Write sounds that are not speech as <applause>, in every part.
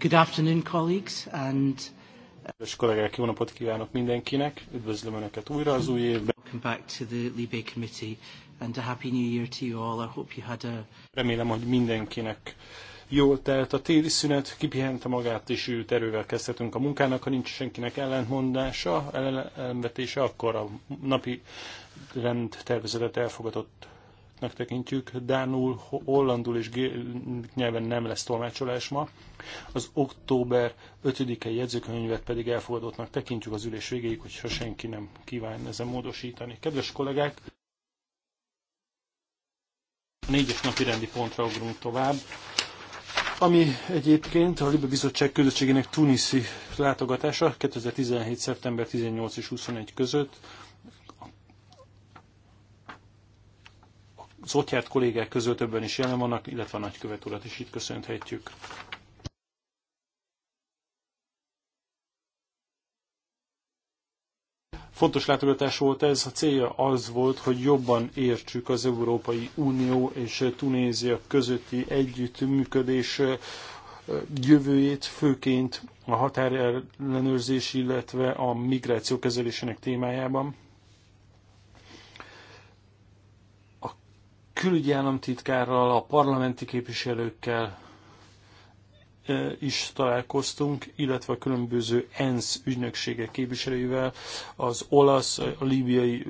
Good afternoon, colleagues, and... Uh, Kedves kollégák, jó napot kívánok mindenkinek! Üdvözlöm Önöket újra az új évben. Welcome back to the Libe Committee, and a Happy New Year to you all. I hope you had a... Remélem, hogy mindenkinek jól telt a téli szünet, kipihente magát, és őt erővel kezdhetünk a munkának, ha nincs senkinek ellentmondása, ellenvetése, akkor a napi rendtervezetet elfogadott elfogadottnak tekintjük. Dánul, hollandul és nyelven nem lesz tolmácsolás ma. Az október 5-i jegyzőkönyvet pedig elfogadottnak tekintjük az ülés végéig, hogyha senki nem kíván ezen módosítani. Kedves kollégák! A négyes napi rendi pontra ugrunk tovább ami egyébként a Libe Bizottság közösségének tuniszi látogatása 2017. szeptember 18 és 21 között az ott járt kollégák közül többen is jelen vannak, illetve a nagykövet urat is itt köszönhetjük. Fontos látogatás volt ez, a célja az volt, hogy jobban értsük az Európai Unió és Tunézia közötti együttműködés jövőjét, főként a határellenőrzés, illetve a migráció kezelésének témájában. külügyi államtitkárral, a parlamenti képviselőkkel is találkoztunk, illetve a különböző ENSZ ügynökségek képviselőivel, az olasz, a líbiai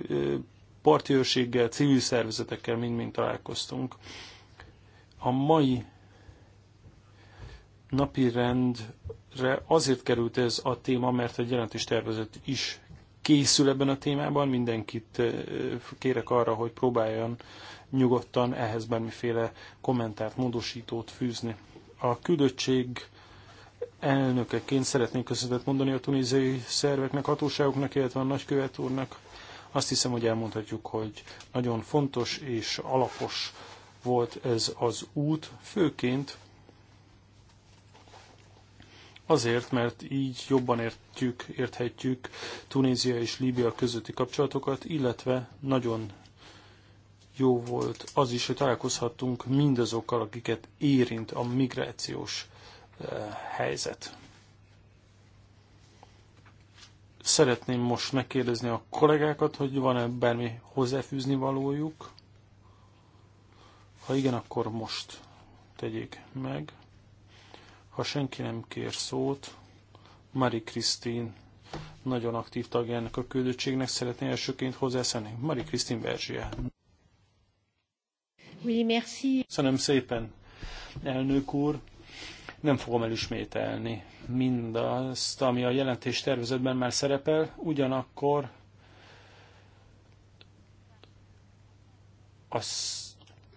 partiőrséggel, civil szervezetekkel mind-mind találkoztunk. A mai napi rendre azért került ez a téma, mert egy tervezet is készül ebben a témában. Mindenkit kérek arra, hogy próbáljon nyugodtan ehhez bármiféle kommentárt, módosítót fűzni. A küldöttség elnökeként szeretnék köszönetet mondani a tunéziai szerveknek, hatóságoknak, illetve a nagykövet úrnak. Azt hiszem, hogy elmondhatjuk, hogy nagyon fontos és alapos volt ez az út, főként Azért, mert így jobban értjük, érthetjük Tunézia és Líbia közötti kapcsolatokat, illetve nagyon jó volt az is, hogy találkozhattunk mindazokkal, akiket érint a migrációs eh, helyzet. Szeretném most megkérdezni a kollégákat, hogy van-e bármi hozzáfűzni valójuk. Ha igen, akkor most tegyék meg. Ha senki nem kér szót, Mari Krisztin nagyon aktív tagja ennek a küldöttségnek szeretné elsőként hozzászállni. Mari Krisztin Verzsia. Oui, merci. Köszönöm szépen, elnök úr. Nem fogom elismételni mindazt, ami a jelentés tervezetben már szerepel, ugyanakkor a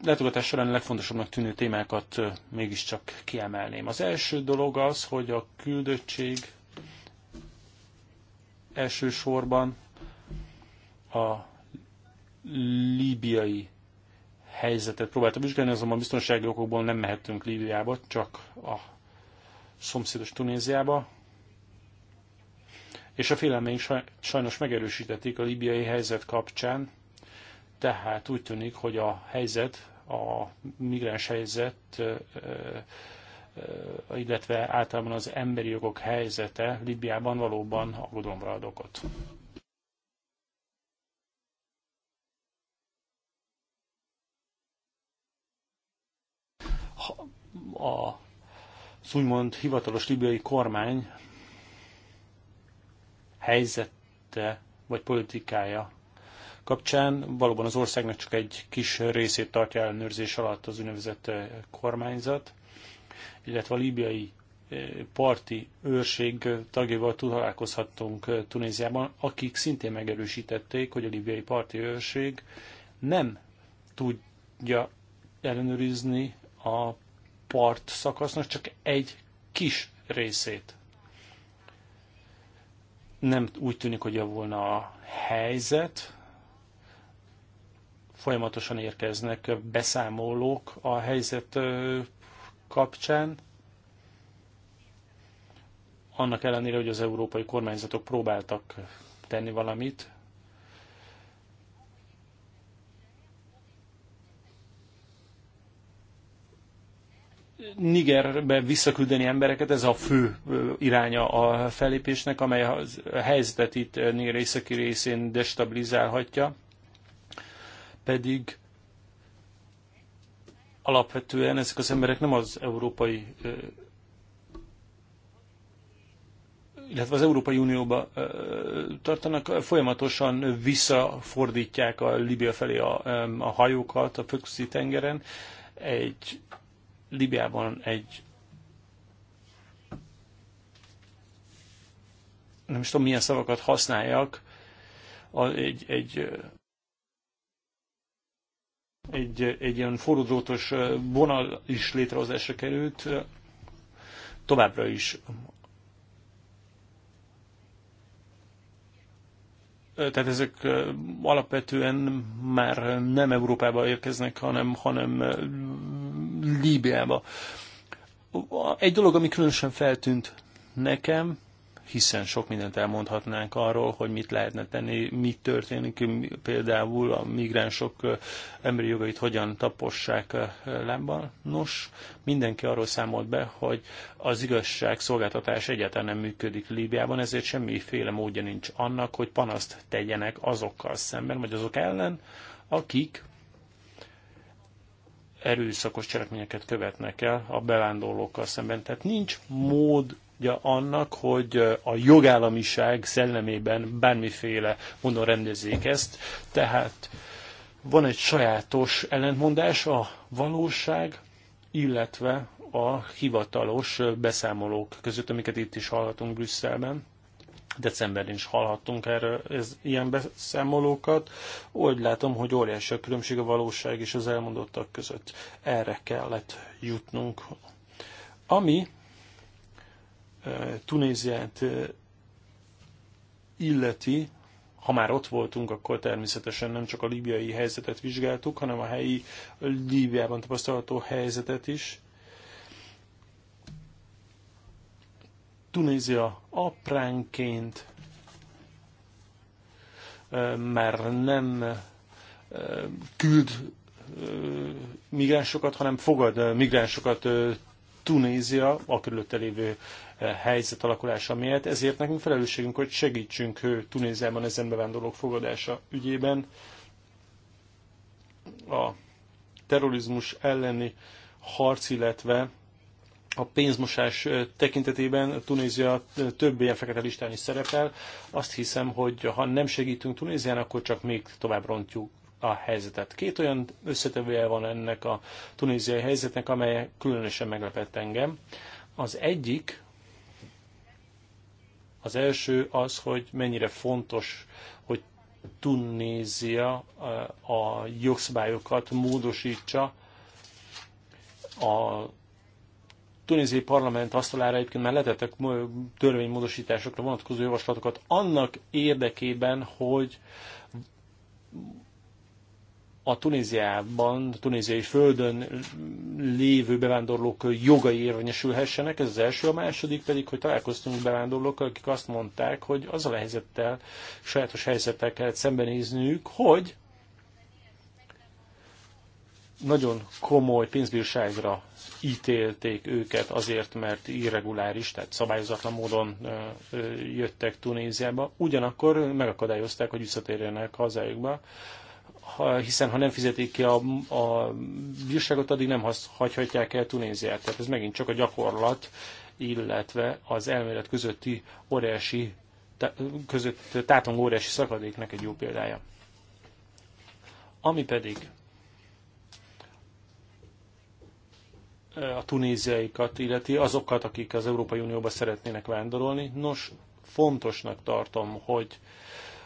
látogatás során legfontosabbnak tűnő témákat mégiscsak kiemelném. Az első dolog az, hogy a küldöttség elsősorban a líbiai helyzetet próbáltam vizsgálni, azonban biztonsági okokból nem mehettünk Líbiába, csak a szomszédos Tunéziába. És a félelmeink sajnos megerősítették a líbiai helyzet kapcsán, tehát úgy tűnik, hogy a helyzet, a migráns helyzet, illetve általában az emberi jogok helyzete Libiában valóban aggodalomra ad okot. a, az úgymond hivatalos libiai kormány helyzete vagy politikája kapcsán valóban az országnak csak egy kis részét tartja ellenőrzés alatt az úgynevezett eh, kormányzat, illetve a líbiai eh, parti őrség eh, tagjával találkozhattunk Tunéziában, akik szintén megerősítették, hogy a líbiai parti őrség nem tudja ellenőrizni a part szakasznak csak egy kis részét. Nem úgy tűnik, hogy javulna a helyzet, folyamatosan érkeznek beszámolók a helyzet kapcsán, annak ellenére, hogy az európai kormányzatok próbáltak tenni valamit, Nigerbe visszaküldeni embereket, ez a fő iránya a fellépésnek, amely a helyzetet itt Niger északi részén destabilizálhatja, pedig alapvetően ezek az emberek nem az európai illetve az Európai Unióba tartanak, folyamatosan visszafordítják a Libia felé a, a hajókat a Földközi tengeren. Egy Libiában egy nem is tudom milyen szavakat használjak, a, egy, egy, egy, egy ilyen forródrótos vonal is létrehozásra került, továbbra is tehát ezek alapvetően már nem Európába érkeznek, hanem, hanem Líbiába. Egy dolog, ami különösen feltűnt nekem, hiszen sok mindent elmondhatnánk arról, hogy mit lehetne tenni, mi történik, például a migránsok emberi jogait hogyan tapossák lábban. Nos, mindenki arról számolt be, hogy az igazság szolgáltatás egyáltalán nem működik Líbiában, ezért semmiféle módja nincs annak, hogy panaszt tegyenek azokkal szemben, vagy azok ellen, akik erőszakos cselekményeket követnek el a bevándorlókkal szemben. Tehát nincs módja annak, hogy a jogállamiság szellemében bármiféle módon rendezzék ezt. Tehát van egy sajátos ellentmondás a valóság, illetve a hivatalos beszámolók között, amiket itt is hallhatunk Brüsszelben decemberben is hallhattunk erről ez, ilyen beszámolókat. Úgy látom, hogy óriási a különbség a valóság és az elmondottak között. Erre kellett jutnunk. Ami e, Tunéziát e, illeti, ha már ott voltunk, akkor természetesen nem csak a líbiai helyzetet vizsgáltuk, hanem a helyi Líbiában tapasztalható helyzetet is. Tunézia apránként mert nem küld migránsokat, hanem fogad migránsokat Tunézia a körülötte lévő helyzet alakulása miatt. Ezért nekünk felelősségünk, hogy segítsünk Tunéziában ezen bevándorlók fogadása ügyében. A terrorizmus elleni harc, illetve a pénzmosás tekintetében Tunézia több ilyen fekete listán is szerepel. Azt hiszem, hogy ha nem segítünk Tunézián, akkor csak még tovább rontjuk a helyzetet. Két olyan összetevője van ennek a tunéziai helyzetnek, amely különösen meglepett engem. Az egyik, az első az, hogy mennyire fontos, hogy Tunézia a jogszabályokat módosítsa a tunéziai parlament asztalára egyébként már letettek törvénymódosításokra vonatkozó javaslatokat annak érdekében, hogy a Tunéziában, tunéziai földön lévő bevándorlók jogai érvényesülhessenek, ez az első, a második pedig, hogy találkoztunk bevándorlókkal, akik azt mondták, hogy az a helyzettel, sajátos helyzettel kellett szembenézniük, hogy nagyon komoly pénzbírságra ítélték őket azért, mert irreguláris, tehát szabályozatlan módon jöttek Tunéziába. Ugyanakkor megakadályozták, hogy visszatérjenek hazájukba, hiszen ha nem fizetik ki a, a bírságot, addig nem hagyhatják el Tunéziát. Tehát ez megint csak a gyakorlat, illetve az elmélet közötti óriási, között tátong óriási szakadéknak egy jó példája. Ami pedig a tunéziaikat illeti, azokat, akik az Európai Unióba szeretnének vándorolni. Nos, fontosnak tartom, hogy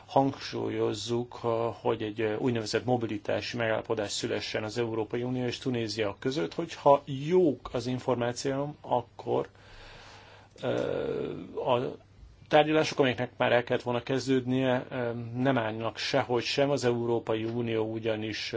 hangsúlyozzuk, hogy egy úgynevezett mobilitási megállapodás szülessen az Európai Unió és Tunézia között, hogyha jók az információm, akkor a tárgyalások, amelyeknek már el kellett volna kezdődnie, nem állnak sehogy sem. Az Európai Unió ugyanis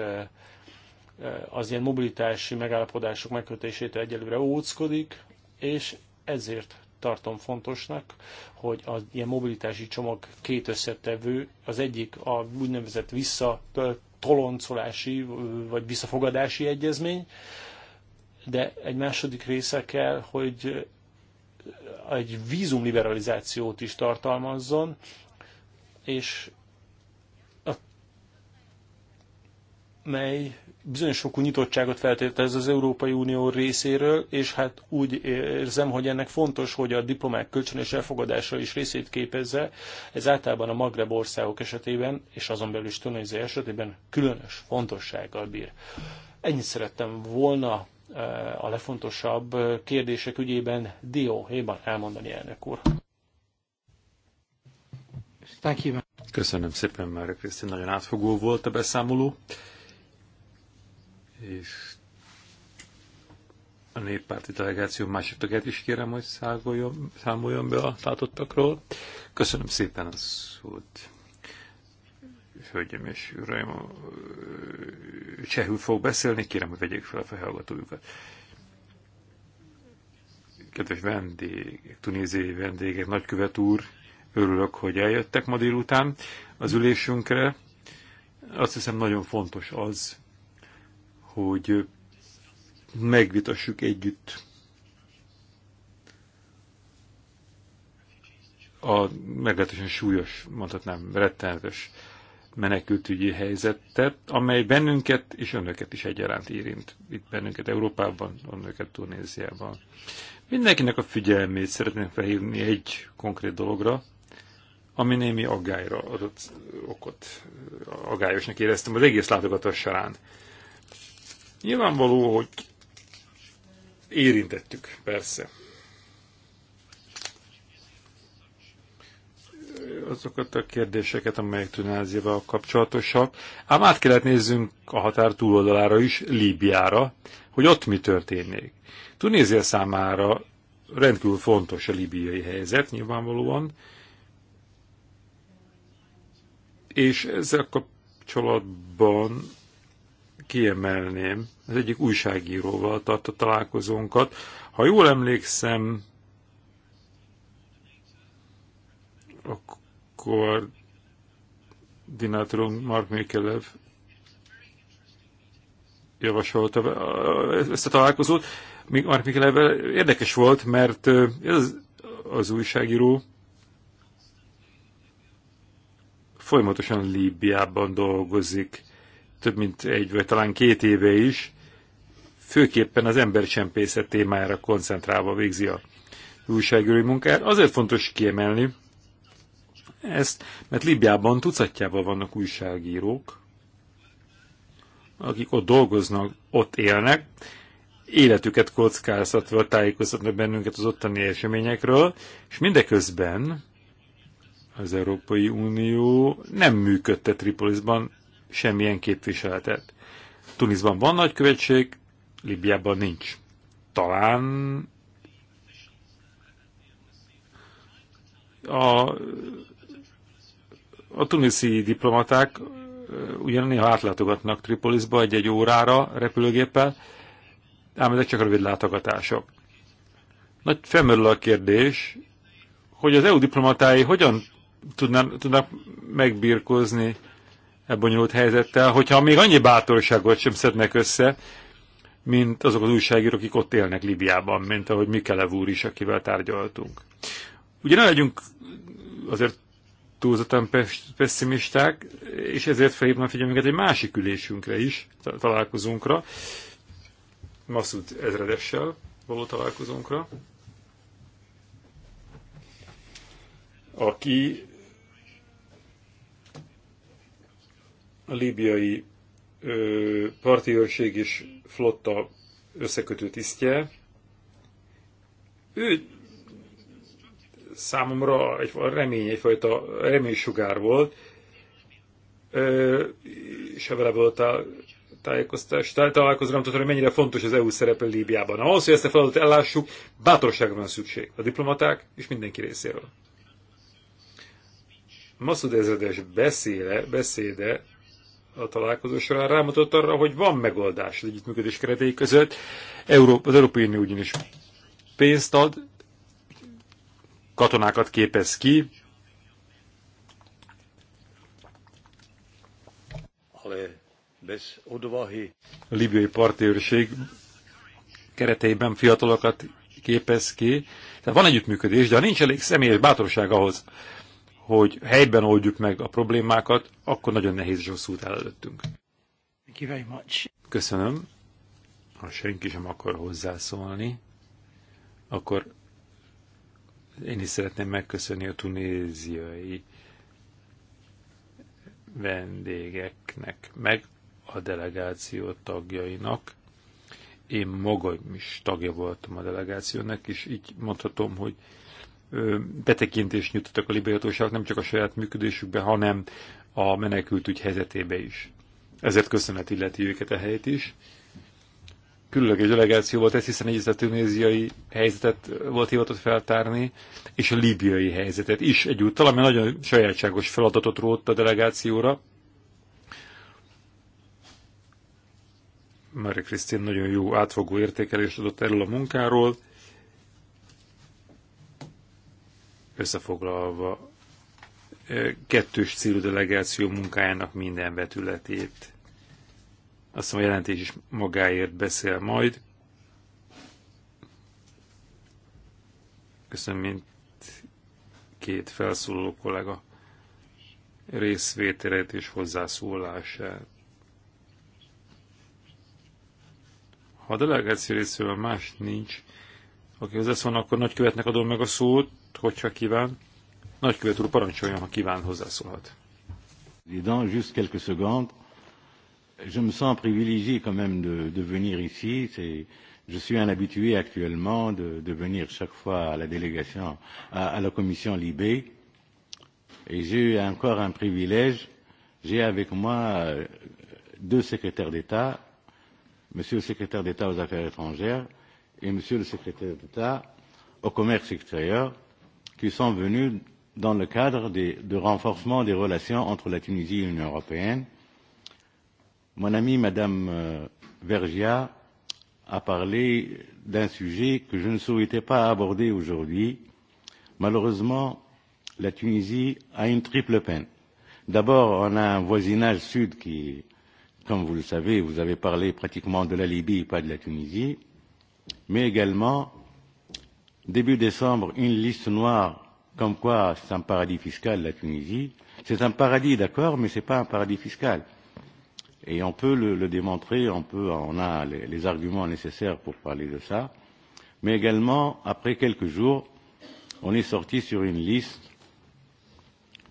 Eh, az ilyen mobilitási megállapodások megkötését egyelőre óckodik, és ezért tartom fontosnak, hogy az ilyen mobilitási csomag két összetevő, az egyik a úgynevezett visszatoloncolási vagy visszafogadási egyezmény, de egy második része kell, hogy egy vízumliberalizációt is tartalmazzon, és mely bizonyos sokú nyitottságot feltételez az Európai Unió részéről, és hát úgy érzem, hogy ennek fontos, hogy a diplomák kölcsönös elfogadása is részét képezze. Ez általában a Magreb országok esetében, és azon belül is Tunézia esetében különös fontossággal bír. Ennyit szerettem volna eh, a legfontosabb eh, kérdések ügyében Héban elmondani, elnök úr. Köszönöm szépen, Mária Krisztin, nagyon átfogó volt a beszámoló és a néppárti delegáció másik is kérem, hogy számoljon, számoljon be a látottakról. Köszönöm szépen a szót. Hölgyeim és uraim, csehül fog beszélni, kérem, hogy vegyék fel a felhallgatójukat. Kedves vendégek, tunéziai vendégek, nagykövet úr, örülök, hogy eljöttek ma délután az ülésünkre. Azt hiszem nagyon fontos az, hogy megvitassuk együtt a meglehetősen súlyos, mondhatnám, rettenetes menekültügyi helyzetet, amely bennünket és önöket is egyaránt érint. Itt bennünket Európában, önöket Tunéziában. Mindenkinek a figyelmét szeretném felhívni egy konkrét dologra, ami némi aggályra adott okot. Aggályosnak éreztem az egész látogatás során. Nyilvánvaló, hogy érintettük, persze. azokat a kérdéseket, amelyek Tunáziával kapcsolatosak. Ám át kellett nézzünk a határ túloldalára is, Líbiára, hogy ott mi történik. Tunézia számára rendkívül fontos a líbiai helyzet, nyilvánvalóan, és ezzel kapcsolatban kiemelném, az egyik újságíróval tartott találkozónkat. Ha jól emlékszem, akkor koordinátorunk Mark Mikelev javasolta ezt a találkozót. Mark Mikelevvel érdekes volt, mert ez az újságíró folyamatosan Líbiában dolgozik több mint egy vagy talán két éve is, főképpen az embercsempészet témájára koncentrálva végzi a újságírói munkát. Azért fontos kiemelni ezt, mert Libyában tucatjában vannak újságírók, akik ott dolgoznak, ott élnek, életüket kockáztatva tájékoztatnak bennünket az ottani eseményekről, és mindeközben az Európai Unió nem működte Tripolisban semmilyen képviseletet. Tunisban van nagykövetség, Libiában nincs. Talán a, a tuniszi diplomaták ugyan néha átlátogatnak Tripolisba egy-egy órára repülőgéppel, ám ezek csak rövid látogatások. Nagy felmerül a kérdés, hogy az EU diplomatái hogyan tudnak megbírkozni e bonyolult helyzettel, hogyha még annyi bátorságot sem szednek össze, mint azok az újságírók, akik ott élnek Libiában, mint ahogy Mikelev úr is, akivel tárgyaltunk. Ugye ne legyünk azért túlzottan pessimisták, és ezért felhívnám a figyelmünket egy másik ülésünkre is, találkozunkra, Massud ezredessel való találkozónkra, aki a líbiai parti őrség és flotta összekötő tisztje. Ő számomra egy remény, egyfajta reménysugár volt, és vele volt a tájékoztás, találkozom, nem tudom, hogy mennyire fontos az EU szerepe Líbiában. Ahhoz, hogy ezt a feladatot ellássuk, bátorságra van szükség a diplomaták és mindenki részéről. Masud ezredes beszéle, beszéde a találkozó során rámutott arra, hogy van megoldás az együttműködés keretei között. Európa, az Európai Unió ugyanis pénzt ad, katonákat képez ki, A libiai partőrség kereteiben fiatalokat képez ki. Tehát van együttműködés, de ha nincs elég személyes bátorság ahhoz, hogy helyben oldjuk meg a problémákat, akkor nagyon nehéz és hosszú út előttünk. Thank you very much. Köszönöm. Ha senki sem akar hozzászólni, akkor én is szeretném megköszönni a tunéziai vendégeknek, meg a delegáció tagjainak. Én magam is tagja voltam a delegációnak, és így mondhatom, hogy betekintést nyújtottak a liberatóságok nem csak a saját működésükbe, hanem a menekült ügy helyzetébe is. Ezért köszönet illeti őket a helyet is. Különleges volt ez, hiszen egyrészt a tunéziai helyzetet volt hivatott feltárni, és a líbiai helyzetet is egyúttal, ami nagyon sajátságos feladatot rótt a delegációra. Mária Krisztin nagyon jó átfogó értékelést adott erről a munkáról, összefoglalva kettős célú delegáció munkájának minden vetületét. Azt hiszem a jelentés is magáért beszél majd. Köszönöm, mint két felszóló kollega részvételét és hozzászólását. Ha a delegáció részéről más nincs, aki hozzászólna, akkor nagykövetnek adom meg a szót, hogyha kíván. Nagykövet úr, parancsoljon, ha kíván, hozzászólhat. Just quelques secondes. Je me sens privilégié quand même de, de venir ici. C'est, je suis un habitué actuellement de, de venir chaque fois à la délégation, à, à la commission Libé. Et j'ai eu encore un privilège. J'ai avec moi euh, deux secrétaires d'État, Monsieur le secrétaire d'État aux affaires étrangères et Monsieur le secrétaire d'État au commerce extérieur qui sont venus dans le cadre de, de renforcement des relations entre la Tunisie et l'Union européenne. Mon amie Madame euh, Vergia a parlé d'un sujet que je ne souhaitais pas aborder aujourd'hui. Malheureusement, la Tunisie a une triple peine. D'abord, on a un voisinage sud qui, comme vous le savez, vous avez parlé pratiquement de la Libye, pas de la Tunisie, mais également début décembre une liste noire comme quoi c'est un paradis fiscal la Tunisie. C'est un paradis, d'accord, mais ce n'est pas un paradis fiscal. Et on peut le, le démontrer, on, peut, on a les, les arguments nécessaires pour parler de ça. Mais également, après quelques jours, on est sorti sur une liste.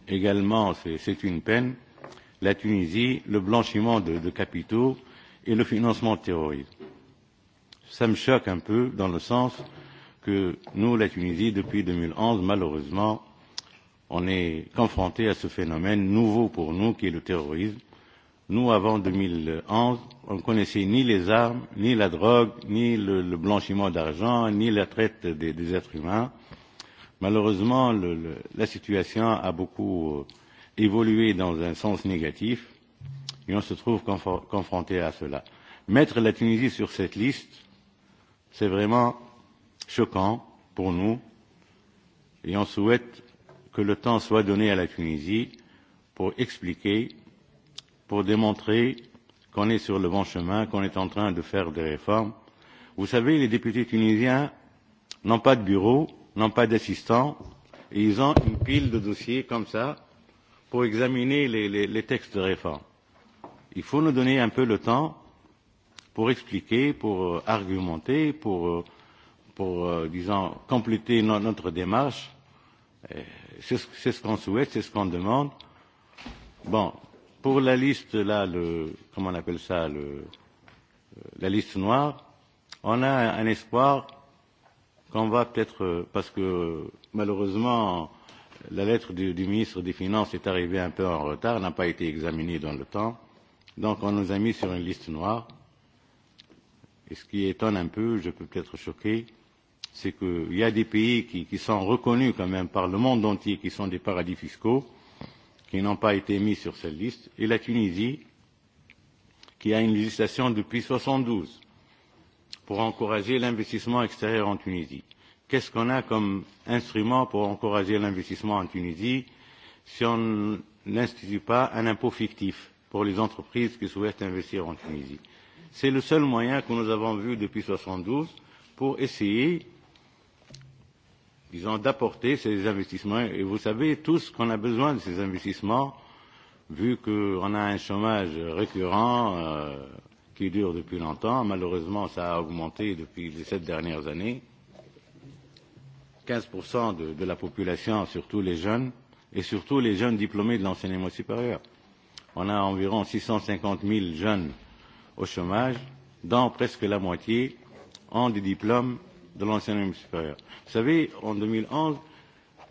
Également, c'est une peine. La Tunisie, le blanchiment de, de capitaux et le financement terroriste. Ça me choque un peu dans le sens euh, que nous, la Tunisie, depuis 2011, malheureusement, on est confronté à ce phénomène nouveau pour nous qui est le terrorisme. Nous, avant 2011, on ne connaissait ni les armes, ni la drogue, ni le, le blanchiment d'argent, ni la traite des, des êtres humains. Malheureusement, le, le, la situation a beaucoup euh, évolué dans un sens négatif et on se trouve confronté à cela. Mettre la Tunisie sur cette liste, c'est vraiment choquant pour nous et on souhaite que le temps soit donné à la Tunisie pour expliquer, pour démontrer qu'on est sur le bon chemin, qu'on est en train de faire des réformes. Vous savez, les députés tunisiens n'ont pas de bureau, n'ont pas d'assistant, et ils ont une pile de dossiers comme ça pour examiner les, les, les textes de réforme. Il faut nous donner un peu le temps pour expliquer, pour argumenter, pour euh, pour, euh, disons, compléter no notre démarche. C'est ce, ce qu'on souhaite, c'est ce qu'on demande. Bon, pour la liste, là, le, comment on appelle ça, le, euh, la liste noire, on a un, un espoir qu'on va peut-être, euh, parce que malheureusement, la lettre du, du ministre des Finances est arrivée un peu en retard, n'a pas été examinée dans le temps. Donc on nous a mis sur une liste noire. Et ce qui étonne un peu, je peux peut-être choquer, euh, c'est qu'il y a des pays qui, qui sont reconnus quand même par le monde entier, qui sont des paradis fiscaux, qui n'ont pas été mis sur cette liste, et la Tunisie, qui a une législation depuis 1972 pour encourager l'investissement extérieur en Tunisie. Qu'est-ce qu'on a comme instrument pour encourager l'investissement en Tunisie si on n'institue pas un impôt fictif pour les entreprises qui souhaitent investir en Tunisie C'est le seul moyen que nous avons vu depuis 1972 pour essayer disons, d'apporter ces investissements. Et vous savez tous qu'on a besoin de ces investissements, vu qu'on a un chômage récurrent euh, qui dure depuis longtemps. Malheureusement, ça a augmenté depuis les sept dernières années. 15% de, de la population, surtout les jeunes, et surtout les jeunes diplômés de l'enseignement supérieur. On a environ 650 000 jeunes au chômage, dont presque la moitié ont des diplômes de l'enseignement supérieur. Vous savez, en 2011,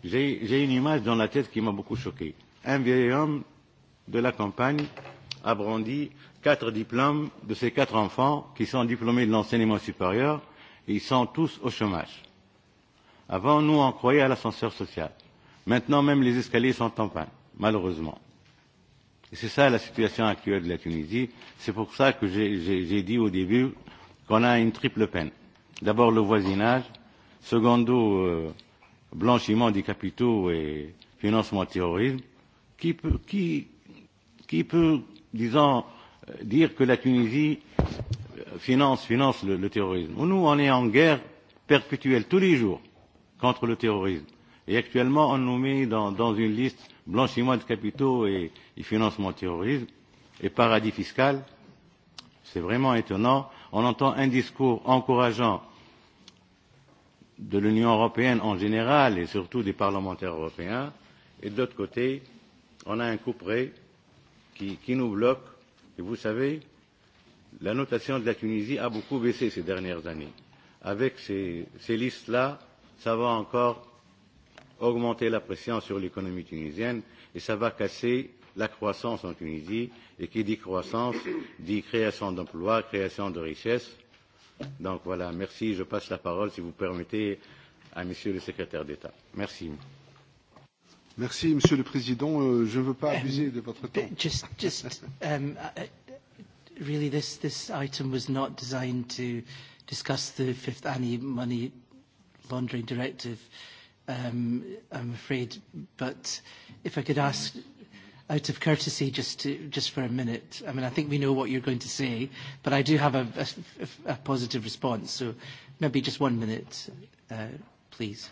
j'ai une image dans la tête qui m'a beaucoup choqué. Un vieil homme de la campagne a brandi quatre diplômes de ses quatre enfants qui sont diplômés de l'enseignement supérieur et ils sont tous au chômage. Avant, nous, on croyait à l'ascenseur social. Maintenant, même les escaliers sont en panne, malheureusement. Et c'est ça la situation actuelle de la Tunisie. C'est pour ça que j'ai dit au début qu'on a une triple peine D'abord le voisinage, secondo euh, blanchiment des capitaux et financement du terrorisme. Qui peut, qui, qui peut disons, euh, dire que la Tunisie euh, finance, finance le, le terrorisme Nous, on est en guerre perpétuelle tous les jours contre le terrorisme. Et actuellement, on nous met dans, dans une liste blanchiment de capitaux et, et financement du terrorisme et paradis fiscal. C'est vraiment étonnant on entend un discours encourageant de l'Union européenne en général et surtout des parlementaires européens, et de l'autre côté, on a un couperet qui, qui nous bloque. Et vous savez, la notation de la Tunisie a beaucoup baissé ces dernières années. Avec ces, ces listes-là, ça va encore augmenter la pression sur l'économie tunisienne et ça va casser la croissance en Tunisie. Et qui dit croissance dit création d'emplois, création de richesses. Donc voilà, merci. Je passe la parole, si vous permettez, à Monsieur le secrétaire d'État. Merci. Merci, Monsieur le Président. Euh, je ne veux pas abuser um, de votre um, temps. Just, just, um, uh, really, this, this item was not designed to discuss the fifth anti-money laundering directive, um, I'm afraid. But if I could ask out of courtesy, just to, just for a minute. I mean, I think we know what you're going to say, but I do have a, a, a positive response. So maybe just one minute, uh, please.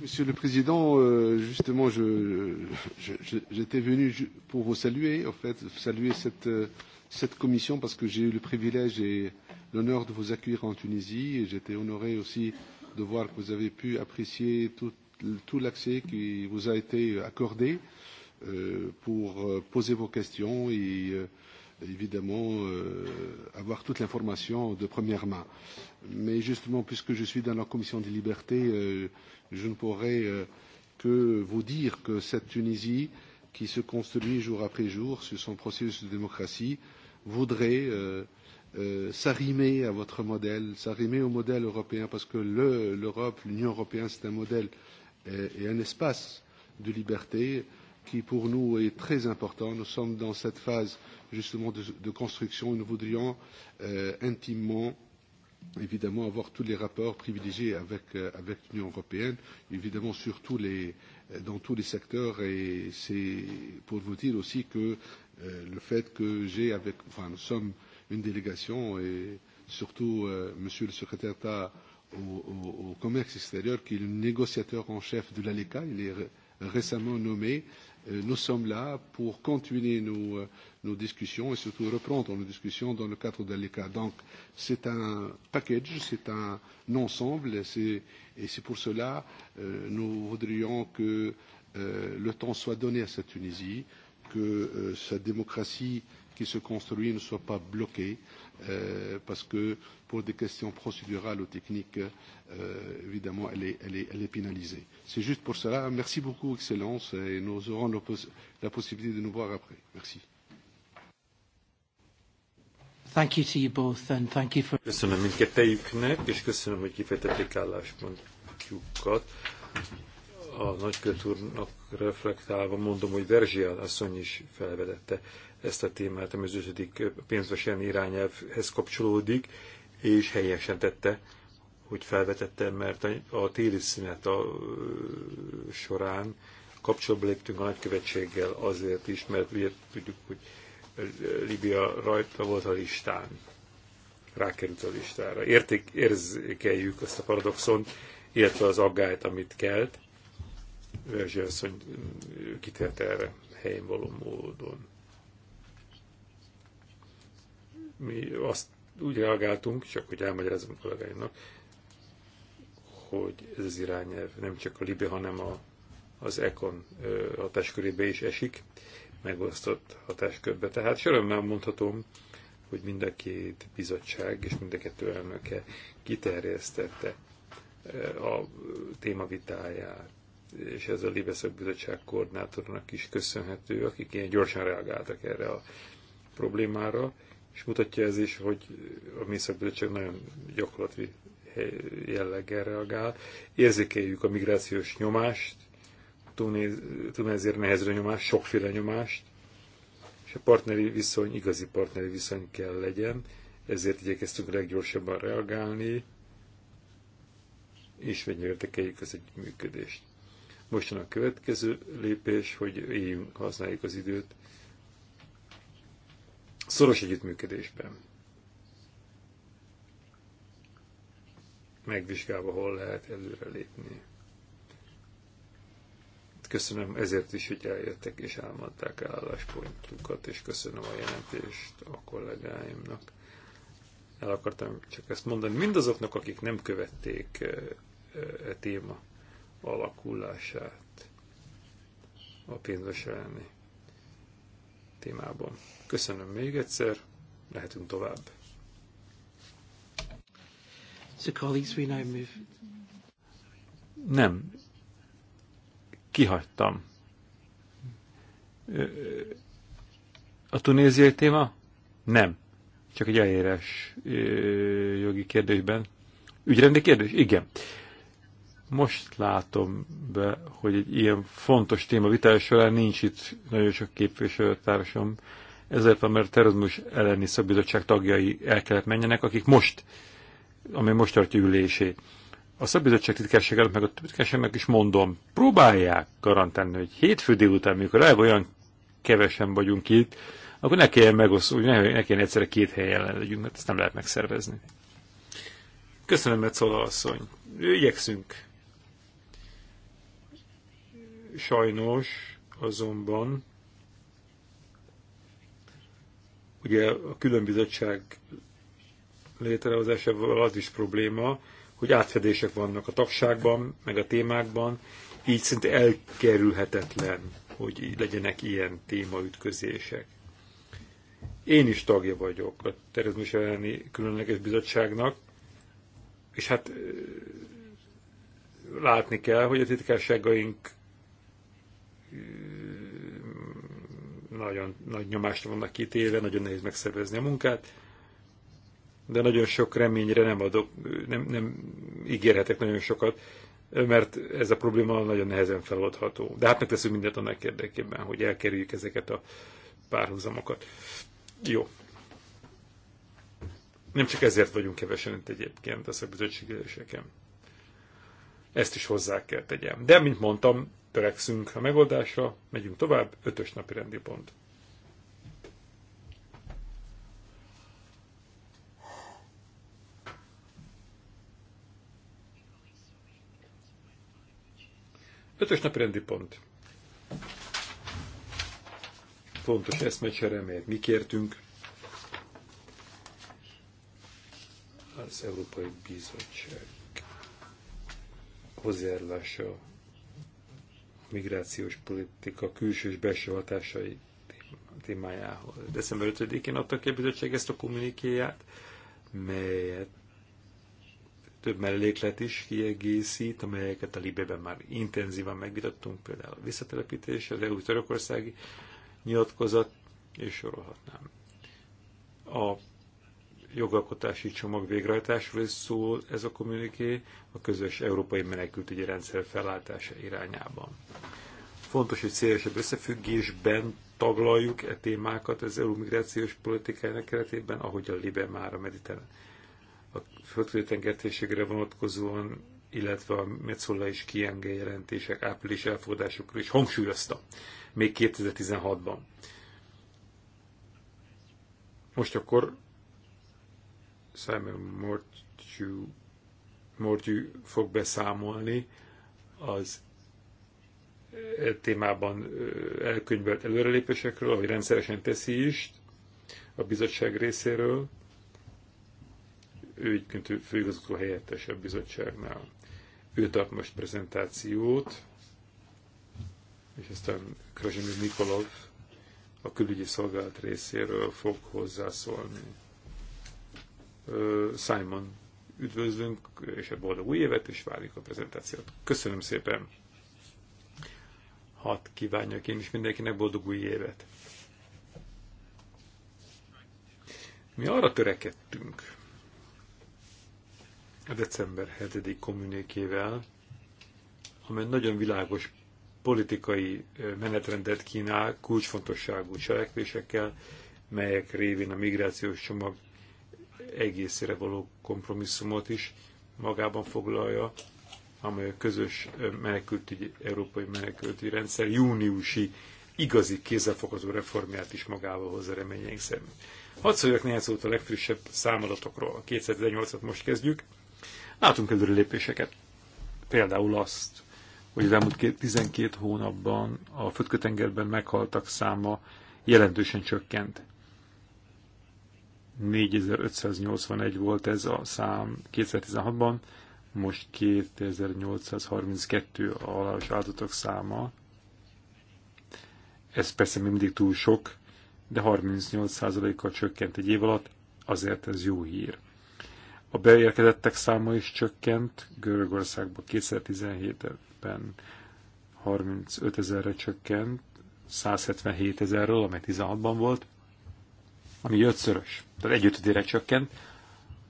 Monsieur le Président, euh, justement, j'étais venu pour vous saluer, en fait, saluer cette, euh, cette commission parce que j'ai eu le privilège et l'honneur de vous accueillir en Tunisie et j'étais honoré aussi de voir que vous avez pu apprécier tout, tout l'accès qui vous a été accordé. Euh, Euh, pour euh, poser vos questions et euh, évidemment avoir toute l'information de première main. Mais justement, puisque je suis dans la commission des libertés, je ne pourrai que vous dire que cette Tunisie, qui se construit jour après jour sur son processus de démocratie, voudrait s'arrimer à votre modèle, s'arrimer au modèle européen, parce que l'Europe, le, l'Union européenne, c'est un modèle et, et un espace de liberté euh, qui pour nous est très important. Nous sommes dans cette phase justement de, de construction et nous voudrions euh, intimement évidemment avoir tous les rapports privilégiés avec, euh, avec l'Union européenne, évidemment sur tous les, euh, dans tous les secteurs et c'est pour vous dire aussi que euh, le fait que j'ai avec, enfin nous sommes une délégation et surtout euh, Monsieur le secrétaire d'État au, au, au commerce extérieur qui est le négociateur en chef de l'ALECA, il est récemment nommé euh, Euh, nous sommes là pour continuer nos, euh, nos discussions et surtout reprendre nos discussions dans le cadre de l'ECA. Donc c'est un package, c'est un ensemble et c'est pour cela euh, nous voudrions que euh, le temps soit donné à cette Tunisie, que euh, sa démocratie qui se construit ne soit pas bloquée. Euh, Euh, parce que pour des questions procédurales ou techniques, euh, évidemment, elle est, elle est, elle est pénalisée. C'est juste pour cela. Merci beaucoup, Excellence, et nous aurons la, possibilité de nous voir après. Merci. Thank you to you both, and thank you for... Köszönöm mindkettejüknek, és köszönöm, hogy kifejtették álláspontjukat. A nagykötúrnak reflektálva mondom, hogy Verzsián asszony is felvedette ezt a témát, ami az ötödik pénzvesen irányelvhez kapcsolódik, és helyesen tette, hogy felvetette, mert a téli szünet a, során kapcsolatba léptünk a nagykövetséggel azért is, mert ugye tudjuk, hogy Libia rajta volt a listán, rákerült a listára. Érték, érzékeljük azt a paradoxon, illetve az aggályt, amit kelt. Verzsi asszony kitért erre helyén való módon. mi azt úgy reagáltunk, csak hogy elmagyarázom a kollégáimnak, hogy ez az irányelv nem csak a Libé, hanem a, az Econ hatáskörébe is esik, megosztott hatáskörbe. Tehát sörömmel mondhatom, hogy mind a két bizottság és mind a kettő elnöke kiterjesztette a témavitáját, és ez a Libeszak Bizottság koordinátornak is köszönhető, akik ilyen gyorsan reagáltak erre a problémára, és mutatja ez is, hogy a mi szakbizottság nagyon gyakorlati jelleggel reagál. Érzékeljük a migrációs nyomást, Tunéziért nehezre nyomást, sokféle nyomást, és a partneri viszony igazi partneri viszony kell legyen, ezért igyekeztünk leggyorsabban reagálni, és megnyertekeljük az együttműködést. Mostan a következő lépés, hogy éljünk, használjuk az időt, szoros együttműködésben. Megvizsgálva, hol lehet előrelépni. Köszönöm ezért is, hogy eljöttek és elmondták álláspontjukat, és köszönöm a jelentést a kollégáimnak. El akartam csak ezt mondani. Mindazoknak, akik nem követték e, e téma alakulását a pénzös elleni témában. Köszönöm még egyszer, lehetünk tovább. So colleagues, we now move. Nem. Kihagytam. A tunéziai téma? Nem. Csak egy eljárás jogi kérdésben. Ügyrendi kérdés? Igen most látom be, hogy egy ilyen fontos téma vitája során nincs itt nagyon sok képviselőtársam, ezért van, mert a terrorizmus elleni szakbizottság tagjai el kellett menjenek, akik most, amely most tartja ülését. A titkárság előtt meg a titkárságnak is mondom, próbálják garantálni, hogy hétfő délután, amikor el olyan kevesen vagyunk itt, akkor ne kelljen megoszulni, ne, ne kelljen egyszerre két helyen jelen legyünk, mert ezt nem lehet megszervezni. Köszönöm, Metzola asszony. Igyekszünk Sajnos azonban ugye a különbizottság létrehozásával az is probléma, hogy átfedések vannak a tagságban, meg a témákban, így szinte elkerülhetetlen, hogy legyenek ilyen témaütközések. Én is tagja vagyok a terrorizmus elleni különleges bizottságnak, és hát látni kell, hogy a titkárságaink nagyon nagy nyomást vannak kitéve, nagyon nehéz megszervezni a munkát, de nagyon sok reményre nem adok, nem, nem ígérhetek nagyon sokat, mert ez a probléma nagyon nehezen feloldható. De hát megteszünk mindent annak érdekében, hogy elkerüljük ezeket a párhuzamokat. Jó. Nem csak ezért vagyunk kevesen itt egyébként a szakbizottségéseken. Ezt is hozzá kell tegyem. De, mint mondtam, törekszünk a megoldásra, megyünk tovább, ötös napi rendi pont. Ötös napi rendi pont. Fontos eszmecsere, mert mi kértünk. Az Európai Bizottság hozzájárulása a migrációs politika külső és belső hatásai témájához. December 5-én adta ki a bizottság ezt a kommunikéját, melyet több melléklet is kiegészít, amelyeket a Libében már intenzívan megvitattunk, például a visszatelepítés, az EU törökországi nyilatkozat, és sorolhatnám. A jogalkotási csomag végrehajtásról is szól ez a kommuniké a közös európai menekültügyi rendszer felállítása irányában. Fontos, hogy szélesebb összefüggésben taglaljuk e témákat az EU migrációs politikájának keretében, ahogy a Libe már a mediterrán a földközi tengertérségre vonatkozóan, illetve a Metzola és Kienge jelentések április elfogadásukról is hangsúlyozta, még 2016-ban. Most akkor Samuel Mortu, Mortu fog beszámolni az e, témában e, elkönyvelt előrelépésekről, ahogy rendszeresen teszi is a bizottság részéről. Ő egyébként főigazgató helyettes a bizottságnál. Ő tart most prezentációt, és aztán Krasimir Nikolov a külügyi szolgálat részéről fog hozzászólni. Simon, üdvözlünk, és a boldog új évet, és várjuk a prezentációt. Köszönöm szépen! Hadd kívánjak én is mindenkinek boldog új évet! Mi arra törekedtünk a december 7. kommunikével, amely nagyon világos politikai menetrendet kínál kulcsfontosságú cselekvésekkel, melyek révén a migrációs csomag egészére való kompromisszumot is magában foglalja, amely a közös menekültügyi, európai menekültügyi rendszer júniusi igazi kézzelfogható reformját is magával hozza reményeink szerint. Hadd szóljak néhány szót a legfrissebb számadatokról. A 2018-at most kezdjük. Látunk előre lépéseket. Például azt, hogy az elmúlt 12 hónapban a Földkötengerben meghaltak száma jelentősen csökkent. 4581 volt ez a szám 2016-ban, most 2832 a áldozatok száma. Ez persze még mindig túl sok, de 38%-kal csökkent egy év alatt, azért ez jó hír. A beérkezettek száma is csökkent, Görögországban 2017-ben 35 ezerre csökkent, 177 ezerről, amely 16-ban volt, ami ötszörös, tehát együttedére csökkent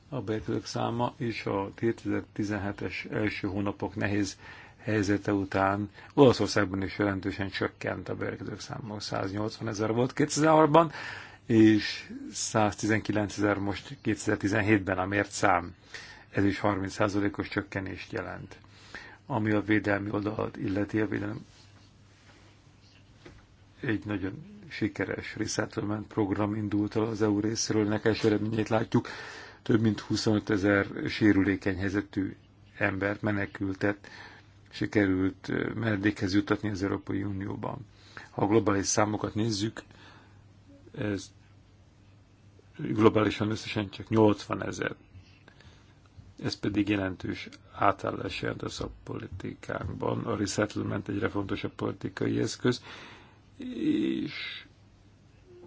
a betegek száma, és a 2017-es első hónapok nehéz helyzete után Olaszországban is jelentősen csökkent a beérkezők száma, 180 ezer volt 2000 ban és 119 ezer most 2017-ben a mért szám. Ez is 30%-os csökkenést jelent. Ami a védelmi oldalat illeti, a védelmi egy nagyon sikeres resettlement program indult el az EU részéről, ennek első eredményét látjuk, több mint 25 ezer sérülékeny helyzetű embert, menekültet sikerült menedékhez jutatni az Európai Unióban. Ha a globális számokat nézzük, ez globálisan összesen csak 80 ezer. Ez pedig jelentős átállás jelent a szakpolitikánkban. A resettlement egyre fontosabb politikai eszköz, és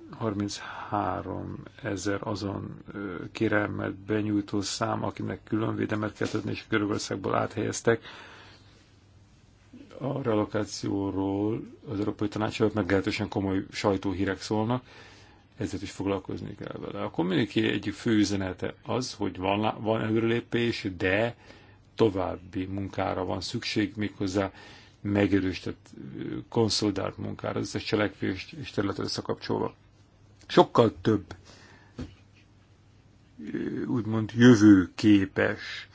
33 ezer azon kérelmet benyújtó szám, akinek külön védelmet kell adni, és Görögországból áthelyeztek. A relokációról az Európai Tanács előtt meglehetősen komoly sajtóhírek szólnak, ezért is foglalkozni kell vele. A kommuniké egyik fő üzenete az, hogy van, van előrelépés, de további munkára van szükség, méghozzá megerősített, konszolidált munkára, az összes cselekvés és területet összekapcsolva. Sokkal több úgymond jövőképes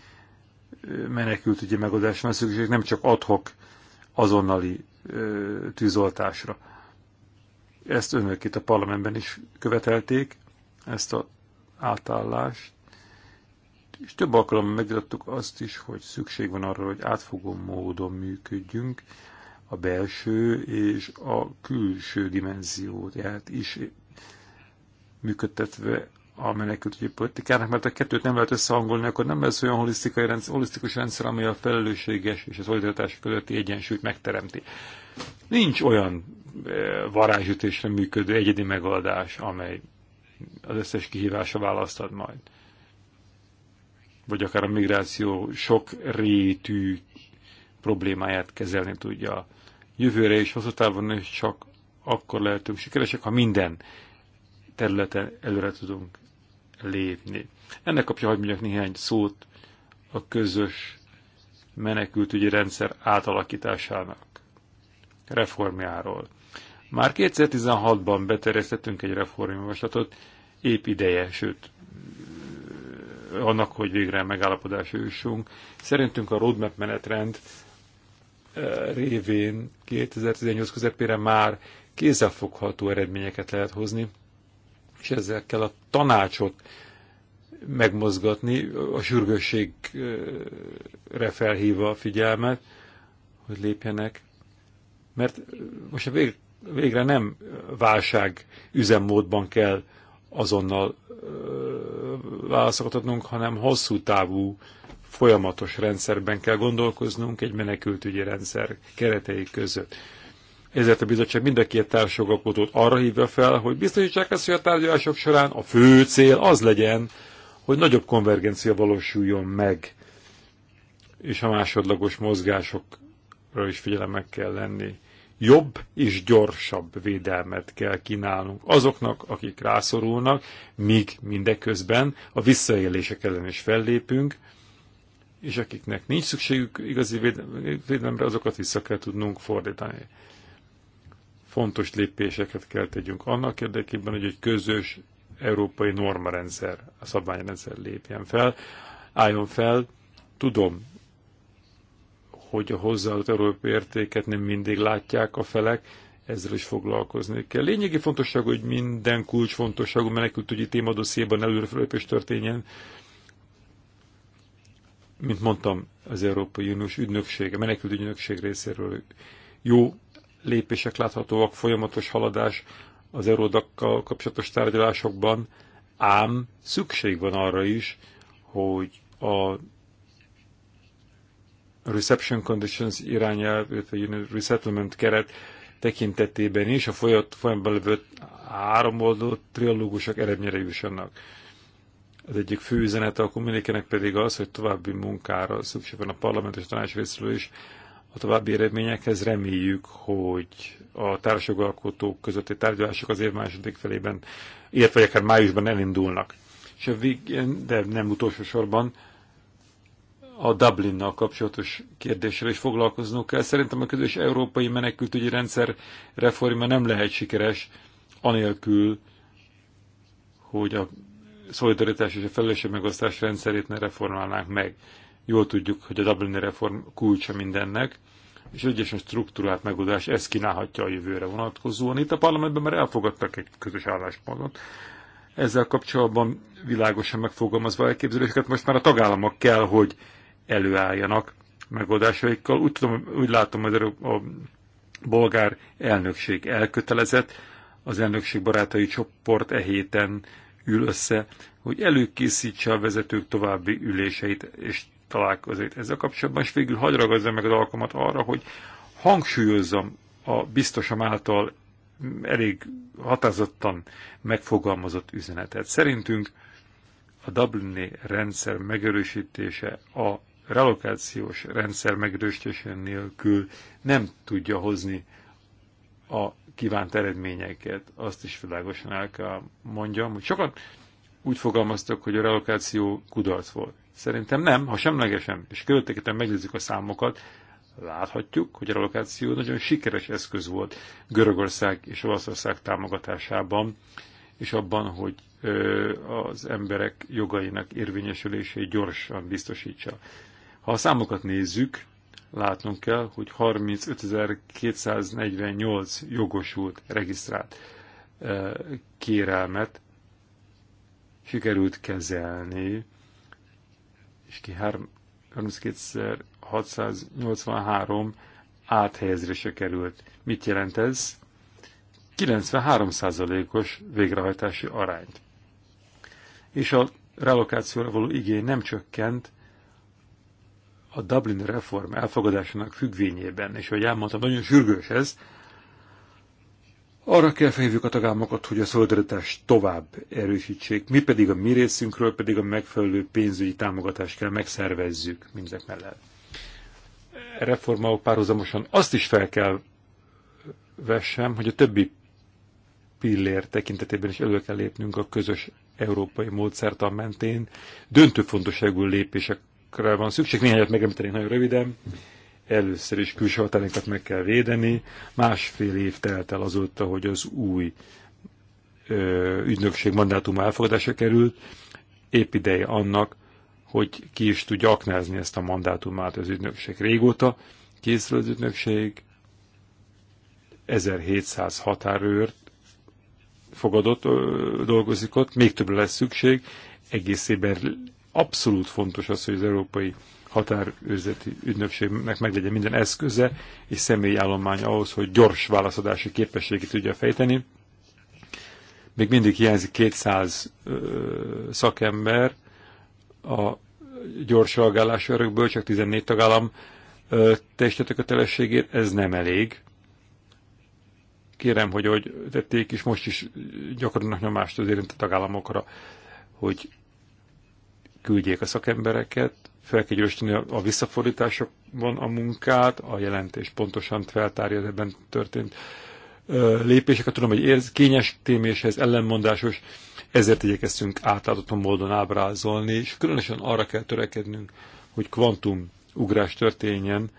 menekült ugye megoldás van szükség, nem csak adhok azonnali tűzoltásra. Ezt önök itt a parlamentben is követelték, ezt a átállást. És több alkalommal megadtuk azt is, hogy szükség van arra, hogy átfogó módon működjünk, a belső és a külső dimenzióját is működtetve a menekültügyi politikának, mert a kettőt nem lehet összehangolni, akkor nem lesz olyan holisztikai rendszer, holisztikus rendszer, ami a felelősséges és a szolidaritás közötti egyensúlyt megteremti. Nincs olyan eh, varázsütésre működő egyedi megoldás, amely az összes kihívásra választad majd vagy akár a migráció sok rétű problémáját kezelni tudja. Jövőre és hosszú távon is csak akkor lehetünk sikeresek, ha minden területen előre tudunk lépni. Ennek kapja, hogy mondjak néhány szót a közös menekültügyi rendszer átalakításának reformjáról. Már 2016-ban beterjesztettünk egy reformjavaslatot, épp ideje, sőt, annak, hogy végre megállapodásra jussunk. Szerintünk a roadmap menetrend eh, révén 2018 közepére már kézzelfogható eredményeket lehet hozni, és ezzel kell a tanácsot megmozgatni, a sürgősségre felhívva a figyelmet, hogy lépjenek. Mert most a vég, végre nem válság üzemmódban kell azonnal válaszokat adnunk, hanem hosszú távú folyamatos rendszerben kell gondolkoznunk, egy menekültügyi rendszer keretei között. Ezért a bizottság mind a két társjogalkotót arra hívja fel, hogy biztosítsák ezt, hogy a tárgyalások során a fő cél az legyen, hogy nagyobb konvergencia valósuljon meg, és a másodlagos mozgásokra is figyelemek kell lenni jobb és gyorsabb védelmet kell kínálnunk azoknak, akik rászorulnak, míg mindeközben a visszaélések ellen is fellépünk, és akiknek nincs szükségük igazi védelemre, azokat vissza kell tudnunk fordítani. Fontos lépéseket kell tegyünk annak érdekében, hogy egy közös európai normarendszer, a szabványrendszer lépjen fel, álljon fel. Tudom, hogy a hozzáadott értéket nem mindig látják a felek, ezzel is foglalkozni kell. Lényegi fontosság, hogy minden kulcsfontosságú menekültügyi témadosszéban előrefelépés történjen. Mint mondtam, az Európai Uniós ügynökség, a menekültügyi ügynökség részéről jó lépések láthatóak, folyamatos haladás az eurodakkal kapcsolatos tárgyalásokban, ám szükség van arra is, hogy a Reception Conditions irányelv, illetve Resettlement keret tekintetében is a folyamat folyamban levő háromoldalú trialógusok eredményre jussanak. Az egyik fő üzenete a kommunikének pedig az, hogy további munkára szükség van a a tanács részről is, a további eredményekhez reméljük, hogy a társjogalkotók közötti tárgyalások az év második felében, illetve akár májusban elindulnak. És a végén, de nem utolsó sorban, a Dublinnal kapcsolatos kérdéssel is foglalkoznunk kell. Szerintem a közös európai menekültügyi rendszer reformja nem lehet sikeres, anélkül, hogy a szolidaritás és a felelősség megosztás rendszerét ne reformálnánk meg. Jól tudjuk, hogy a Dublini reform kulcsa mindennek, és egyes struktúrált megoldás ezt kínálhatja a jövőre vonatkozóan. Itt a parlamentben már elfogadtak egy közös álláspontot. Ezzel kapcsolatban világosan megfogalmazva elképzeléseket most már a tagállamok kell, hogy előálljanak megoldásaikkal. Úgy, tudom, úgy látom, hogy a bolgár elnökség elkötelezett, az elnökség barátai csoport e héten ül össze, hogy előkészítse a vezetők további üléseit és találkozóit ezzel kapcsolatban, és végül hagy ragazzam meg az alkalmat arra, hogy hangsúlyozzam a biztosam által elég határozottan megfogalmazott üzenetet. Szerintünk a Dublini rendszer megerősítése a relokációs rendszer megerősítése nélkül nem tudja hozni a kívánt eredményeket. Azt is világosan el kell mondjam, hogy sokan úgy fogalmaztak, hogy a relokáció kudarc volt. Szerintem nem, ha semlegesen és körülteketen megnézzük a számokat, láthatjuk, hogy a relokáció nagyon sikeres eszköz volt Görögország és Olaszország támogatásában, és abban, hogy az emberek jogainak érvényesülését gyorsan biztosítsa. Ha a számokat nézzük, látnunk kell, hogy 35.248 jogosult regisztrált e, kérelmet sikerült kezelni, és ki 32.683 áthelyezésre került. Mit jelent ez? 93%-os végrehajtási arányt. És a relokációra való igény nem csökkent, a Dublin reform elfogadásának függvényében, és ahogy elmondtam, nagyon sürgős ez, arra kell felhívjuk a tagállamokat, hogy a szolidaritást tovább erősítsék, mi pedig a mi részünkről pedig a megfelelő pénzügyi támogatást kell megszervezzük mindezek mellett. E reformmal párhuzamosan azt is fel kell vessem, hogy a többi pillér tekintetében is elő kell lépnünk a közös európai módszertan mentén. Döntő fontosságú lépések határokra van szükség. Néhányat megemlítenék nagyon röviden. Először is külső határainkat meg kell védeni. Másfél év telt el azóta, hogy az új ö, ügynökség mandátum elfogadása került. Épp ideje annak, hogy ki is tudja aknázni ezt a mandátumát az ügynökség. Régóta készül az ügynökség, 1700 határőrt fogadott, dolgozik ott, még több lesz szükség egészében Abszolút fontos az, hogy az európai határőrzeti ügynökségnek meglegyen minden eszköze és személyállomány ahhoz, hogy gyors válaszadási képességét tudja fejteni. Még mindig hiányzik 200 ö, szakember a gyors reagálási örökből, csak 14 tagállam teljesített a kötelességét, ez nem elég. Kérem, hogy ahogy tették is, most is gyakorolnak nyomást az érintett tagállamokra, hogy küldjék a szakembereket, fel kell gyorsítani a visszafordításokban a munkát, a jelentés pontosan feltárja ebben történt lépéseket. Tudom, hogy érz, kényes téméshez, ellenmondásos, ezért igyekeztünk átlátható módon ábrázolni, és különösen arra kell törekednünk, hogy kvantum ugrás történjen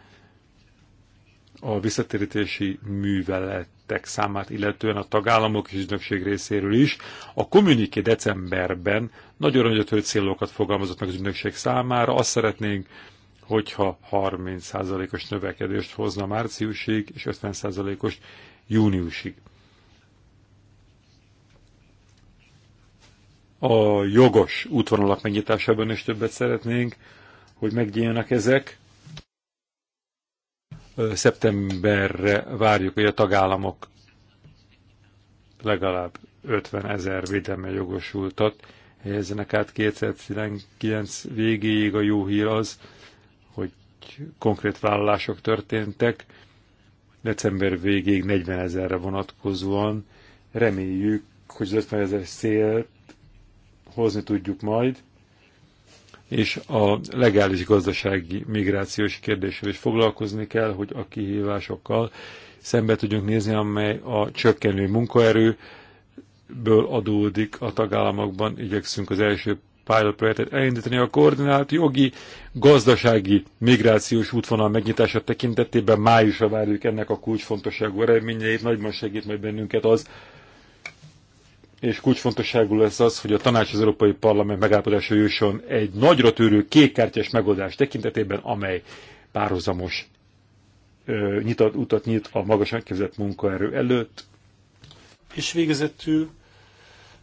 a visszatérítési művelet érintettek számát, illetően a tagállamok és ügynökség részéről is. A kommuniké decemberben nagyon nagyot célokat fogalmazott meg az ügynökség számára. Azt szeretnénk, hogyha 30%-os növekedést hozna márciusig, és 50%-os júniusig. A jogos útvonalak megnyitásában is többet szeretnénk, hogy megnyíljanak ezek, Szeptemberre várjuk, hogy a tagállamok legalább 50 ezer védelme jogosultat helyezzenek át 2019 végéig. A jó hír az, hogy konkrét vállalások történtek, december végéig 40 ezerre vonatkozóan. Reméljük, hogy az 50 ezer szélt hozni tudjuk majd, és a legális gazdasági migrációs kérdéssel is foglalkozni kell, hogy a kihívásokkal szembe tudjunk nézni, amely a csökkenő munkaerőből adódik a tagállamokban. Igyekszünk az első pilot projektet elindítani a koordinált jogi, gazdasági, migrációs útvonal megnyitása tekintetében. Májusra várjuk ennek a kulcsfontosságú eredményeit. Nagyban segít majd bennünket az, és kulcsfontosságú lesz az, hogy a tanács az Európai Parlament megállapodása jusson egy nagyra törő kékkártyás megoldás tekintetében, amely párhuzamos ö, nyitat, utat nyit a magas megképzett munkaerő előtt. És végezetül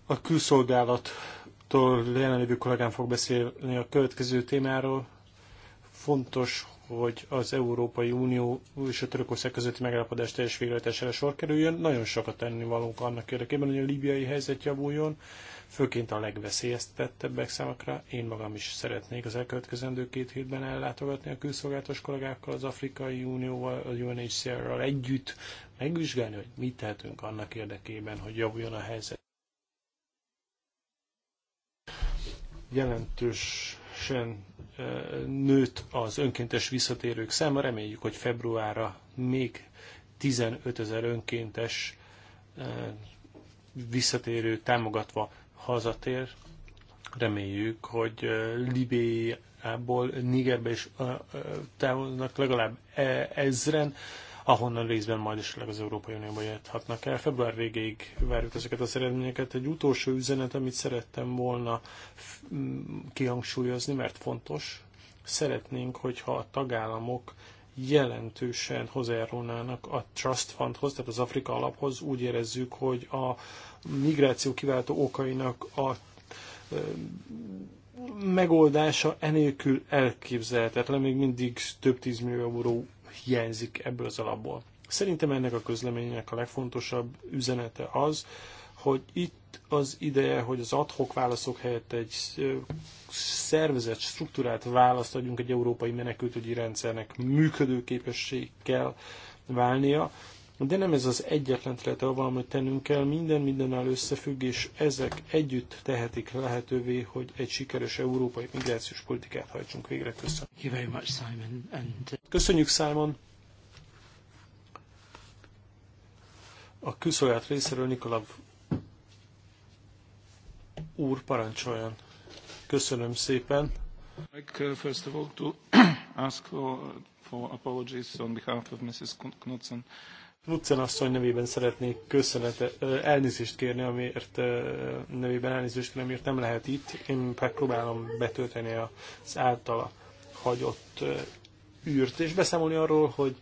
a külszolgálattól jelenlévő kollégám fog beszélni a következő témáról. Fontos, hogy az Európai Unió és a Törökország közötti megállapodás teljes végrehajtására sor kerüljön. Nagyon sokat tenni valunk annak érdekében, hogy a libiai helyzet javuljon, főként a legveszélyeztetettebbek számokra. Én magam is szeretnék az elkövetkezendő két hétben ellátogatni a külszolgálatos kollégákkal, az Afrikai Unióval, a UNHCR-ral együtt, megvizsgálni, hogy mit tehetünk annak érdekében, hogy javuljon a helyzet. Jelentősen nőtt az önkéntes visszatérők száma, reméljük, hogy februárra még 15 ezer önkéntes visszatérő támogatva hazatér. Reméljük, hogy Libéából Nigerbe is távoznak legalább e-, ezren, ahonnan részben majd esetleg az Európai Unióba jöhetnek el. Február végéig várjuk ezeket az eredményeket. Egy utolsó üzenet, amit szerettem volna mm, kihangsúlyozni, mert fontos. Szeretnénk, hogyha a tagállamok jelentősen hozzájárulnának a Trust Fundhoz, tehát az Afrika alaphoz. Úgy érezzük, hogy a migráció kiváltó okainak a megoldása enélkül elképzelhetetlen, még mindig több tízmillió euró hiányzik ebből az alapból. Szerintem ennek a közleménynek a legfontosabb üzenete az, hogy itt az ideje, hogy az adhok válaszok helyett egy szervezett, struktúrát választ adjunk egy európai menekültügyi rendszernek működőképesség kell válnia, de nem ez az egyetlen terület, ahol valamit tennünk kell, minden mindennel és ezek együtt tehetik lehetővé, hogy egy sikeres európai migrációs politikát hajtsunk végre. Köszönöm. Much, Simon. And... Uh, Köszönjük, Simon! A külszolgált részéről Nikolav úr parancsoljon. Köszönöm szépen. Like, uh, first of all, to <coughs> ask for, for apologies on behalf of Mrs. Knudsen. Uh, Knudsen asszony nevében szeretnék köszönet, elnézést kérni, amiért nevében elnézést kérni, amiért nem lehet itt. Én próbálom betölteni az általa hagyott űrt, és beszámolni arról, hogy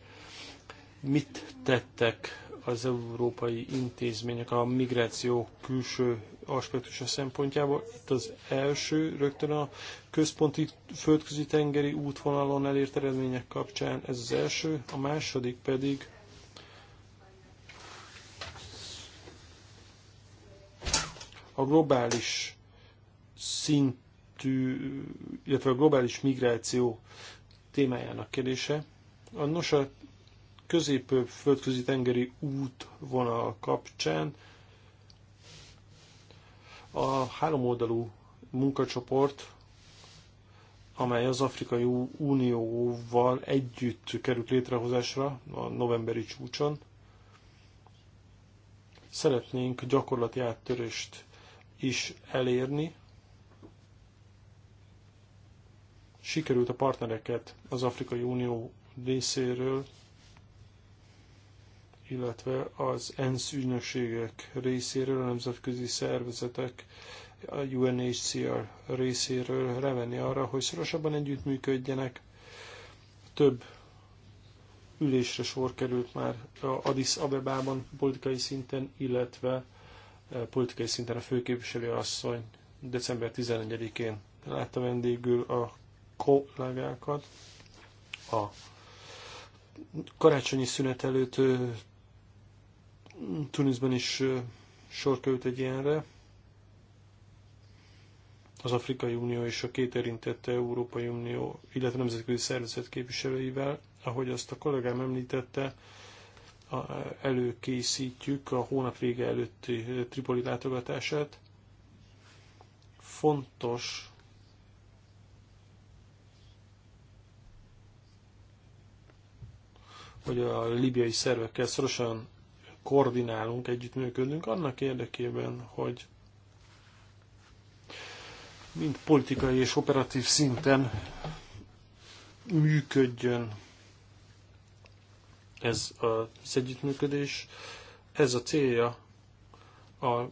mit tettek az európai intézmények a migráció külső aspektusa szempontjából. Itt az első, rögtön a központi földközi tengeri útvonalon elért eredmények kapcsán, ez az első, a második pedig a globális szintű, illetve a globális migráció témájának kérdése. A NOSA közép-földközi tengeri útvonal kapcsán a háromoldalú munkacsoport, amely az Afrikai Unióval együtt került létrehozásra a novemberi csúcson, szeretnénk gyakorlati áttörést is elérni. Sikerült a partnereket az Afrikai Unió részéről, illetve az ENSZ ügynökségek részéről, a nemzetközi szervezetek, a UNHCR részéről revenni arra, hogy szorosabban együttműködjenek. Több ülésre sor került már Addis Abebában politikai szinten, illetve Eh, politikai szinten a főképviselő asszony december 11-én látta vendégül a kollégákat a karácsonyi szünet előtt eh, Tunisban is eh, sor került egy ilyenre. Az Afrikai Unió és a két érintett Európai Unió, illetve nemzetközi szervezet képviselőivel, ahogy azt a kollégám említette, előkészítjük a hónap vége előtti eh, Tripoli látogatását. Fontos hogy a libiai szervekkel szorosan koordinálunk, együttműködünk annak érdekében, hogy mind politikai és operatív szinten működjön ez az együttműködés, ez a célja az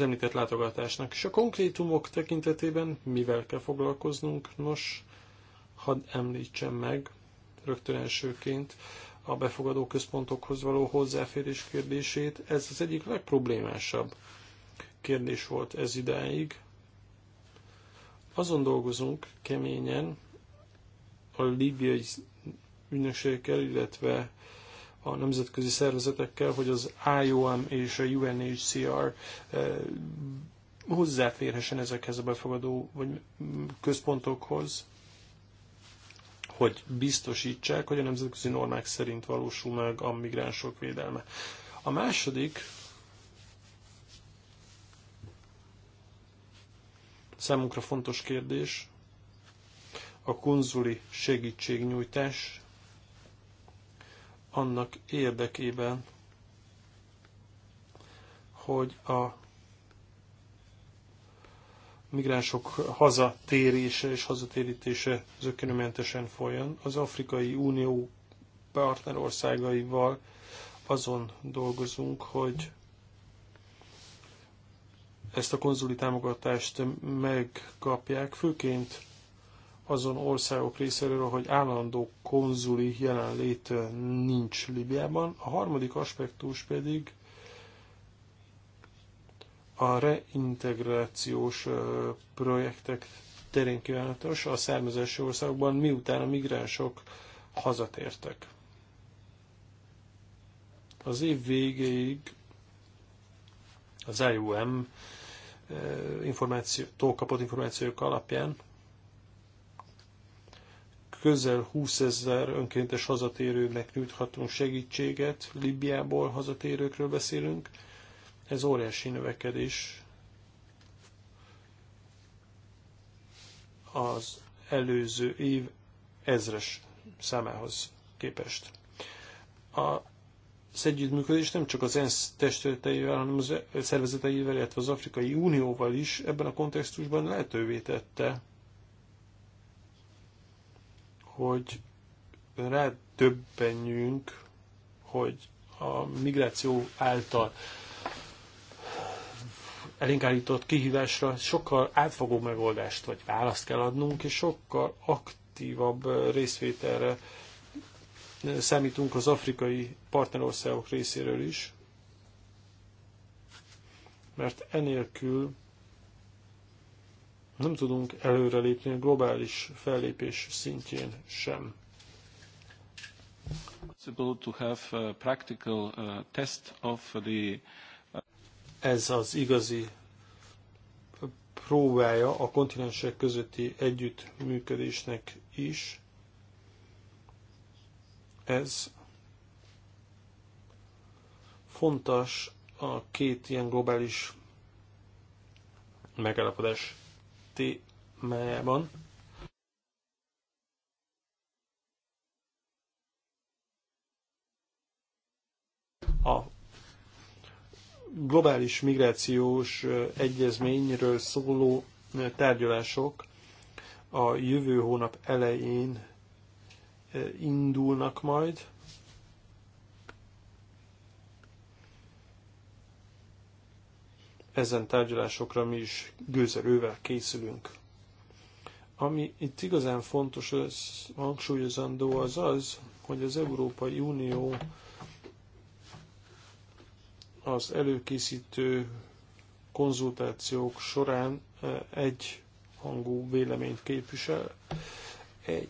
említett látogatásnak. És a konkrétumok tekintetében mivel kell foglalkoznunk? Nos, hadd említsem meg rögtön elsőként a befogadó központokhoz való hozzáférés kérdését. Ez az egyik legproblémásabb kérdés volt ez idáig. Azon dolgozunk keményen a libiai ügynökségekkel, illetve a nemzetközi szervezetekkel, hogy az IOM és a UNHCR eh, hozzáférhessen ezekhez a befogadó vagy központokhoz, hogy biztosítsák, hogy a nemzetközi normák szerint valósul meg a migránsok védelme. A második számunkra fontos kérdés a konzuli segítségnyújtás annak érdekében, hogy a migránsok hazatérése és hazatérítése zökkenőmentesen folyjon. Az Afrikai Unió partnerországaival azon dolgozunk, hogy ezt a konzuli támogatást megkapják, főként azon országok részéről, hogy állandó konzuli jelenlét nincs Libiában. A harmadik aspektus pedig a reintegrációs projektek terén kívánatos a származási országokban, miután a migránsok hazatértek. Az év végéig az IOM információ, kapott információk alapján közel 20 ezer önkéntes hazatérőnek nyújthatunk segítséget, Libiából hazatérőkről beszélünk. Ez óriási növekedés az előző év ezres számához képest. A együttműködés nem csak az ENSZ testületeivel, hanem az szervezeteivel, illetve az Afrikai Unióval is ebben a kontextusban lehetővé tette hogy rátöbbenjünk, hogy a migráció által elinkállított kihívásra sokkal átfogó megoldást vagy választ kell adnunk, és sokkal aktívabb részvételre számítunk az afrikai partnerországok részéről is, mert enélkül nem tudunk előrelépni a globális fellépés szintjén sem. Uh, uh, Ez az igazi próbája a kontinensek közötti együttműködésnek is. Ez fontos a két ilyen globális megállapodás témában. A globális migrációs egyezményről szóló tárgyalások a jövő hónap elején indulnak majd. ezen tárgyalásokra mi is gőzerővel készülünk. Ami itt igazán fontos, az hangsúlyozandó az az, hogy az Európai Unió az előkészítő konzultációk során eh, egy hangú véleményt képvisel, egy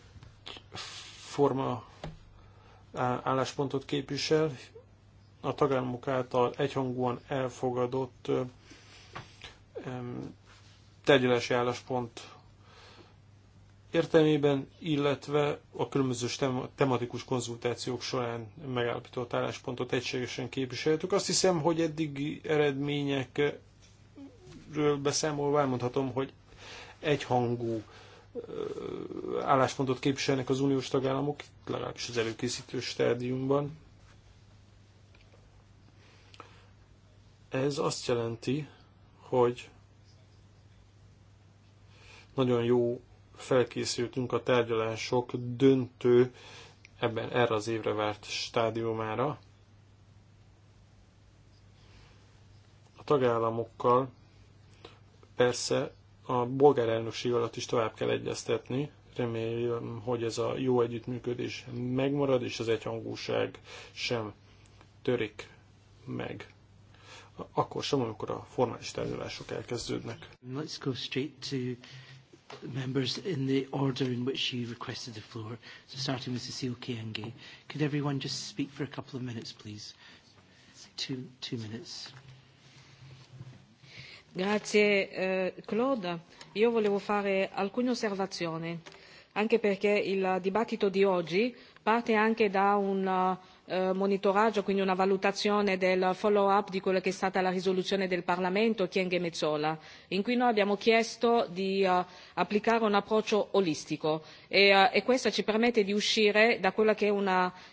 forma álláspontot képvisel, a tagállamok által egyhangúan elfogadott eh, tárgyalási álláspont értelmében, illetve a különböző tematikus konzultációk során megállapított álláspontot egységesen képviseltük. Azt hiszem, hogy eddigi eredményekről beszámolva elmondhatom, hogy egyhangú álláspontot képviselnek az uniós tagállamok, legalábbis az előkészítő stádiumban. Ez azt jelenti, hogy nagyon jó felkészültünk a tárgyalások döntő ebben erre az évre várt stádiumára. A tagállamokkal persze a bolgár elnökség alatt is tovább kell egyeztetni. Remélem, hogy ez a jó együttműködés megmarad, és az egyhangúság sem törik meg. Akkor sem, amikor a formális tárgyalások elkezdődnek. Let's go straight to members in the order in which you requested the floor. So starting with Cecile Kienge. Could everyone just speak for a couple of minutes, please? Two, two minutes. Grazie eh, Claude. Io volevo fare alcune osservazioni, anche perché il dibattito di oggi parte anche da un uh, Eh, monitoraggio, quindi una valutazione del follow up di quella che è stata la risoluzione del Parlamento Chienghe Mezzola, in cui noi abbiamo chiesto di eh, applicare un approccio olistico E, eh, e, questo ci permette di uscire da quello che è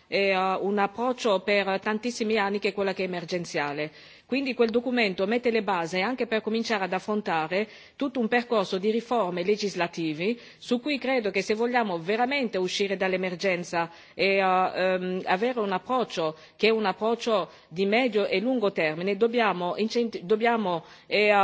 eh, eh, un approccio per tantissimi anni che è quello che è emergenziale quindi quel documento mette le basi anche per cominciare ad affrontare tutto un percorso di riforme legislative su cui credo che se vogliamo veramente uscire dall'emergenza e ehm, avere un approccio che è un approccio di medio e lungo termine dobbiamo,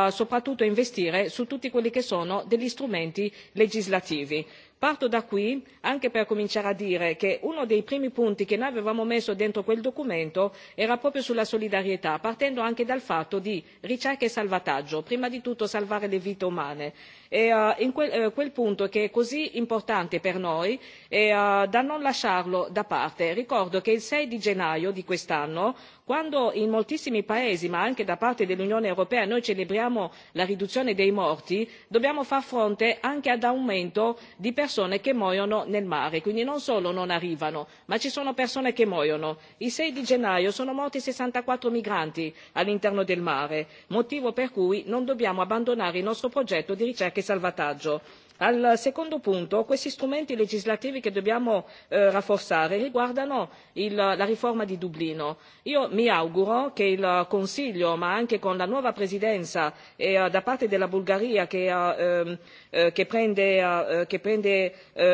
soprattutto investire su tutti quelli che sono degli strumenti legislativi parto da qui anche per cominciare a dire che uno dei primi punti che noi avevamo messo dentro quel documento era proprio sulla solidarietà partendo anche dal fatto di ricerca e salvataggio prima di tutto salvare le vite umane e in quel, eh, quel punto che è così importante per noi e da non lasciarlo da parte. ricordo che il sei di gennaio di quest'anno quando in moltissimi paesi ma anche da parte dell'unione europea noi celebriamo la riduzione dei morti dobbiamo far fronte anche ad aumento di persone che muoiono nel mare quindi non solo non arrivano ma ci sono persone che muoiono. il sei di gennaio sono morti sessantaquattro migranti all'interno del mare motivo per cui non dobbiamo abbandonare il nostro progetto di ricerca che salvataggio. al secondo punto questi strumenti legislativi che dobbiamo eh, rafforzare riguardano la riforma di dublino. io mi auguro che il consiglio ma anche con la nuova presidenza e, eh, da parte della bulgaria che eh, ehm, prende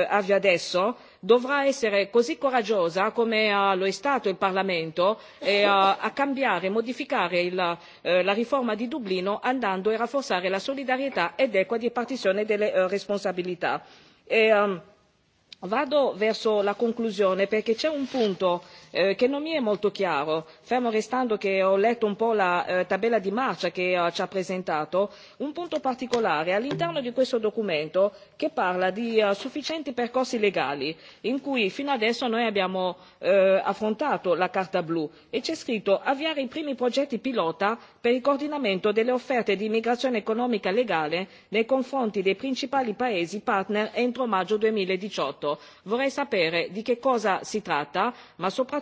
avvio adesso dovrà essere così coraggiosa come lo è stato il parlamento eh, a cambiare e modificare eh, la riforma di dublino andando a e rafforzare la solidarietà ed equa ripartizione delle eh, responsabilità. E, ehm, vado verso la conclusione perché c'è un punto Eh, che non mi è molto chiaro fermo restando che ho letto un po' la eh, tabella di marcia che ci ha presentato un punto particolare all'interno di questo documento che parla di eh, sufficienti percorsi legali in cui fino adesso noi abbiamo affrontato la carta blu e c'è scritto avviare i primi progetti pilota per il coordinamento delle offerte di immigrazione economica legale nei confronti dei principali paesi partner entro maggio. duemiladiciotto vorrei sapere di che cosa si tratta ma soprattutto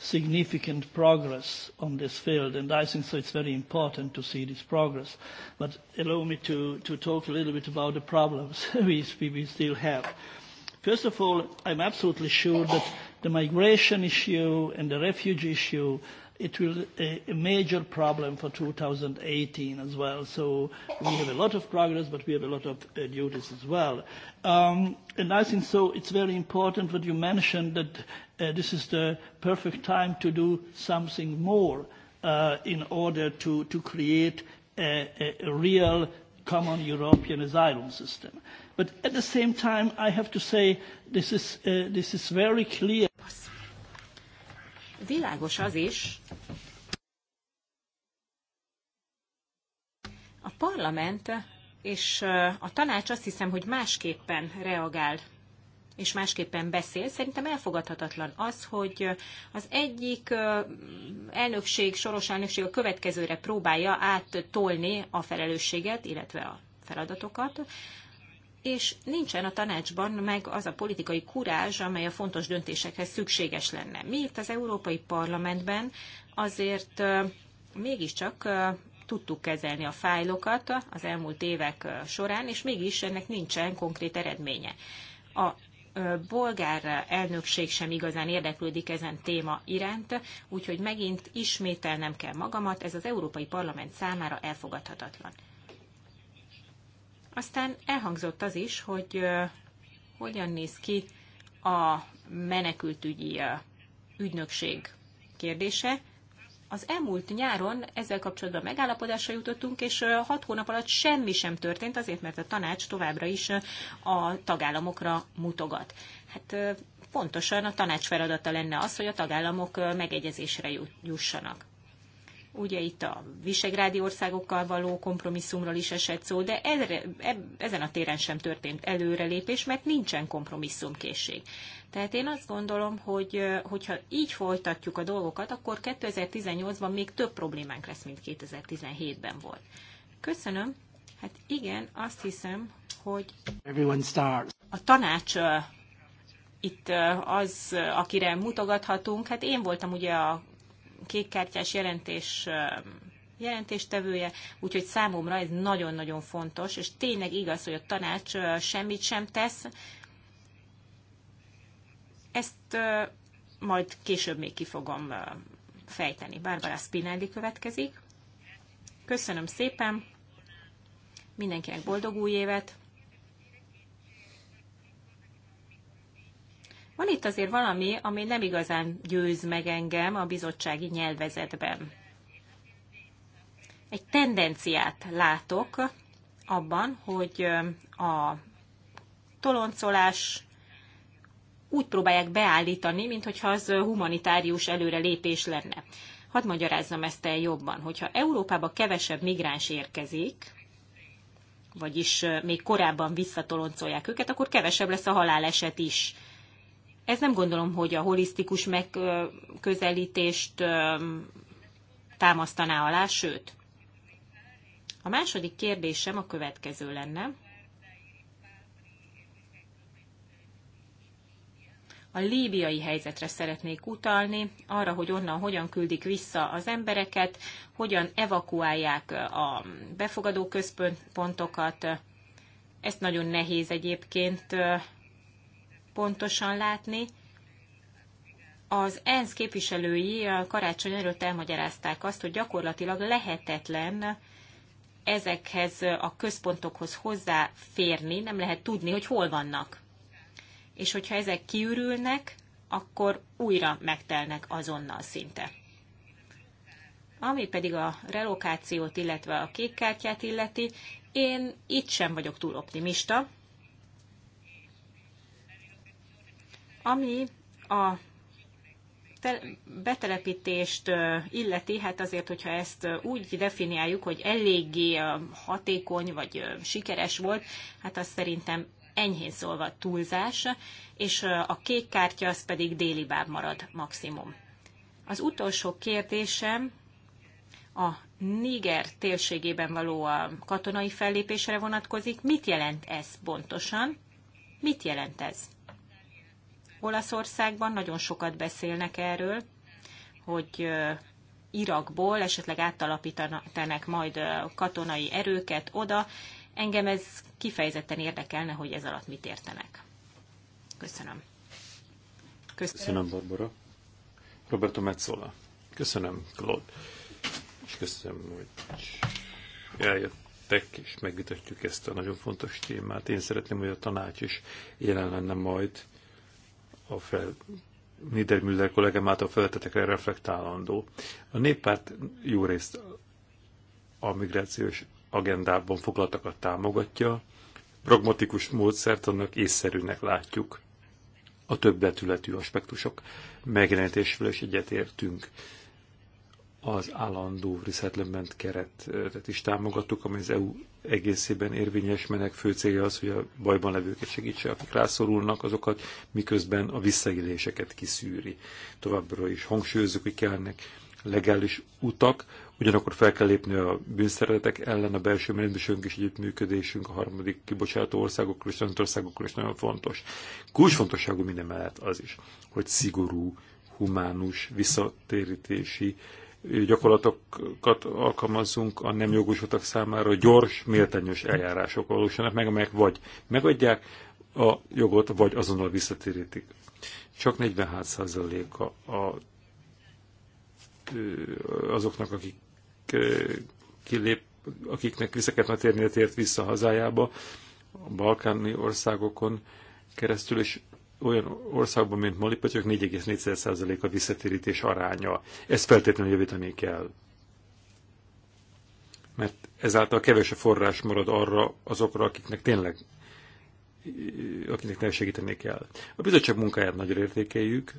significant progress on this field, and I think so it's very important to see this progress. But allow me to, to talk a little bit about the problems <laughs> we, we still have. First of all, I'm absolutely sure that the migration issue and the refugee issue it will a, a major problem for 2018 as well. So we have a lot of progress, but we have a lot of uh, duties as well. Um, and I think so it's very important what you mentioned that uh, this is the perfect time to do something more uh, in order to, to create a, a, real common European asylum system. But at the same time, I have to say this is, uh, this is very clear világos az is, a parlament és uh, a tanács azt hiszem, hogy másképpen reagál és másképpen beszél. Szerintem elfogadhatatlan az, hogy uh, az egyik uh, elnökség, soros elnökség a következőre próbálja áttolni a felelősséget, illetve a feladatokat és nincsen a tanácsban meg az a politikai kurázs, amely a fontos döntésekhez szükséges lenne. Mi itt az Európai Parlamentben azért mégiscsak tudtuk kezelni a fájlokat az elmúlt évek során, és mégis ennek nincsen konkrét eredménye. A bolgár elnökség sem igazán érdeklődik ezen téma iránt, úgyhogy megint ismételnem kell magamat, ez az Európai Parlament számára elfogadhatatlan. Aztán elhangzott az is, hogy hogyan néz ki a menekültügyi ügynökség kérdése. Az elmúlt nyáron ezzel kapcsolatban megállapodásra jutottunk, és hat hónap alatt semmi sem történt, azért mert a tanács továbbra is a tagállamokra mutogat. Hát pontosan a tanács feladata lenne az, hogy a tagállamok megegyezésre jussanak. Ugye itt a visegrádi országokkal való kompromisszumról is esett szó, de erre, e, ezen a téren sem történt előrelépés, mert nincsen kompromisszumkészség. Tehát én azt gondolom, hogy hogyha így folytatjuk a dolgokat, akkor 2018-ban még több problémánk lesz, mint 2017-ben volt. Köszönöm. Hát igen, azt hiszem, hogy a tanács itt az, akire mutogathatunk, hát én voltam ugye a kékkártyás jelentés jelentéstevője, úgyhogy számomra ez nagyon-nagyon fontos, és tényleg igaz, hogy a tanács semmit sem tesz. Ezt majd később még ki fogom fejteni. Barbara Spinelli következik. Köszönöm szépen, mindenkinek boldog új évet! Van itt azért valami, ami nem igazán győz meg engem a bizottsági nyelvezetben. Egy tendenciát látok abban, hogy a toloncolás úgy próbálják beállítani, mintha az humanitárius előrelépés lenne. Hadd magyarázzam ezt el jobban, hogyha Európába kevesebb migráns érkezik, vagyis még korábban visszatoloncolják őket, akkor kevesebb lesz a haláleset is. Ez nem gondolom, hogy a holisztikus megközelítést támasztaná alá, sőt. A második kérdésem a következő lenne. a líbiai helyzetre szeretnék utalni, arra, hogy onnan hogyan küldik vissza az embereket, hogyan evakuálják a befogadó központokat. Ezt nagyon nehéz egyébként pontosan látni. Az ENSZ képviselői karácsony előtt elmagyarázták azt, hogy gyakorlatilag lehetetlen ezekhez a központokhoz hozzáférni, nem lehet tudni, hogy hol vannak. És hogyha ezek kiürülnek, akkor újra megtelnek azonnal szinte. Ami pedig a relokációt, illetve a kék kártyát illeti, én itt sem vagyok túl optimista, Ami a betelepítést illeti, hát azért, hogyha ezt úgy definiáljuk, hogy eléggé hatékony vagy sikeres volt, hát az szerintem enyhén szólva túlzás, és a kék kártya az pedig délibáb marad maximum. Az utolsó kérdésem a Niger térségében való a katonai fellépésre vonatkozik. Mit jelent ez pontosan? Mit jelent ez? Olaszországban nagyon sokat beszélnek erről, hogy Irakból esetleg áttalapítanak majd katonai erőket oda. Engem ez kifejezetten érdekelne, hogy ez alatt mit értenek. Köszönöm. Köszönöm, Köszönöm Barbara. Roberto Metzola. Köszönöm, Claude. És köszönöm, hogy eljöttek, és megvitatjuk ezt a nagyon fontos témát. Én szeretném, hogy a tanács is jelen lenne majd a fel, Niedermüller kollégám által feltetekre reflektálandó. A néppárt jó részt a migrációs agendában foglaltakat támogatja, pragmatikus módszert annak észszerűnek látjuk. A több aspektusok megjelenítésével is egyetértünk. Az állandó resettlement keretet is támogattuk, ami az EU egészében érvényes, menek fő célja az, hogy a bajban levőket segítse, akik rászorulnak azokat, miközben a visszaéléseket kiszűri. Továbbra is hangsúlyozzuk, hogy kellnek legális utak, ugyanakkor fel kell lépni a bűnszervezetek ellen, a belső menetbűsünk és együttműködésünk a harmadik kibocsátó országokkal és országokkal is nagyon fontos. Kulcsfontosságú minden mellett az is, hogy szigorú, humánus, visszatérítési gyakorlatokat alkalmazzunk a nem jogosultak számára, gyors, méltányos eljárások valósulnak meg, amelyek vagy megadják a jogot, vagy azonnal visszatérítik. Csak 46%-a a, azoknak, akik kilép, akiknek vissza kellett térni, tért vissza hazájába, a balkáni országokon keresztül, és olyan országban, mint csak 4,4% a visszatérítés aránya. Ezt feltétlenül javítani kell. Mert ezáltal kevesebb forrás marad arra azokra, akiknek tényleg akinek tényleg segíteni kell. A bizottság munkáját nagyra értékeljük,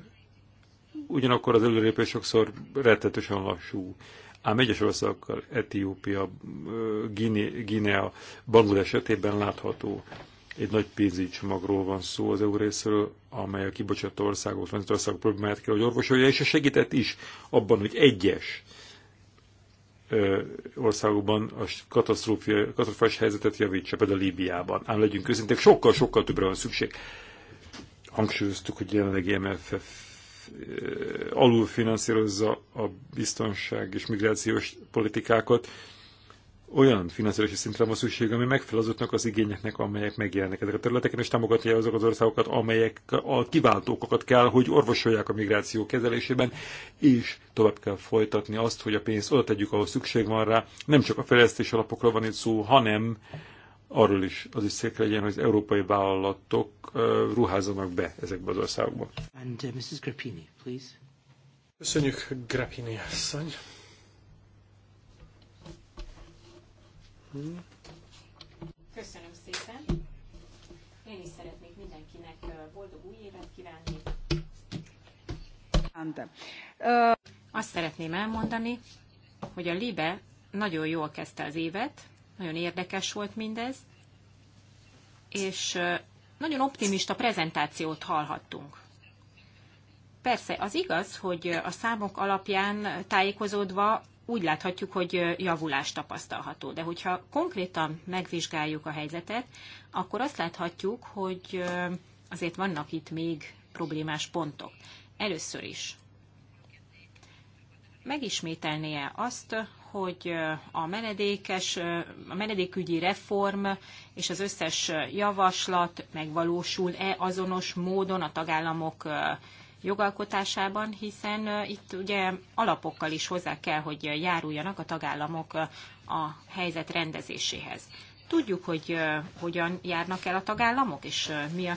ugyanakkor az előrépés sokszor rettetősen lassú. Ám egyes országokkal, Etiópia, Guinea, Bangladesh esetében látható, egy nagy pénzügyi csomagról van szó az EU részéről, amely a kibocsátó országok, országok problémáját kell, hogy orvosolja, és a segített is abban, hogy egyes országokban a katasztrofális helyzetet javítsa, például Líbiában. Ám legyünk őszintén, sokkal-sokkal többre van szükség. Hangsúlyoztuk, hogy jelenlegi MFF alulfinanszírozza a biztonság és migrációs politikákat, olyan finanszírozási szintre van szükség, ami megfelel azoknak az igényeknek, amelyek megjelennek ezek a területeken, és támogatja azok az országokat, amelyek a kiváltókokat kell, hogy orvosolják a migráció kezelésében, és tovább kell folytatni azt, hogy a pénzt oda tegyük, ahol szükség van rá. Nem csak a fejlesztés alapokra van itt szó, hanem arról is az is szék legyen, hogy az európai vállalatok ruházzanak be ezekbe az országokba. And, uh, Mrs. Grappini, please. Köszönjük, Grappini asszony. Köszönöm szépen. Én is szeretnék mindenkinek boldog új évet kívánni. Uh, Azt szeretném elmondani, hogy a Libe nagyon jól kezdte az évet, nagyon érdekes volt mindez, és nagyon optimista prezentációt hallhattunk. Persze, az igaz, hogy a számok alapján tájékozódva úgy láthatjuk, hogy javulás tapasztalható. De hogyha konkrétan megvizsgáljuk a helyzetet, akkor azt láthatjuk, hogy azért vannak itt még problémás pontok. Először is megismételnie azt, hogy a menedékes, a menedékügyi reform és az összes javaslat megvalósul-e azonos módon a tagállamok jogalkotásában, hiszen itt ugye alapokkal is hozzá kell, hogy járuljanak a tagállamok a helyzet rendezéséhez. Tudjuk, hogy hogyan járnak el a tagállamok, és mi a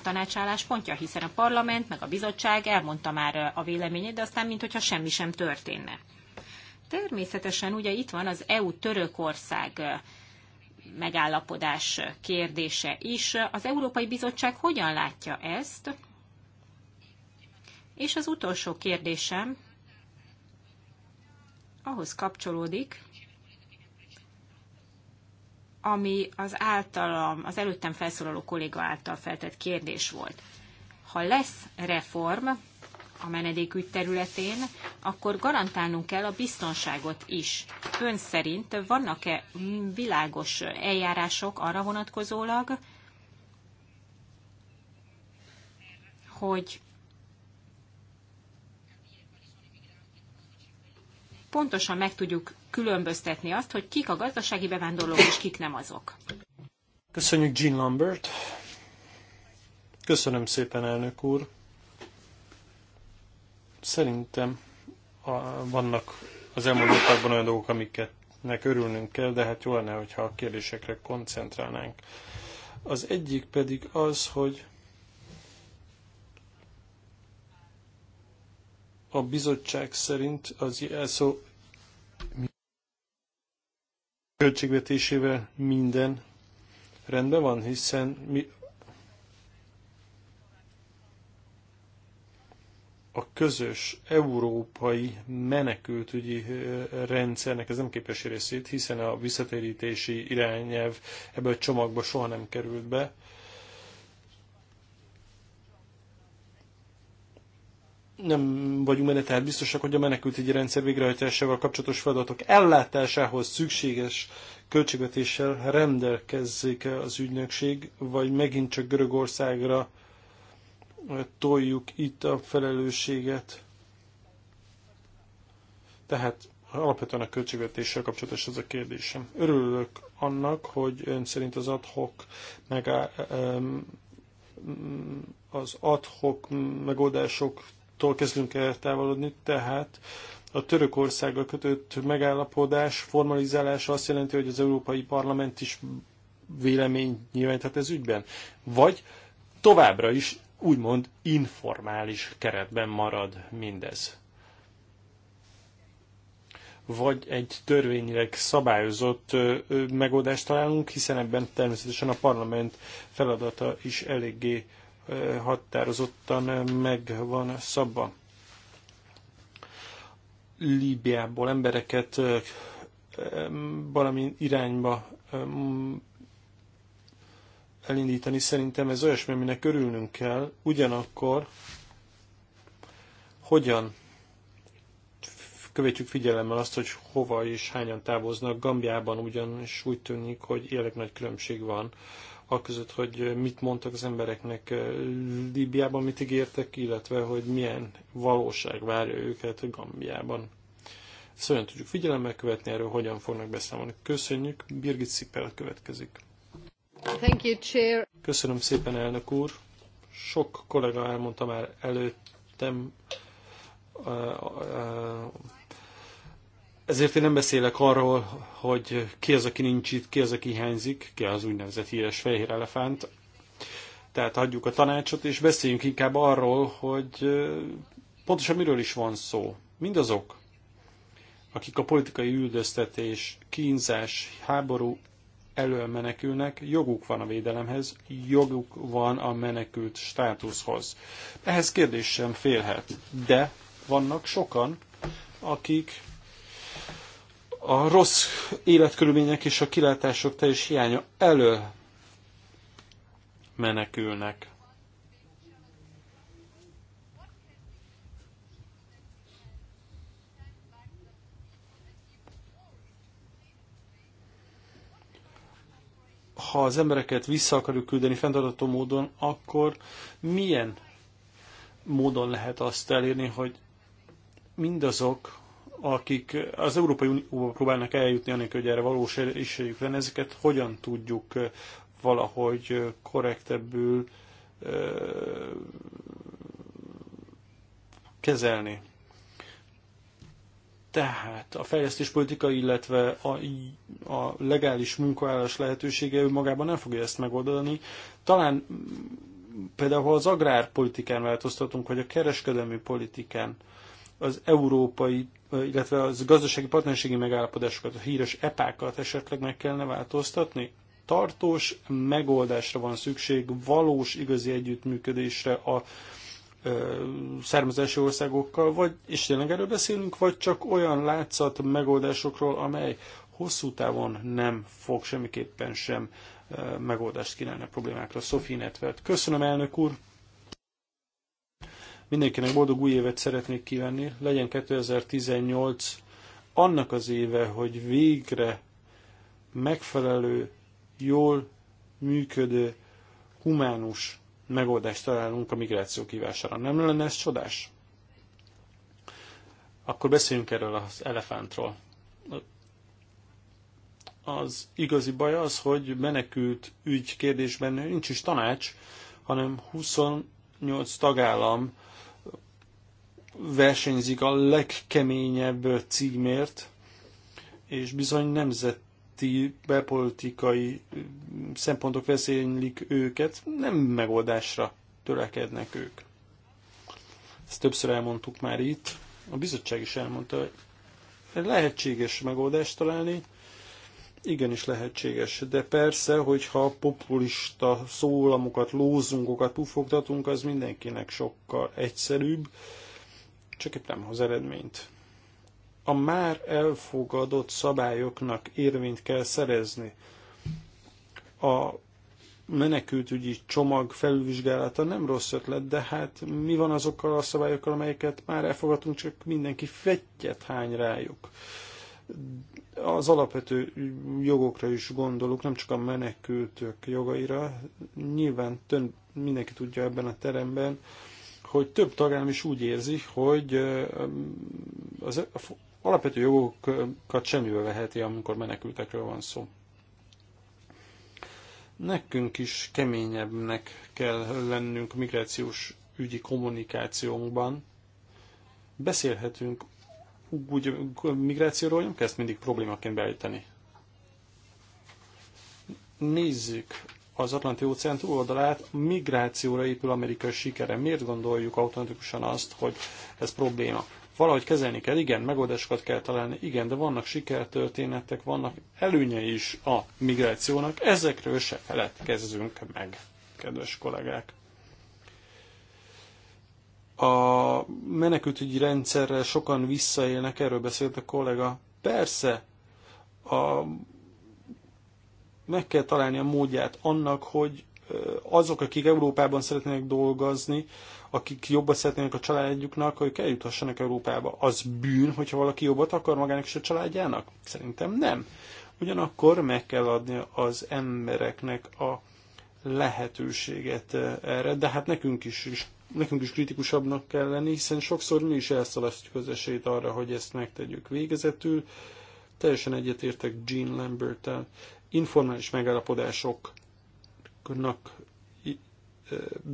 pontja, hiszen a parlament meg a bizottság elmondta már a véleményét, de aztán mintha semmi sem történne. Természetesen ugye itt van az EU-Törökország megállapodás kérdése is. Az Európai Bizottság hogyan látja ezt? És az utolsó kérdésem ahhoz kapcsolódik, ami az általam, az előttem felszólaló kolléga által feltett kérdés volt. Ha lesz reform a menedékügy területén, akkor garantálnunk kell a biztonságot is. Ön szerint vannak-e világos eljárások arra vonatkozólag, hogy pontosan meg tudjuk különböztetni azt, hogy kik a gazdasági bevándorlók és kik nem azok. Köszönjük Jean Lambert. Köszönöm szépen, elnök úr. Szerintem a, vannak az elmúlt napokban olyan dolgok, amiket nek örülnünk kell, de hát jó lenne, hogyha a kérdésekre koncentrálnánk. Az egyik pedig az, hogy a bizottság szerint az ISO költségvetésével minden rendben van, hiszen mi a közös európai menekültügyi rendszernek ez nem képes részét, hiszen a visszatérítési irányelv ebbe a csomagba soha nem került be. nem vagyunk benne tehát biztosak, hogy a menekültügyi rendszer végrehajtásával kapcsolatos feladatok ellátásához szükséges költségvetéssel rendelkezzék -e az ügynökség, vagy megint csak Görögországra toljuk itt a felelősséget. Tehát alapvetően a költségvetéssel kapcsolatos az a kérdésem. Örülök annak, hogy ön szerint az adhok meg az adhok megoldások tól kezdünk el távolodni, tehát a Törökországgal kötött megállapodás formalizálása azt jelenti, hogy az Európai Parlament is vélemény nyilvánthat ez ügyben? Vagy továbbra is úgymond informális keretben marad mindez? Vagy egy törvényileg szabályozott megoldást találunk, hiszen ebben természetesen a parlament feladata is eléggé határozottan meg van szabva. Líbiából embereket valami irányba elindítani, szerintem ez olyasmi, aminek örülnünk kell, ugyanakkor hogyan követjük figyelemmel azt, hogy hova és hányan távoznak. Gambiában ugyanis úgy tűnik, hogy élek nagy különbség van aközött, hogy mit mondtak az embereknek eh, Líbiában, mit ígértek, illetve hogy milyen valóság várja őket Gambiában. Ezt hogyan tudjuk figyelemmel követni, erről hogyan fognak beszámolni. Köszönjük, Birgit Szipel következik. Thank you, chair. Köszönöm szépen, elnök úr. Sok kollega elmondta már előttem, eh, eh, ezért én nem beszélek arról, hogy ki az, aki nincs itt, ki az, aki hiányzik, ki az úgynevezett híres fehér elefánt. Tehát hagyjuk a tanácsot, és beszéljünk inkább arról, hogy pontosan miről is van szó. Mindazok, akik a politikai üldöztetés, kínzás, háború elől menekülnek, joguk van a védelemhez, joguk van a menekült státuszhoz. Ehhez kérdés sem félhet, de vannak sokan, akik a rossz életkörülmények és a kilátások teljes hiánya elől menekülnek. ha az embereket vissza akarjuk küldeni fenntartható módon, akkor milyen módon lehet azt elérni, hogy mindazok, akik az Európai Unióba próbálnak eljutni, anélkül, hogy erre valós esélyük lenne, ezeket hogyan tudjuk valahogy korrektebbül kezelni. Tehát a fejlesztéspolitika, illetve a, a legális munkaállás lehetősége önmagában nem fogja ezt megoldani. Talán mm, például az agrárpolitikán változtatunk, vagy a kereskedelmi politikán, az európai illetve az gazdasági partnerségi megállapodásokat, a híres epákat esetleg meg kellene változtatni? Tartós megoldásra van szükség, valós igazi együttműködésre a származási országokkal, vagy, és tényleg erről beszélünk, vagy csak olyan látszat megoldásokról, amely hosszú távon nem fog semmiképpen sem megoldást kínálni a problémákra. Sophie Netvert. Köszönöm, elnök úr! Mindenkinek boldog új évet szeretnék kívánni. Legyen 2018 annak az éve, hogy végre megfelelő, jól működő, humánus megoldást találunk a migráció kívására. Nem lenne ez csodás? Akkor beszéljünk erről az elefántról. Az igazi baj az, hogy menekült ügy kérdésben nincs is tanács, hanem 28 tagállam versenyzik a legkeményebb címért, és bizony nemzeti belpolitikai szempontok veszélylik őket, nem megoldásra törekednek ők. Ezt többször elmondtuk már itt, a bizottság is elmondta, hogy lehetséges megoldást találni, igenis lehetséges, de persze, hogyha populista szólamokat, lózungokat pufogtatunk, az mindenkinek sokkal egyszerűbb, csak itt nem hoz eredményt. A már elfogadott szabályoknak érvényt kell szerezni. A menekültügyi csomag felülvizsgálata nem rossz ötlet, de hát mi van azokkal a szabályokkal, amelyeket már elfogadtunk, csak mindenki fettyet hány rájuk. Az alapvető jogokra is gondolok, nem csak a menekültök jogaira. Nyilván tön, mindenki tudja ebben a teremben, hogy több tagállam is úgy érzi, hogy az alapvető jogokat semmibe veheti, amikor menekültekről van szó. Nekünk is keményebbnek kell lennünk migrációs ügyi kommunikációnkban. Beszélhetünk úgy migrációról, nem kell ezt mindig problémaként beállítani. Nézzük az Atlanti óceán túloldalát migrációra épül amerikai sikere. Miért gondoljuk automatikusan azt, hogy ez probléma? Valahogy kezelni kell, igen, megoldásokat kell találni, igen, de vannak sikertörténetek, vannak előnyei is a migrációnak, ezekről se feledkezzünk meg, kedves kollégák. A menekültügyi rendszerrel sokan visszaélnek, erről beszélt a kollega. Persze, a meg kell találni a módját annak, hogy azok, akik Európában szeretnének dolgozni, akik jobban szeretnének a családjuknak, hogy eljuthassanak Európába. Az bűn, hogyha valaki jobbat akar magának és a családjának? Szerintem nem. Ugyanakkor meg kell adni az embereknek a lehetőséget erre, de hát nekünk is, is nekünk is kritikusabbnak kell lenni, hiszen sokszor mi is elszalasztjuk az esélyt arra, hogy ezt megtegyük végezetül. Teljesen egyetértek Jean lambert -tel informális megállapodásoknak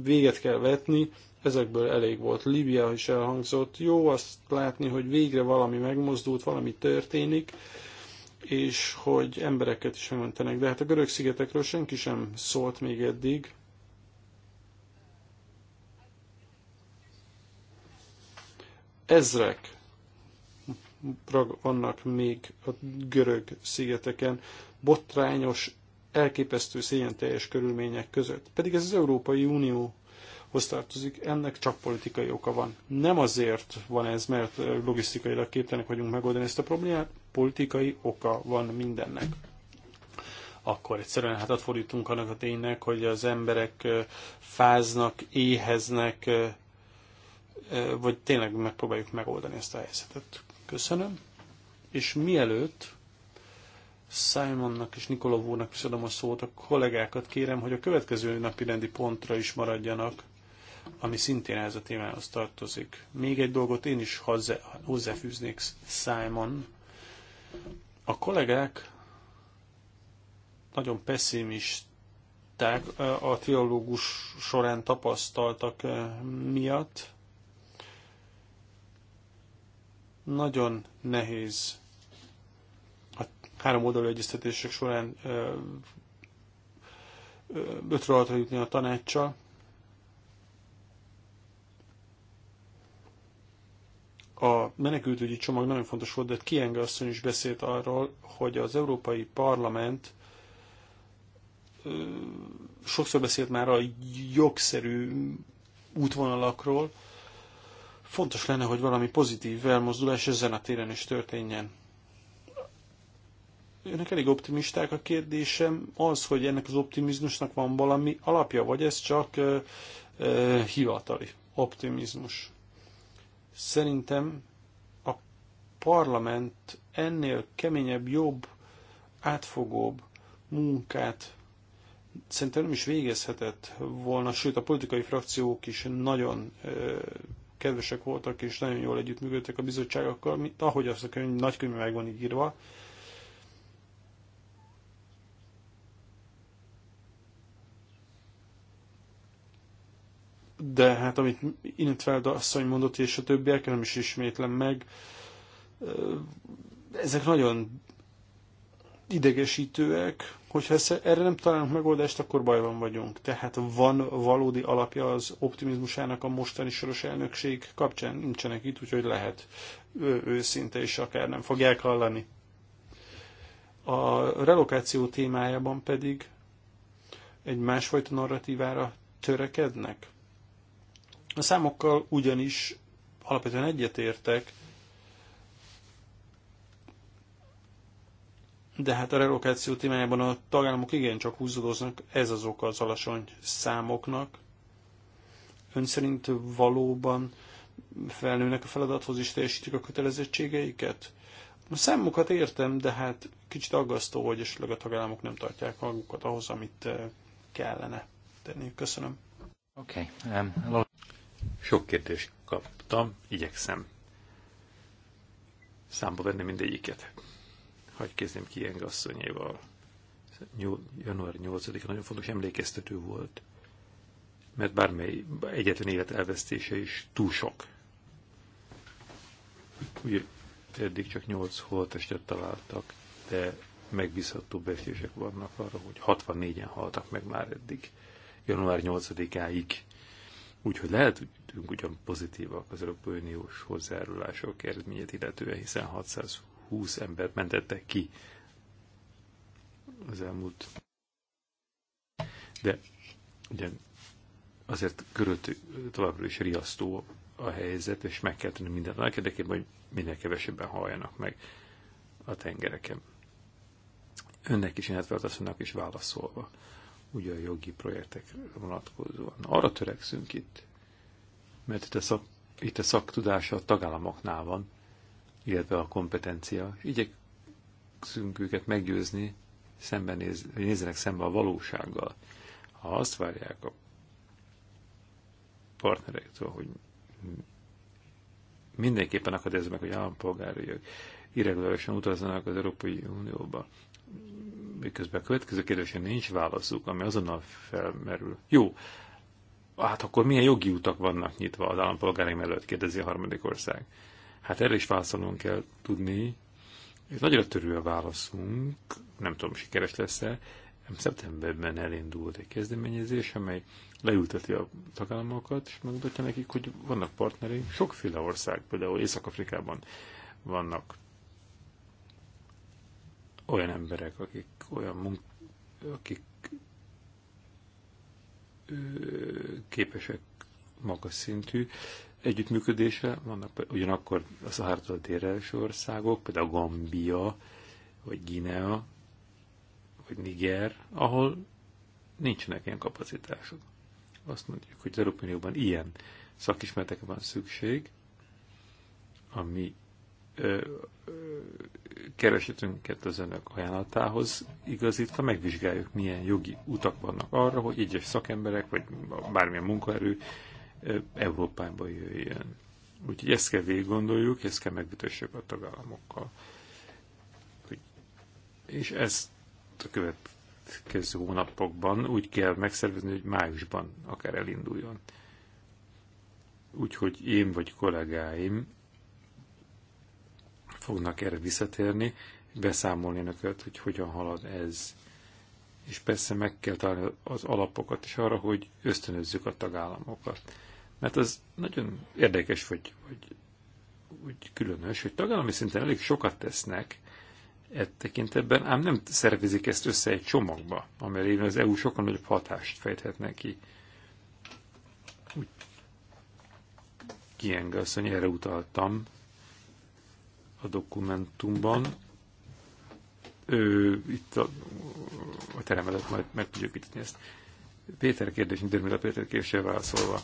véget kell vetni, ezekből elég volt. Libia is elhangzott. Jó azt látni, hogy végre valami megmozdult, valami történik, és hogy embereket is megmentenek. De hát a görög szigetekről senki sem szólt még eddig. Ezrek vannak még a görög szigeteken, botrányos, elképesztő teljes körülmények között. Pedig ez az Európai Unió hoz tartozik, ennek csak politikai oka van. Nem azért van ez, mert logisztikailag képtelenek vagyunk megoldani ezt a problémát, politikai oka van mindennek. Akkor egyszerűen ott fordítunk annak a ténynek, hogy az emberek fáznak, éheznek, vagy tényleg megpróbáljuk megoldani ezt a helyzetet. Köszönöm. És mielőtt Simonnak és Nikolov úrnak is adom a szót, a kollégákat kérem, hogy a következő napi rendi pontra is maradjanak, ami szintén ez a témához tartozik. Még egy dolgot én is hozzáfűznék, Simon. A kollégák nagyon pessimisták a triológus során tapasztaltak miatt. Nagyon nehéz három oldalú egyeztetések során ötről hatra jutni a tanácssal. A menekültügyi csomag nagyon fontos volt, de Kienge asszony is beszélt arról, hogy az Európai Parlament sokszor beszélt már a jogszerű útvonalakról, fontos lenne, hogy valami pozitív elmozdulás ezen a téren is történjen. Önök elég optimisták. A kérdésem az, hogy ennek az optimizmusnak van valami alapja, vagy ez csak ö, ö, hivatali optimizmus. Szerintem a parlament ennél keményebb, jobb, átfogóbb munkát szerintem nem is végezhetett volna, sőt a politikai frakciók is nagyon ö, kedvesek voltak és nagyon jól együttműködtek a bizottságokkal, mint ahogy azt a könyv, nagykönyv meg van írva. de hát amit Inetfeld asszony mondott, és a többiek, nem is ismétlem meg, ezek nagyon idegesítőek, hogyha erre nem találunk megoldást, akkor bajban vagyunk. Tehát van valódi alapja az optimizmusának a mostani soros elnökség kapcsán? Nincsenek itt, úgyhogy lehet ő, őszinte, is akár nem fogják hallani. A relokáció témájában pedig egy másfajta narratívára törekednek? A számokkal ugyanis alapvetően egyetértek, de hát a relokáció témájában a tagállamok igencsak húzódoznak, ez az oka az alacsony számoknak. Ön szerint valóban felnőnek a feladathoz is teljesítik a kötelezettségeiket? A számokat értem, de hát kicsit aggasztó, hogy esetleg a tagállamok nem tartják magukat ahhoz, amit eh, kellene tenni. Köszönöm. Oké. Okay. Um, sok kérdést kaptam, igyekszem számba venni mindegyiket. Hagy kezdjem ki ilyen asszonyéval. Január 8-a nagyon fontos emlékeztető volt, mert bármely egyetlen élet elvesztése is túl sok. Ugye eddig csak 8 holtestet találtak, de megbízható beszések vannak arra, hogy 64-en haltak meg már eddig, január 8-áig Úgyhogy lehet, lehetünk ugyan pozitívak az Európai Uniós hozzájárulások eredményét illetően, hiszen 620 embert mentettek ki az elmúlt. De ugye azért körülött továbbra is riasztó a helyzet, és meg kell tenni mindent annak érdekében, hogy minél kevesebben halljanak meg a tengereken. Önnek is, illetve az asszonynak is válaszolva ugye a jogi projektekre vonatkozóan. Arra törekszünk itt, mert itt a, szak, itt a szaktudása a tagállamoknál van, illetve a kompetencia. Igyekszünk őket meggyőzni, szemben néz, nézzenek szembe a valósággal. Ha azt várják a partnerektől, hogy mindenképpen akadézzük meg, hogy állampolgári irregulárisan utaznak az Európai Unióba miközben a következő kérdésre nincs válaszuk, ami azonnal felmerül. Jó, hát akkor milyen jogi utak vannak nyitva az állampolgárim előtt, kérdezi a harmadik ország. Hát erre is válaszolnunk kell tudni. Ez nagyra törő a válaszunk, nem tudom, sikeres lesz-e. Szeptemberben elindult egy kezdeményezés, amely leülteti a tagállamokat, és megmutatja nekik, hogy vannak partnereink sokféle ország, például Észak-Afrikában vannak olyan emberek, akik olyan munk, akik képesek magas szintű együttműködésre, vannak ugyanakkor a Szahártól délre első országok, például Gambia, vagy Guinea, vagy Niger, ahol nincsenek ilyen kapacitások. Azt mondjuk, hogy az Európai Unióban ilyen szakismeretekre van szükség, ami keresetünket az önök ajánlatához igazítva megvizsgáljuk, milyen jogi utak vannak arra, hogy egyes szakemberek, vagy bármilyen munkaerő Európába jöjjön. Úgyhogy ezt kell végig gondoljuk, ezt kell megvitassuk a tagállamokkal. És ezt a következő hónapokban úgy kell megszervezni, hogy májusban akár elinduljon. Úgyhogy én vagy kollégáim fognak erre visszatérni, beszámolni önöket, hogy hogyan halad ez. És persze meg kell találni az alapokat is arra, hogy ösztönözzük a tagállamokat. Mert az nagyon érdekes, vagy, vagy hogy különös, hogy tagállami szinten elég sokat tesznek e tekintetben, ám nem szervezik ezt össze egy csomagba, amelyben az EU sokkal nagyobb hatást fejthet ki. Úgy Kienge asszony, erre utaltam, a dokumentumban. Ő, itt a, a terem előtt majd meg tudjuk itt ezt. Péter kérdés, a Péter kérdésére válaszolva.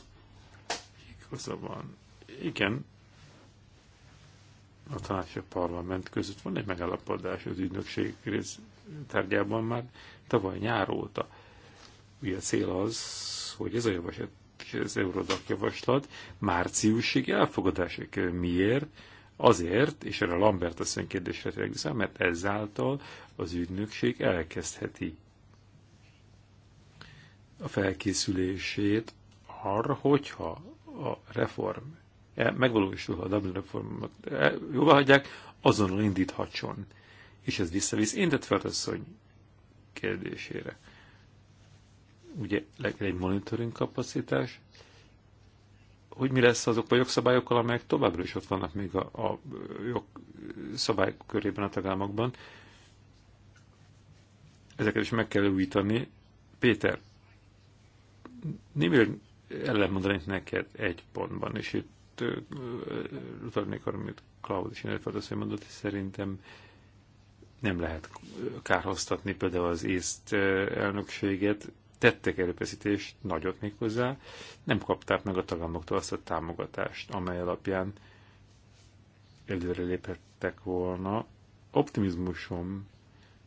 Igaza van. Igen, a tanács a parlament között van egy megállapodás az ügynökség rész tárgyában már tavaly nyár óta. Ugye a cél az, hogy ez a javaslat, ez az Eurodac javaslat márciusig elfogadásig. Miért? Azért, és erre Lambert asszony kérdésre térek vissza, mert ezáltal az ügynökség elkezdheti a felkészülését arra, hogyha a reform e, megvalósul, a Dublin reformot e, jóvá hagyják, azonnal indíthatson. És ez visszavisz én Indetfert asszony kérdésére. Ugye egy monitoring kapacitás, hogy mi lesz azokkal a jogszabályokkal, amelyek továbbra is ott vannak még a, a jogszabály körében a tagállamokban. Ezeket is meg kell újítani. Péter, némileg ellenmondanék neked egy pontban, és itt utalnék arra, amit Klaud is azt mondott, hogy szerintem nem lehet kárhoztatni például az észt elnökséget, tettek előpeszítést, nagyot még hozzá, nem kapták meg a tagállamoktól azt a támogatást, amely alapján előre léphettek volna. Optimizmusom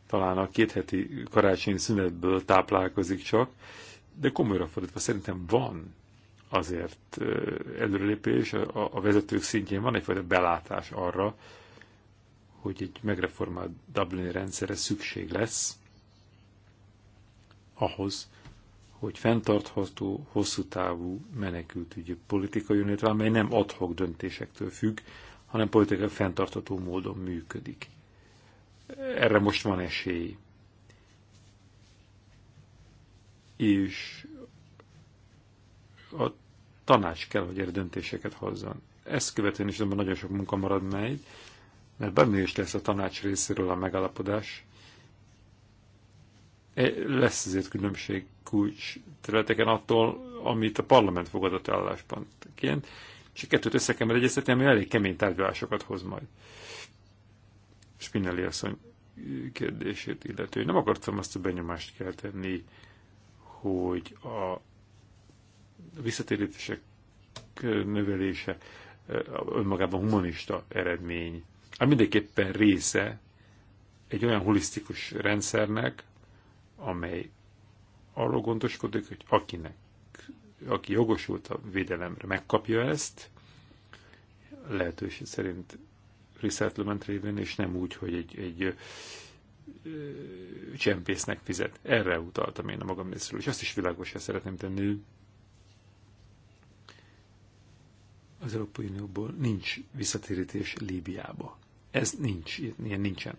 talán a két heti karácsonyi szünetből táplálkozik csak, de komolyra fordítva szerintem van azért előrelépés, a, a vezetők szintjén van egyfajta belátás arra, hogy egy megreformált Dublin rendszerre szükség lesz ahhoz, hogy fenntartható, hosszú távú menekültügyi politikai jön létre, amely nem adhok döntésektől függ, hanem politikai fenntartható módon működik. Erre most van esély. És a tanács kell, hogy erre döntéseket hozzon. Ezt követően is nagyon sok munka marad meg, mert benne is lesz a tanács részéről a megállapodás, E, lesz azért különbség kulcs területeken attól, amit a parlament fogadott álláspontként, és a kettőt össze kell egyeztetni, ami elég kemény tárgyalásokat hoz majd. Spinelli asszony kérdését illető. Nem akartam azt a benyomást tenni, hogy a visszatérítések növelése e, önmagában humanista eredmény. Hát mindenképpen része egy olyan holisztikus rendszernek, amely arról gondoskodik, hogy akinek, aki jogosult a védelemre, megkapja ezt, lehetőség szerint resettlement révén, és nem úgy, hogy egy, egy csempésznek fizet. Erre utaltam én a magam részről, és azt is világosra szeretném tenni, az Európai Unióból nincs visszatérítés Líbiába. Ez nincs, ilyen nincsen.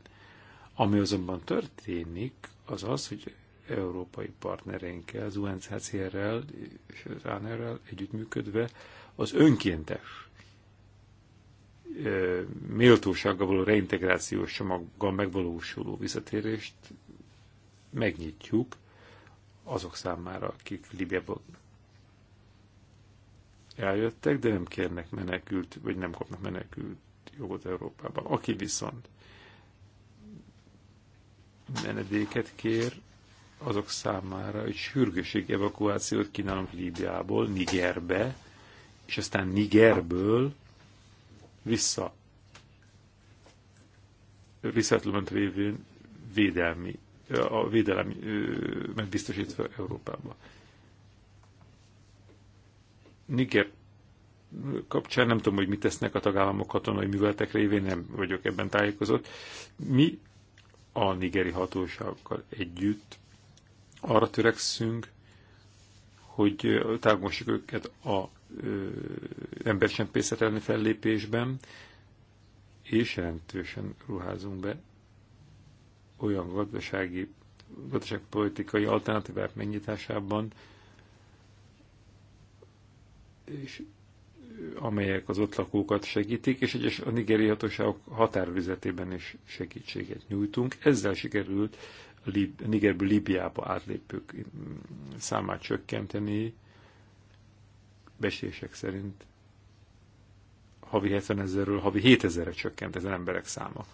Ami azonban történik, az az, hogy európai partnereinkkel, az UNHCR-rel és az ANR-rel együttműködve az önkéntes méltósággal való reintegrációs csomaggal megvalósuló visszatérést megnyitjuk azok számára, akik Libiából eljöttek, de nem kérnek menekült, vagy nem kapnak menekült jogot Európában. Aki viszont menedéket kér azok számára, hogy sürgőség evakuációt kínálunk Líbiából, Nigerbe, és aztán Nigerből vissza visszatlement révén védelmi, a védelem megbiztosítva Európába. Niger kapcsán nem tudom, hogy mit tesznek a tagállamok katonai műveletek révén, nem vagyok ebben tájékozott. Mi a nigeri hatóságokkal együtt arra törekszünk, hogy támogassuk őket a embercsempészet elleni fellépésben, és jelentősen ruházunk be olyan gazdasági, gazdaságpolitikai alternatívák megnyitásában, és amelyek az ott lakókat segítik, és egyes a nigeri hatóságok határvizetében is segítséget nyújtunk. Ezzel sikerült a Nigerből Libiába átlépők számát csökkenteni, besések szerint havi 70 ezerről havi 7 ezerre csökkent ezen emberek száma.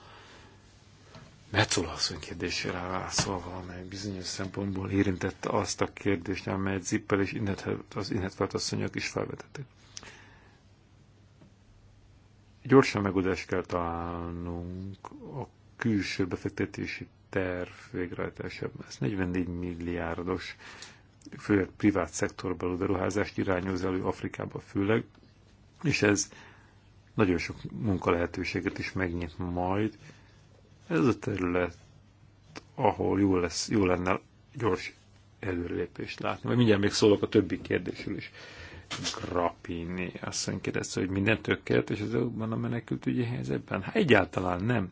Metzola asszony kérdésére válaszolva, amely bizonyos szempontból érintette azt a kérdést, amelyet Zippel és Inhetfeld az asszonyok is felvetettek. Gyorsan megoldást kell találnunk a külső befektetési terv végrehajtásában. Ez 44 milliárdos, főleg privát szektorban beruházást irányoz elő Afrikában főleg, és ez nagyon sok lehetőséget is megnyit majd. Ez a terület, ahol jó, lesz, jó lenne gyors előrelépést látni. Majd mindjárt még szólok a többi kérdésről is. Grappini mondja, kérdezte, hogy minden és az van a a menekültügyi helyzetben? Hát egyáltalán nem.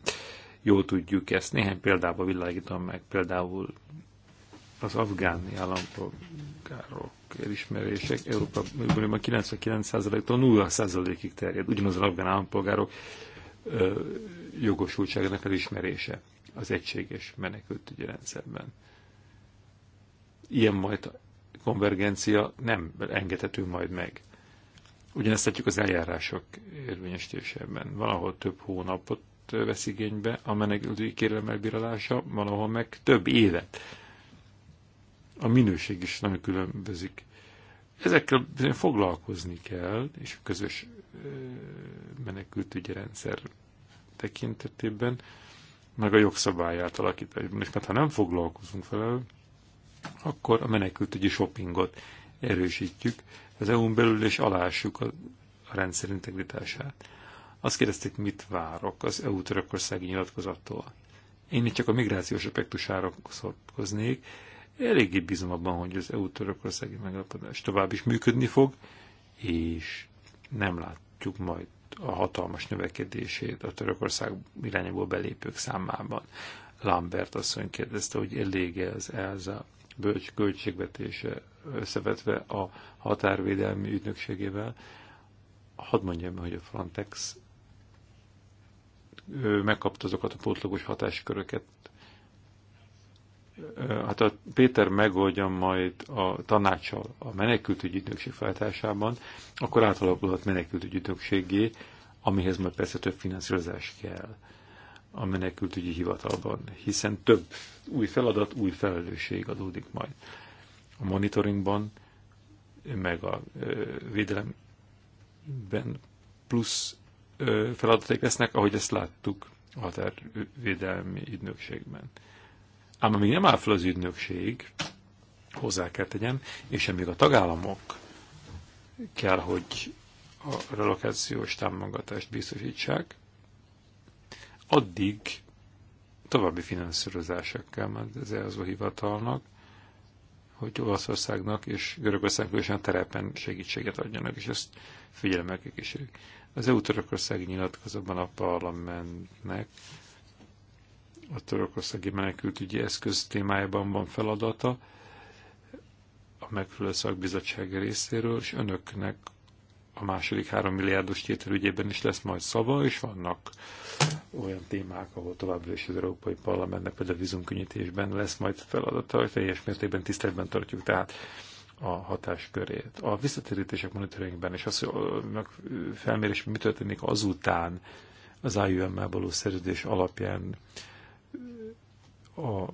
Jól tudjuk ezt. Néhány példába világítom meg. Például az afgáni állampolgárok elismerések Európa 99%-tól 0%-ig terjed. Ugyanaz az afgán állampolgárok ö, jogosultságának elismerése az egységes menekültügyi rendszerben. Ilyen majd konvergencia nem engedhető majd meg. Ugyanezt tetjük az eljárások érvényesítésében. Valahol több hónapot vesz igénybe a menekültügyi kérelem elbírálása, valahol meg több évet. A minőség is nagyon különbözik. Ezekkel foglalkozni kell, és a közös menekültügyi rendszer tekintetében, meg a jogszabály átalakításban. És mert ha nem foglalkozunk felelően, akkor a menekültügyi shoppingot erősítjük, az EU-n belül is alássuk a, a rendszer integritását. Azt kérdezték, mit várok az EU-törökországi nyilatkozattól. Én itt csak a migrációs effektusára szorkoznék. Eléggé bízom abban, hogy az EU-törökországi megalapodás tovább is működni fog, és nem látjuk majd a hatalmas növekedését a Törökország irányából belépők számában. Lambert asszony kérdezte, hogy elég -e az ELSA bölcs költségvetése összevetve a határvédelmi ügynökségével. Hadd mondjam, hogy a Frontex megkapta azokat a pótlagos hatásköröket. Hát a Péter megoldja majd a tanácsal a menekültügyi ügynökség feltásában, akkor átalakulhat menekültügyi ügynökségé, amihez majd persze több finanszírozás kell a menekültügyi hivatalban, hiszen több új feladat, új felelősség adódik majd. A monitoringban, meg a védelemben plusz feladatok lesznek, ahogy ezt láttuk a határvédelmi ügynökségben. Ám amíg nem áll fel az ügynökség, hozzá kell tegyem, és amíg a tagállamok kell, hogy a relokációs támogatást biztosítsák, addig további finanszírozásra kell majd az EASO hivatalnak, hogy Olaszországnak és Görögországnak is a terepen segítséget adjanak, és ezt figyelemmel kell kísérjük. Az EU törökországi nyilatkozatban a parlamentnek a törökországi menekültügyi eszköz témájában van feladata a megfelelő szakbizottság részéről, és önöknek a második három milliárdos tétel ügyében is lesz majd szava, és vannak olyan témák, ahol továbbra is az Európai Parlamentnek, például a vízumkönnyítésben lesz majd feladata, teljes mértékben tiszteletben tartjuk tehát a hatáskörét. A visszatérítések monitoringben és az, meg felmérés, mi történik azután az IUM-mel való szerződés alapján a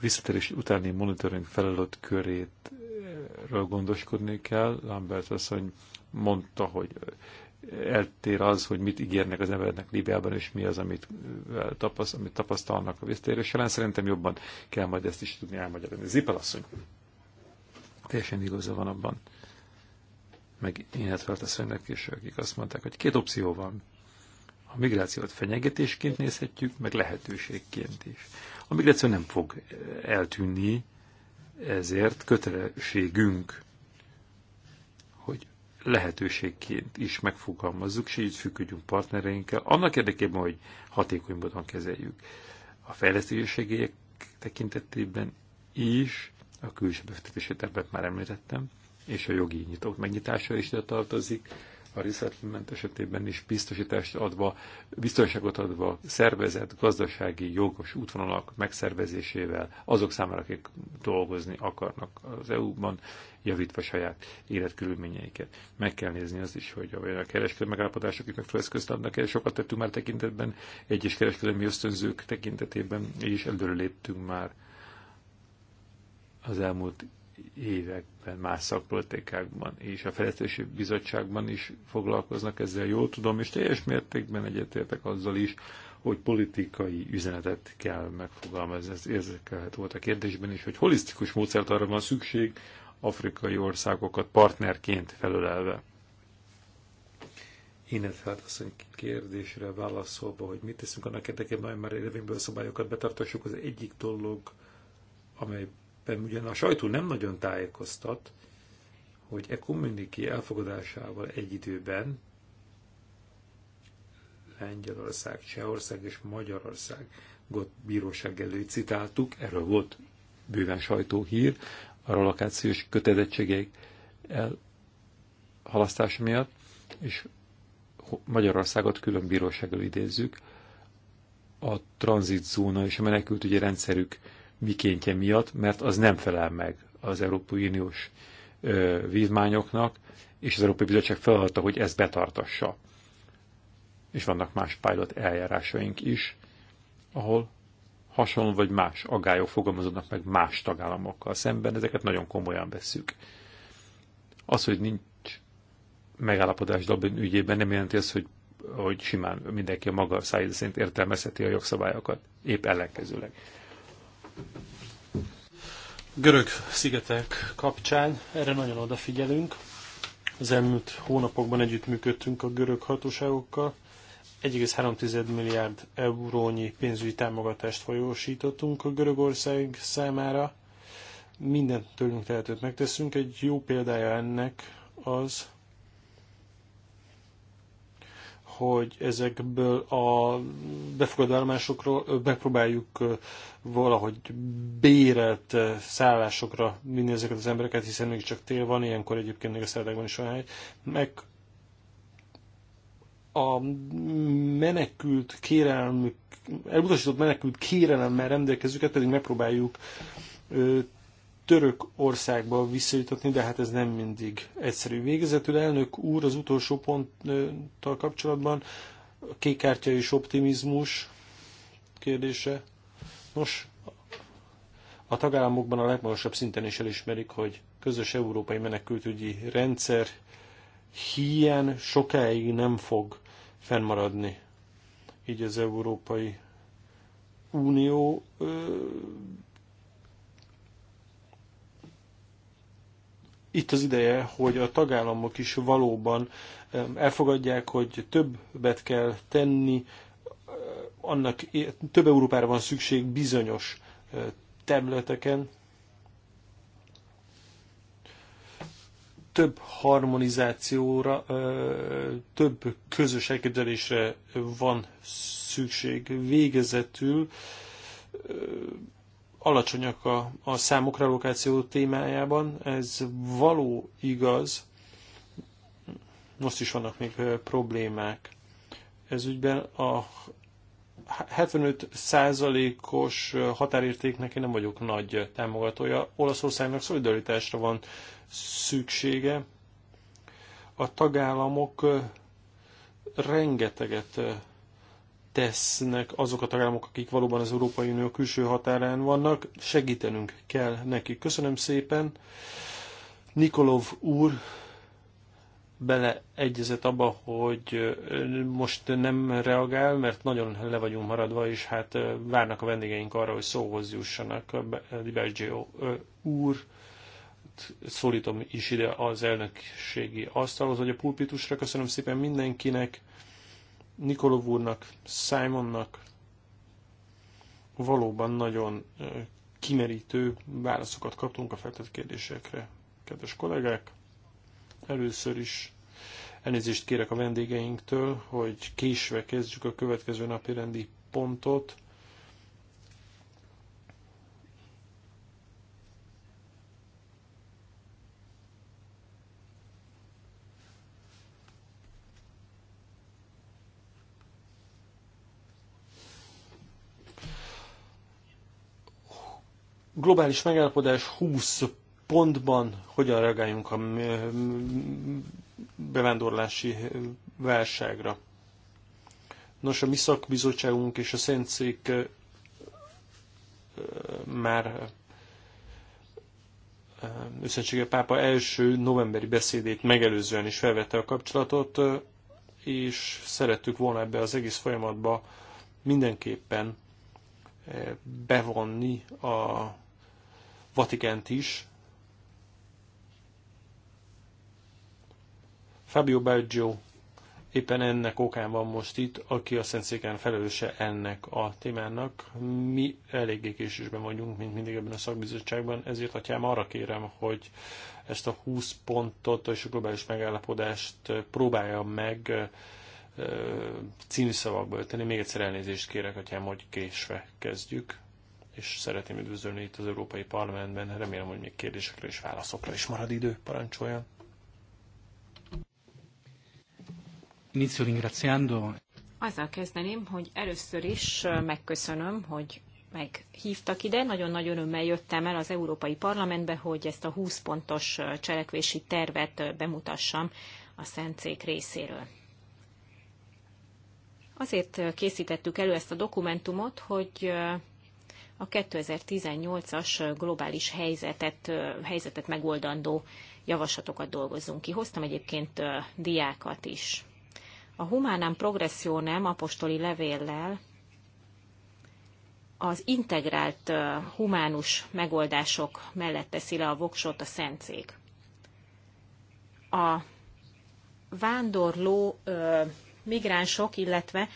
visszatérés utáni monitoring felelőtt körét Lambertről gondoskodni kell. Lambert asszony mondta, hogy eltér az, hogy mit ígérnek az embereknek Líbiában, és mi az, amit, tapaszt, amit tapasztalnak a visszatérés során. Szerintem jobban kell majd ezt is tudni elmagyarázni. Zipel asszony. Teljesen igaza van abban. Meg én hát felteszőnek is, akik azt mondták, hogy két opció van. A migrációt fenyegetésként nézhetjük, meg lehetőségként is. A migráció nem fog eltűnni, ezért kötelességünk, hogy lehetőségként is megfogalmazzuk, és így függődjünk partnereinkkel, annak érdekében, hogy hatékony módon kezeljük. A fejlesztési segélyek tekintetében is, a külső befektetési tervet már említettem, és a jogi nyitók megnyitása is ide tartozik, a resettlement esetében is biztosítást adva, biztonságot adva szervezett gazdasági jogos útvonalak megszervezésével azok számára, akik dolgozni akarnak az EU-ban, javítva saját életkörülményeiket. Meg kell nézni azt is, hogy a kereskedelmi megállapodások is megfelelő eszközt adnak el. Sokat tettünk már tekintetben, egyes kereskedelmi ösztönzők tekintetében, és is előre léptünk már az elmúlt években más szakpolitikákban és a Fejlesztési Bizottságban is foglalkoznak ezzel, jól tudom, és teljes mértékben egyetértek azzal is, hogy politikai üzenetet kell megfogalmazni. Ez érzékelhet volt a kérdésben is, hogy holisztikus módszert arra van szükség, afrikai országokat partnerként felölelve. Hát azt Feltasszony kérdésre válaszolva, hogy mit teszünk annak érdekében, hogy már érvényből szabályokat betartassuk, az egyik dolog, amely éppen ugyan a sajtó nem nagyon tájékoztat, hogy e kommuniki elfogadásával egy időben Lengyelország, Csehország és Magyarországot bíróság elő citáltuk, erről volt bőven sajtóhír, arról a relokációs kötelezettségek elhalasztása miatt, és Magyarországot külön bíróság elő idézzük, a tranzitzóna és a ugye rendszerük mikéntje miatt, mert az nem felel meg az Európai Uniós ö, vívmányoknak, és az Európai Bizottság feladta, hogy ezt betartassa. És vannak más pilot eljárásaink is, ahol hasonló vagy más agályok fogalmazódnak meg más tagállamokkal szemben, ezeket nagyon komolyan vesszük. Az, hogy nincs megállapodás Dublin ügyében, nem jelenti azt, hogy, hogy simán mindenki a maga szája szerint értelmezheti a jogszabályokat, épp ellenkezőleg. Görög szigetek kapcsán erre nagyon odafigyelünk. Az elmúlt hónapokban együttműködtünk a görög hatóságokkal. 1,3 milliárd eurónyi pénzügyi támogatást folyósítottunk a Görögország számára. Minden tőlünk tehetőt megteszünk. Egy jó példája ennek az, hogy ezekből a befogadó állomásokról megpróbáljuk valahogy bérelt szállásokra vinni ezeket az embereket, hiszen még csak tél van, ilyenkor egyébként még a szerdákban is van hely. Meg a menekült kérelmük, elutasított menekült kérelemmel rendelkezőket pedig megpróbáljuk Törökországba visszajutatni, de hát ez nem mindig egyszerű. Végezetül elnök úr az utolsó ponttal kapcsolatban a kékkártya és optimizmus kérdése. Nos, a tagállamokban a legmagasabb szinten is elismerik, hogy közös európai menekültügyi rendszer hiány sokáig nem fog fennmaradni. Így az Európai Unió ö, itt az ideje, hogy a tagállamok is valóban elfogadják, hogy többet kell tenni, eh, annak több Európára van szükség bizonyos eh, területeken, több harmonizációra, eh, több közös elképzelésre van szükség. Végezetül alacsonyak a, a számok relokáció témájában. Ez való igaz. Most is vannak még problémák. Ez ügyben a 75%-os határértéknek én nem vagyok nagy támogatója. Olaszországnak szolidaritásra van szüksége. A tagállamok rengeteget tesznek azok a tagállamok, akik valóban az Európai Unió külső határán vannak. Segítenünk kell nekik. Köszönöm szépen. Nikolov úr beleegyezett abba, hogy most nem reagál, mert nagyon le vagyunk maradva, és hát várnak a vendégeink arra, hogy szóhoz jussanak. Libergio úr, szólítom is ide az elnökségi asztalhoz, vagy a pulpitusra. Köszönöm szépen mindenkinek Nikolov úrnak, Simonnak valóban nagyon kimerítő válaszokat kaptunk a feltett kérdésekre. Kedves kollégák, először is elnézést kérek a vendégeinktől, hogy késve kezdjük a következő napi rendi pontot. globális megállapodás 20 pontban hogyan reagáljunk a bevándorlási válságra. Nos, a mi szakbizottságunk és a szentszék már összentsége pápa első novemberi beszédét megelőzően is felvette a kapcsolatot, és szerettük volna ebbe az egész folyamatba mindenképpen bevonni a Vatikánt is. Fabio Baggio éppen ennek okán van most itt, aki a Széken felelőse ennek a témának. Mi eléggé késésben vagyunk, mint mindig ebben a szakbizottságban, ezért atyám arra kérem, hogy ezt a 20 pontot és a globális megállapodást próbálja meg szavakba ölteni. Még egyszer elnézést kérek, atyám, hogy késve kezdjük és szeretném üdvözölni itt az Európai Parlamentben. Remélem, hogy még kérdésekre és válaszokra is marad idő. Parancsoljon! Inizio ringraziando. Azzal kezdeném, hogy először is megköszönöm, hogy meghívtak ide. Nagyon-nagyon örömmel jöttem el az Európai Parlamentbe, hogy ezt a 20 pontos cselekvési tervet bemutassam a Szentszék részéről. Azért készítettük elő ezt a dokumentumot, hogy a 2018-as globális helyzetet, helyzetet megoldandó javaslatokat dolgozzunk ki. Hoztam egyébként diákat is. A Humánám Progressionem apostoli levéllel az integrált humánus megoldások mellett teszi le a voksot a szentszék. A vándorló migránsok, illetve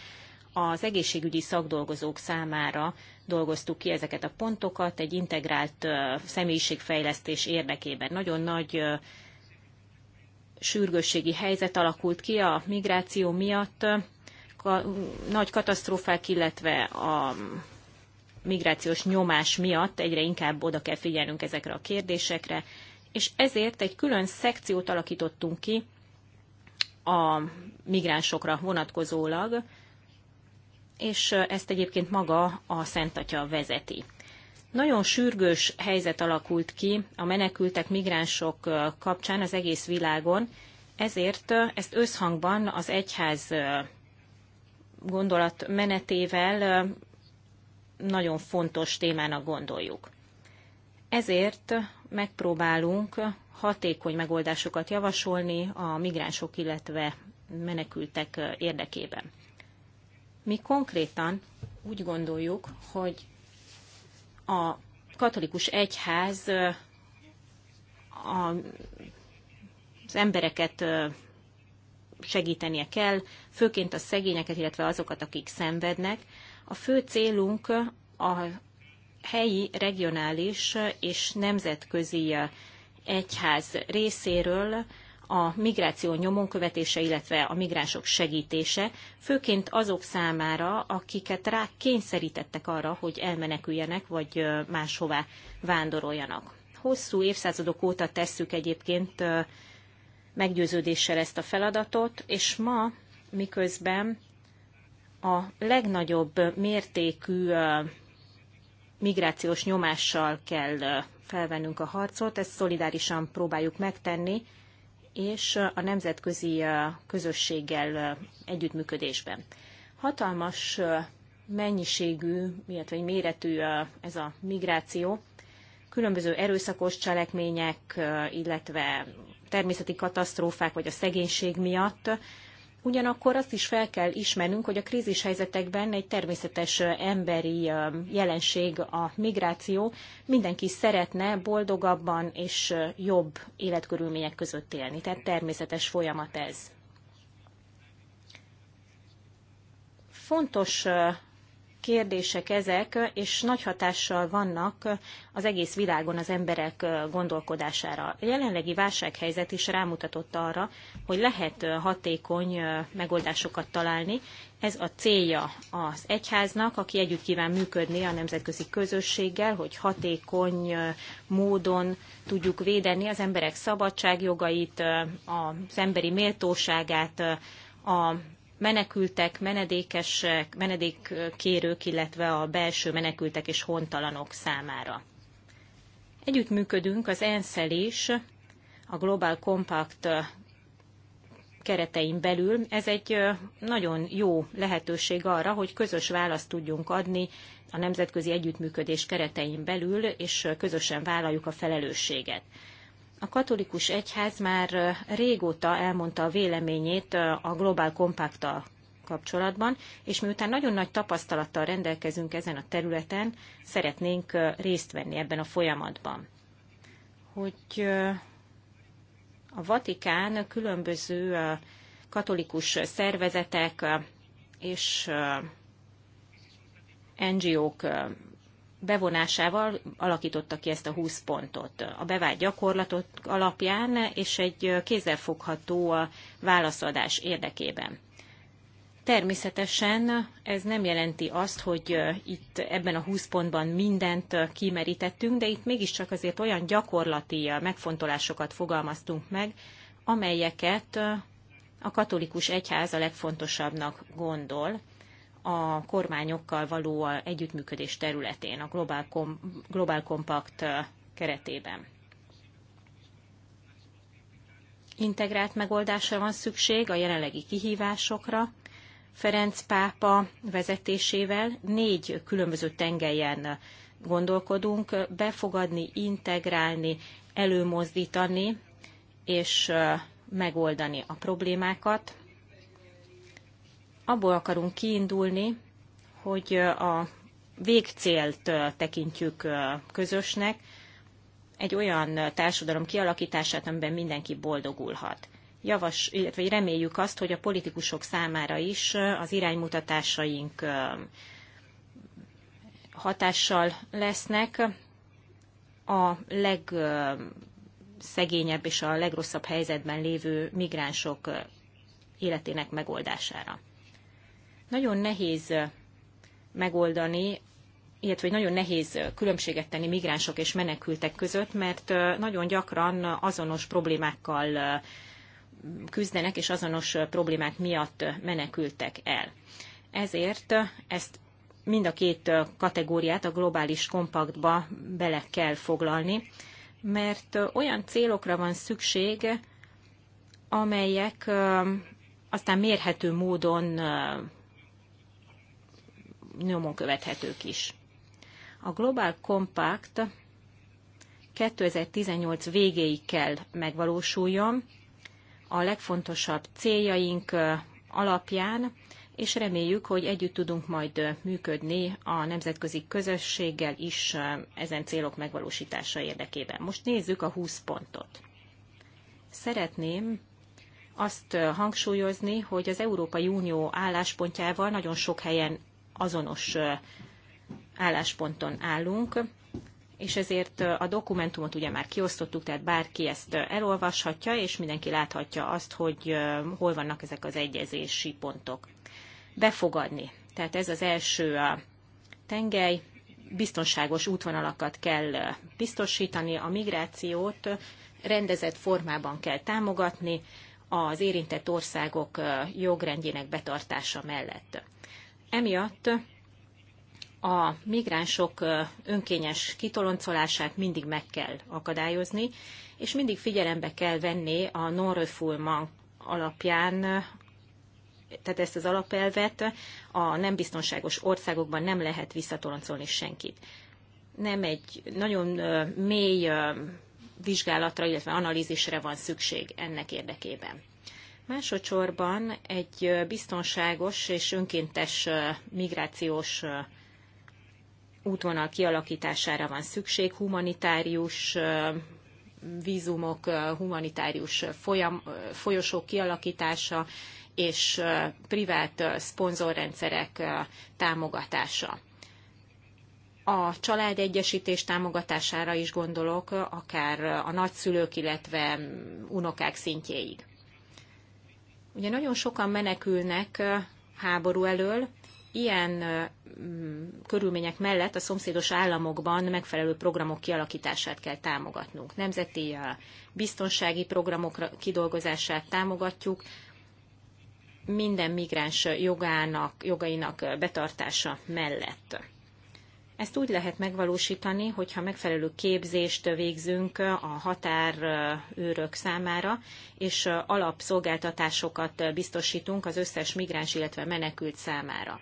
az egészségügyi szakdolgozók számára dolgoztuk ki ezeket a pontokat egy integrált személyiségfejlesztés érdekében. Nagyon nagy sürgősségi helyzet alakult ki a migráció miatt, nagy katasztrófák, illetve a migrációs nyomás miatt egyre inkább oda kell figyelnünk ezekre a kérdésekre, és ezért egy külön szekciót alakítottunk ki a migránsokra vonatkozólag, és ezt egyébként maga a Szent Atya vezeti. Nagyon sürgős helyzet alakult ki a menekültek, migránsok kapcsán az egész világon, ezért ezt összhangban az egyház gondolat menetével nagyon fontos témának gondoljuk. Ezért megpróbálunk hatékony megoldásokat javasolni a migránsok, illetve menekültek érdekében. Mi konkrétan úgy gondoljuk, hogy a katolikus egyház a, az embereket segítenie kell, főként a szegényeket, illetve azokat, akik szenvednek. A fő célunk a helyi, regionális és nemzetközi egyház részéről a migráció nyomon követése, illetve a migránsok segítése, főként azok számára, akiket rá kényszerítettek arra, hogy elmeneküljenek, vagy máshová vándoroljanak. Hosszú évszázadok óta tesszük egyébként meggyőződéssel ezt a feladatot, és ma, miközben a legnagyobb mértékű migrációs nyomással kell felvennünk a harcot, ezt szolidárisan próbáljuk megtenni és a nemzetközi közösséggel együttműködésben. Hatalmas mennyiségű, illetve méretű ez a migráció, különböző erőszakos cselekmények, illetve természeti katasztrófák vagy a szegénység miatt Ugyanakkor azt is fel kell ismernünk, hogy a krízis helyzetekben egy természetes emberi jelenség a migráció. Mindenki szeretne boldogabban és jobb életkörülmények között élni. Tehát természetes folyamat ez. Fontos kérdések ezek, és nagy hatással vannak az egész világon az emberek gondolkodására. A jelenlegi válsághelyzet is rámutatott arra, hogy lehet hatékony megoldásokat találni. Ez a célja az egyháznak, aki együtt kíván működni a nemzetközi közösséggel, hogy hatékony módon tudjuk védeni az emberek szabadságjogait, az emberi méltóságát, a menekültek, menedékesek, menedékkérők, illetve a belső menekültek és hontalanok számára. Együttműködünk az ensz is, a Global Compact keretein belül. Ez egy nagyon jó lehetőség arra, hogy közös választ tudjunk adni a nemzetközi együttműködés keretein belül, és közösen vállaljuk a felelősséget. A katolikus egyház már régóta elmondta a véleményét a Global compact kapcsolatban, és miután nagyon nagy tapasztalattal rendelkezünk ezen a területen, szeretnénk részt venni ebben a folyamatban. Hogy a Vatikán különböző katolikus szervezetek és NGO-k bevonásával alakította ki ezt a 20 pontot a bevált gyakorlatot alapján és egy kézzelfogható válaszadás érdekében. Természetesen ez nem jelenti azt, hogy itt ebben a 20 pontban mindent kimerítettünk, de itt mégiscsak azért olyan gyakorlati megfontolásokat fogalmaztunk meg, amelyeket a katolikus egyház a legfontosabbnak gondol, a kormányokkal való együttműködés területén, a Global, Com- Global Compact keretében. Integrált megoldásra van szükség a jelenlegi kihívásokra. Ferenc pápa vezetésével négy különböző tengelyen gondolkodunk befogadni, integrálni, előmozdítani és megoldani a problémákat abból akarunk kiindulni, hogy a végcélt tekintjük közösnek, egy olyan társadalom kialakítását, amiben mindenki boldogulhat. Javas, illetve reméljük azt, hogy a politikusok számára is az iránymutatásaink hatással lesznek a legszegényebb és a legrosszabb helyzetben lévő migránsok életének megoldására. Nagyon nehéz megoldani, illetve hogy nagyon nehéz különbséget tenni migránsok és menekültek között, mert nagyon gyakran azonos problémákkal küzdenek, és azonos problémák miatt menekültek el. Ezért ezt mind a két kategóriát a globális kompaktba bele kell foglalni, mert olyan célokra van szükség, amelyek aztán mérhető módon nyomon követhetők is. A Global Compact 2018 végéig kell megvalósuljon a legfontosabb céljaink alapján, és reméljük, hogy együtt tudunk majd működni a nemzetközi közösséggel is ezen célok megvalósítása érdekében. Most nézzük a 20 pontot. Szeretném azt hangsúlyozni, hogy az Európai Unió álláspontjával nagyon sok helyen azonos állásponton állunk, és ezért a dokumentumot ugye már kiosztottuk, tehát bárki ezt elolvashatja, és mindenki láthatja azt, hogy hol vannak ezek az egyezési pontok. Befogadni. Tehát ez az első a tengely, biztonságos útvonalakat kell biztosítani, a migrációt rendezett formában kell támogatni, az érintett országok jogrendjének betartása mellett. Emiatt a migránsok önkényes kitoloncolását mindig meg kell akadályozni, és mindig figyelembe kell venni a non-refoulement alapján tehát ezt az alapelvet a nem biztonságos országokban nem lehet visszatoloncolni senkit. Nem egy nagyon mély vizsgálatra, illetve analízisre van szükség ennek érdekében. Másodszorban egy biztonságos és önkéntes migrációs útvonal kialakítására van szükség, humanitárius vízumok, humanitárius folyam, folyosók kialakítása és privát szponzorrendszerek támogatása. A családegyesítés támogatására is gondolok, akár a nagyszülők, illetve unokák szintjéig. Ugye nagyon sokan menekülnek háború elől, ilyen mm, körülmények mellett a szomszédos államokban megfelelő programok kialakítását kell támogatnunk. Nemzeti biztonsági programok kidolgozását támogatjuk, minden migráns jogának, jogainak betartása mellett. Ezt úgy lehet megvalósítani, hogyha megfelelő képzést végzünk a határőrök számára, és alapszolgáltatásokat biztosítunk az összes migráns, illetve menekült számára.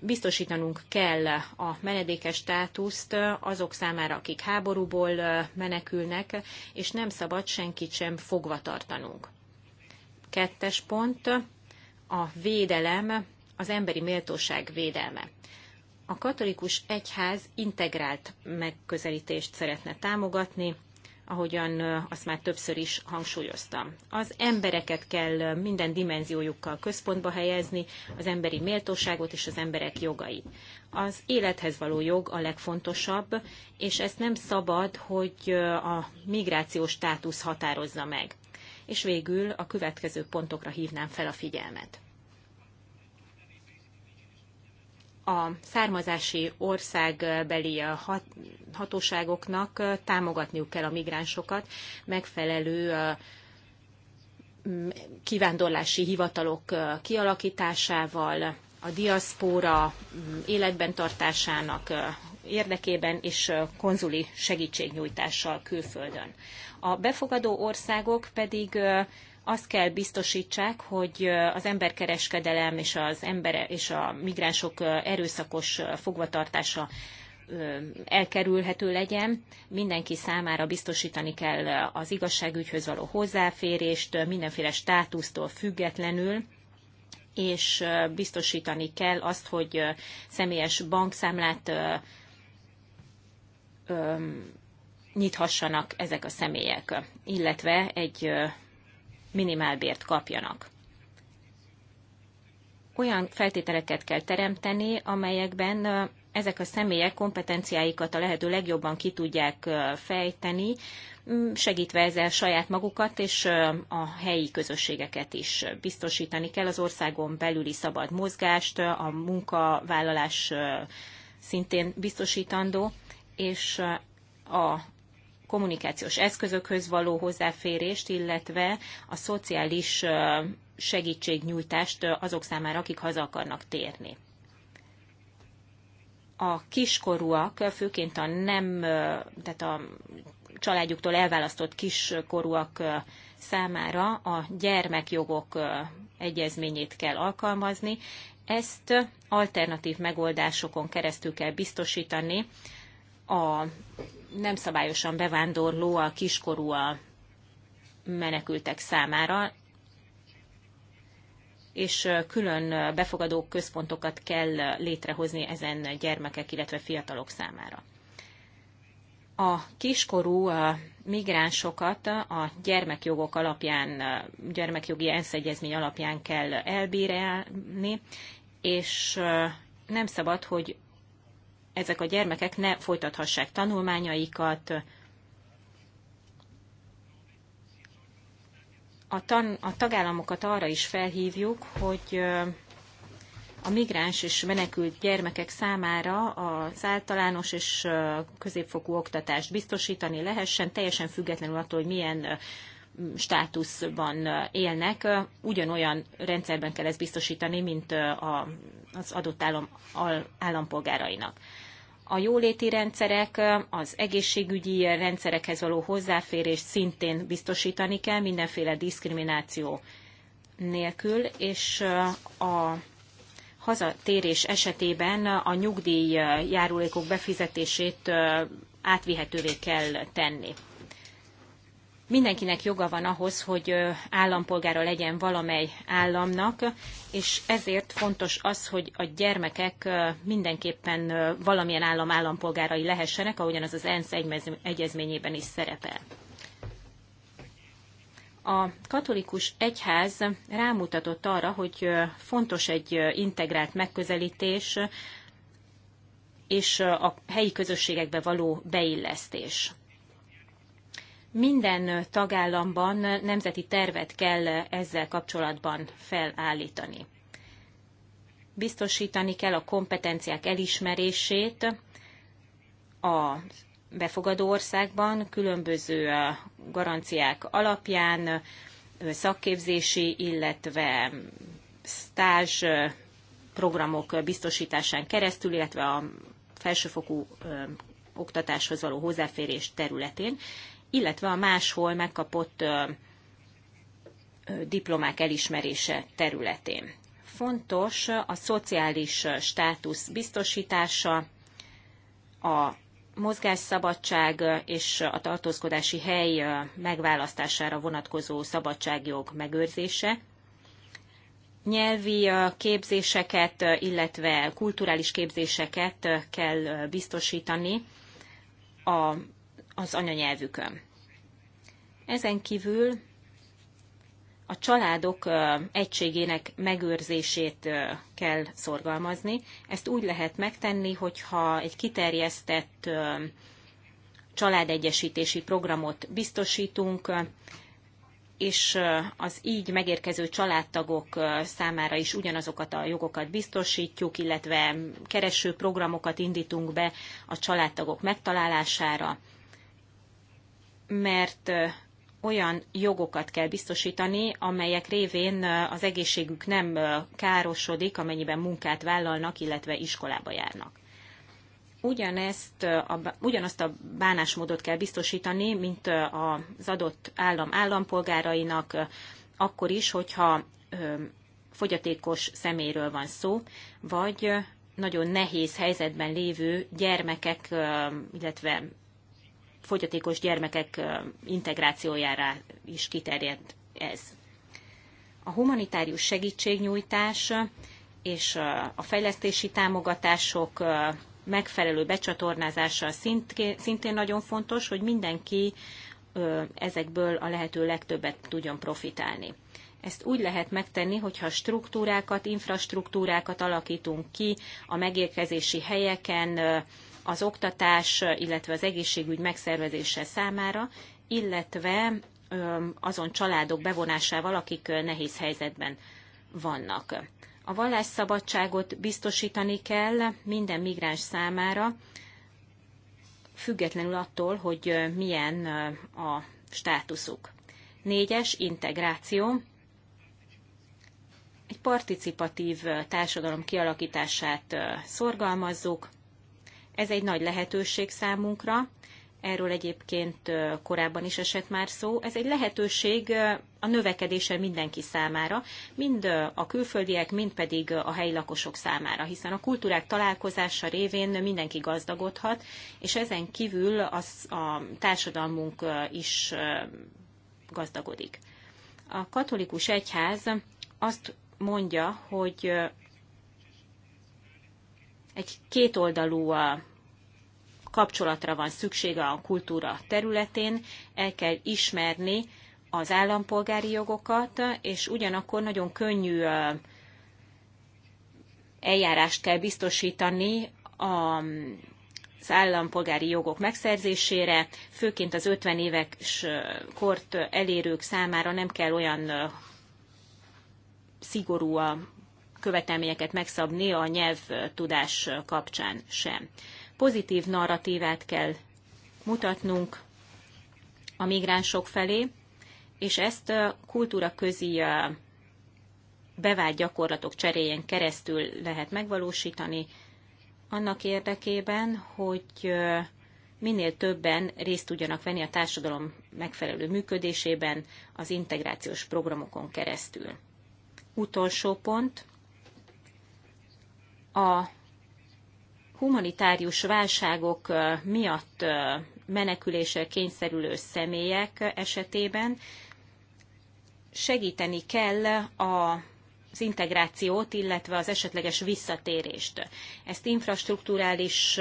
Biztosítanunk kell a menedékes státuszt azok számára, akik háborúból menekülnek, és nem szabad senkit sem fogva tartanunk. Kettes pont, a védelem, az emberi méltóság védelme a katolikus egyház integrált megközelítést szeretne támogatni, ahogyan azt már többször is hangsúlyoztam. Az embereket kell minden dimenziójukkal központba helyezni, az emberi méltóságot és az emberek jogait. Az élethez való jog a legfontosabb, és ezt nem szabad, hogy a migrációs státusz határozza meg. És végül a következő pontokra hívnám fel a figyelmet. a származási országbeli eh, hatóságoknak eh, támogatniuk kell a migránsokat megfelelő eh, kivándorlási hivatalok kialakításával, a diaszpóra életben tartásának érdekében és konzuli segítségnyújtással külföldön. A befogadó országok pedig azt kell biztosítsák, hogy az emberkereskedelem és az embere és a migránsok erőszakos fogvatartása elkerülhető legyen, mindenki számára biztosítani kell az igazságügyhöz való hozzáférést, mindenféle státusztól függetlenül, és biztosítani kell azt, hogy személyes bankszámlát nyithassanak ezek a személyek, illetve egy minimálbért kapjanak. Olyan feltételeket kell teremteni, amelyekben ezek a személyek kompetenciáikat a lehető legjobban ki tudják fejteni, segítve ezzel saját magukat és a helyi közösségeket is biztosítani kell az országon belüli szabad mozgást, a munkavállalás szintén biztosítandó, és a kommunikációs eszközökhöz való hozzáférést, illetve a szociális segítségnyújtást azok számára, akik haza akarnak térni. A kiskorúak, főként a nem, tehát a családjuktól elválasztott kiskorúak számára a gyermekjogok egyezményét kell alkalmazni. Ezt alternatív megoldásokon keresztül kell biztosítani a nem szabályosan bevándorló a kiskorú a menekültek számára, és külön befogadó központokat kell létrehozni ezen gyermekek, illetve fiatalok számára. A kiskorú migránsokat a gyermekjogok alapján, gyermekjogi enszegyezmény alapján kell elbírálni, és nem szabad, hogy ezek a gyermekek ne folytathassák tanulmányaikat. A, tan, a tagállamokat arra is felhívjuk, hogy a migráns és menekült gyermekek számára az általános és középfokú oktatást biztosítani lehessen, teljesen függetlenül attól, hogy milyen státuszban élnek, ugyanolyan rendszerben kell ezt biztosítani, mint az adott állam állampolgárainak a jóléti rendszerek, az egészségügyi rendszerekhez való hozzáférés szintén biztosítani kell mindenféle diszkrimináció nélkül, és uh, a hazatérés esetében a nyugdíj uh, járulékok befizetését uh, átvihetővé kell tenni mindenkinek joga van ahhoz, hogy állampolgára legyen valamely államnak, és ezért fontos az, hogy a gyermekek mindenképpen valamilyen állam állampolgárai lehessenek, ahogyan az az ENSZ egyezményében is szerepel. A katolikus egyház rámutatott arra, hogy fontos egy integrált megközelítés és a helyi közösségekbe való beillesztés. Minden tagállamban nemzeti tervet kell ezzel kapcsolatban felállítani. Biztosítani kell a kompetenciák elismerését a befogadó országban különböző garanciák alapján, szakképzési, illetve stázs programok biztosításán keresztül, illetve a felsőfokú oktatáshoz való hozzáférés területén illetve a máshol megkapott diplomák elismerése területén. Fontos a szociális státusz biztosítása, a mozgásszabadság és a tartózkodási hely megválasztására vonatkozó szabadságjog megőrzése, nyelvi képzéseket, illetve kulturális képzéseket kell biztosítani a az anyanyelvükön. Ezen kívül a családok egységének megőrzését kell szorgalmazni. Ezt úgy lehet megtenni, hogyha egy kiterjesztett családegyesítési programot biztosítunk, és az így megérkező családtagok számára is ugyanazokat a jogokat biztosítjuk, illetve kereső programokat indítunk be a családtagok megtalálására mert olyan jogokat kell biztosítani, amelyek révén az egészségük nem károsodik, amennyiben munkát vállalnak, illetve iskolába járnak. Ugyanezt a, ugyanazt a bánásmódot kell biztosítani, mint az adott állam állampolgárainak, akkor is, hogyha fogyatékos szeméről van szó, vagy nagyon nehéz helyzetben lévő gyermekek, illetve fogyatékos gyermekek integrációjára is kiterjed ez. A humanitárius segítségnyújtás és a fejlesztési támogatások megfelelő becsatornázása szintén nagyon fontos, hogy mindenki ezekből a lehető legtöbbet tudjon profitálni. Ezt úgy lehet megtenni, hogyha struktúrákat, infrastruktúrákat alakítunk ki a megérkezési helyeken, az oktatás, illetve az egészségügy megszervezése számára, illetve azon családok bevonásával, akik nehéz helyzetben vannak. A vallásszabadságot biztosítani kell minden migráns számára, függetlenül attól, hogy milyen a státuszuk. Négyes, integráció. Egy participatív társadalom kialakítását szorgalmazzuk, ez egy nagy lehetőség számunkra, erről egyébként korábban is esett már szó. Ez egy lehetőség a növekedése mindenki számára, mind a külföldiek, mind pedig a helyi lakosok számára, hiszen a kultúrák találkozása révén mindenki gazdagodhat, és ezen kívül az, a társadalmunk is gazdagodik. A katolikus egyház azt mondja, hogy egy kétoldalú kapcsolatra van szüksége a kultúra területén, el kell ismerni az állampolgári jogokat, és ugyanakkor nagyon könnyű eljárást kell biztosítani a az állampolgári jogok megszerzésére, főként az 50 éves kort elérők számára nem kell olyan szigorú a követelményeket megszabni a nyelvtudás kapcsán sem. Pozitív narratívát kell mutatnunk a migránsok felé, és ezt kultúra közi bevált gyakorlatok cseréjén keresztül lehet megvalósítani, annak érdekében, hogy minél többen részt tudjanak venni a társadalom megfelelő működésében az integrációs programokon keresztül. Utolsó pont, a humanitárius válságok miatt menekülésre kényszerülő személyek esetében segíteni kell a az integrációt, illetve az esetleges visszatérést. Ezt infrastruktúrális